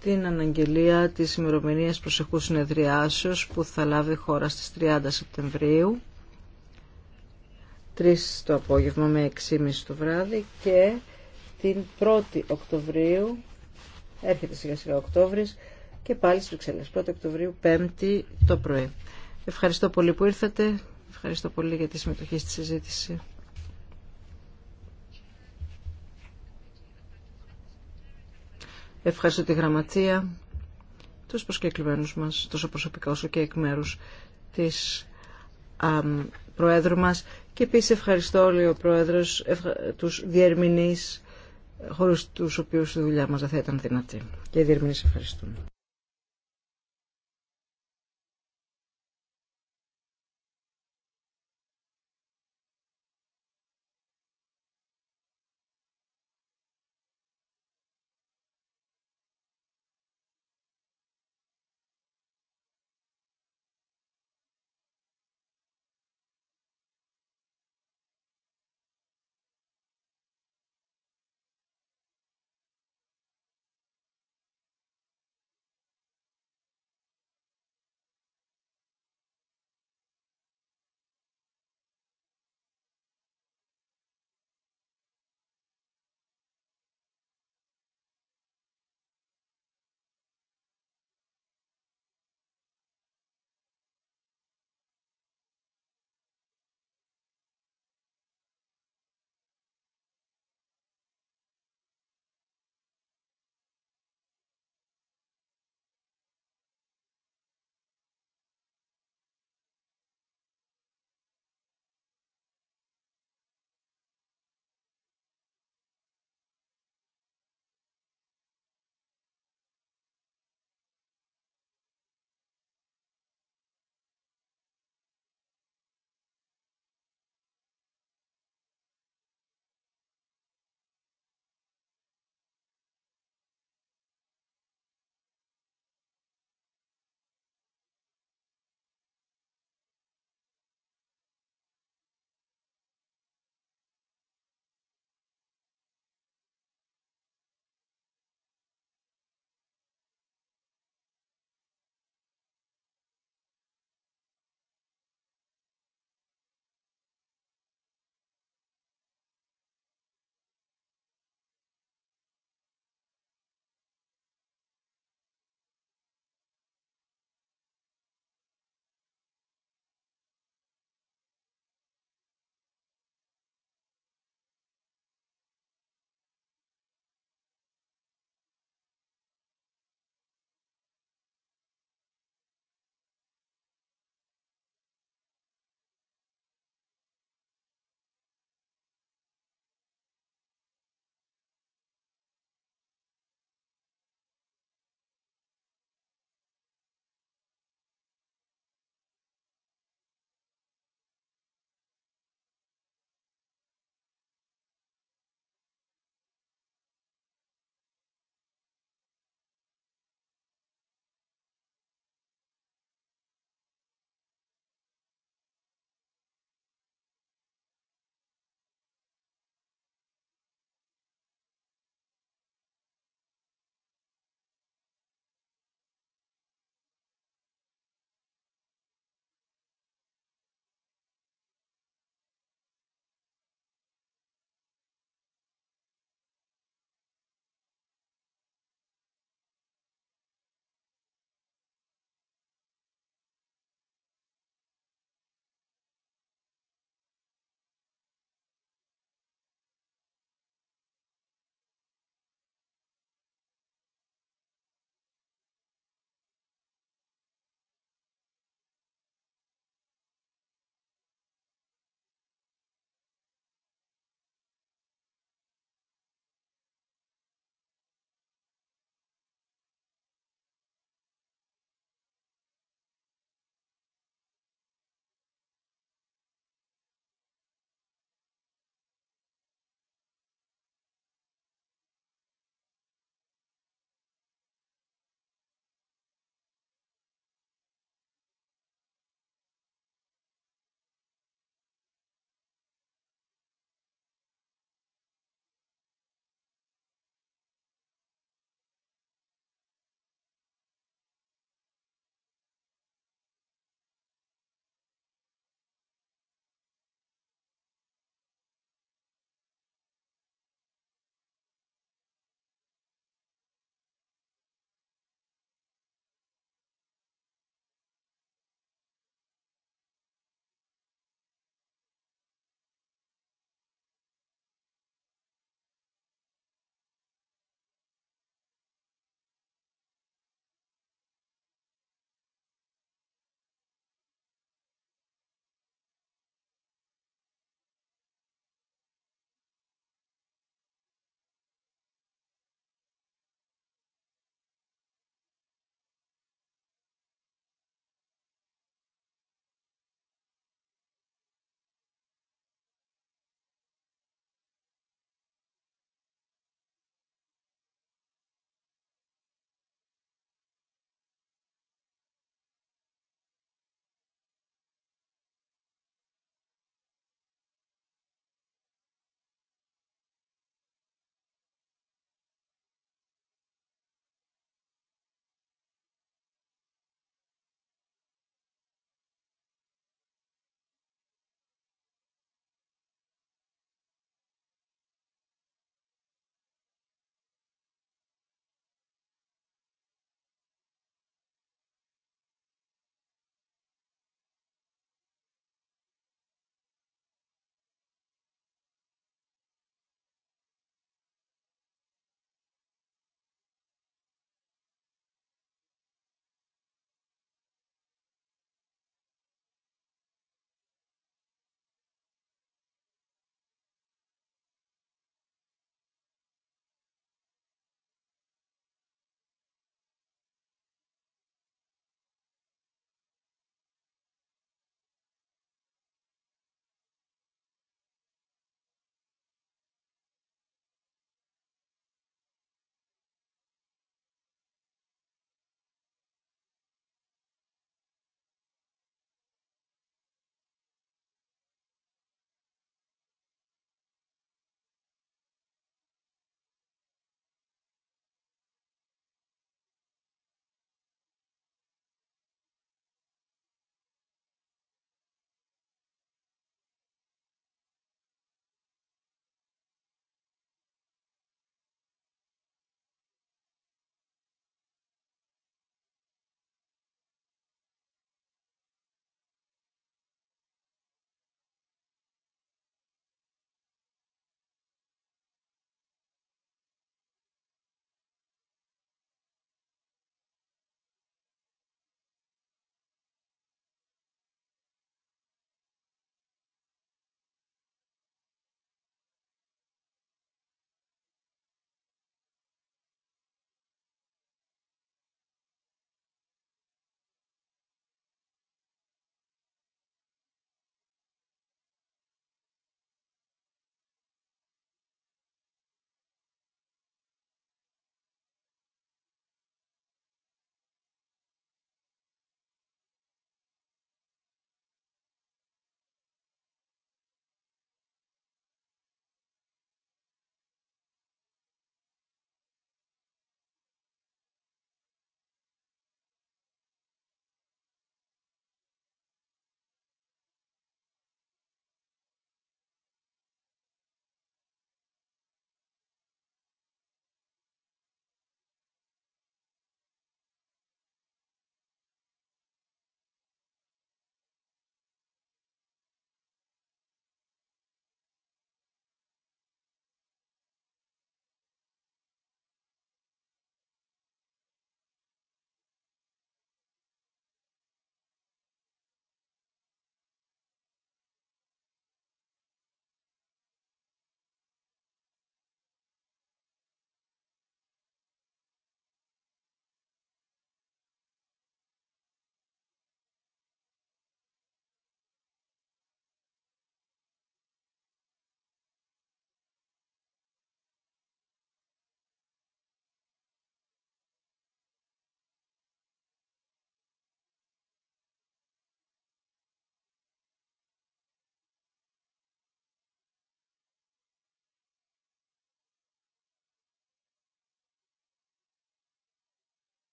Την αναγγελία της ημερομηνία προσεχού συνεδριάσεως που θα λάβει χώρα στις 30 Σεπτεμβρίου. 3 το απόγευμα με 6.30 το βράδυ και την 1η Οκτωβρίου, έρχεται σιγά σιγά Οκτώβρης, και πάλι στις Βρυξέλλες, 1η Οκτωβρίου, 5η το πρωί. Ευχαριστώ πολύ που ήρθατε, ευχαριστώ πολύ για τη συμμετοχή στη συζήτηση. Ευχαριστώ τη Γραμματεία, τους προσκεκλημένους μας, τόσο προσωπικά όσο και εκ μέρους της Προέδρου μας και επίσης ευχαριστώ όλοι ο Πρόεδρος, ευχα... τους διερμηνείς χωρίς τους οποίους η δουλειά μας δεν θα ήταν δυνατή. Και οι διερμηνείς ευχαριστούν.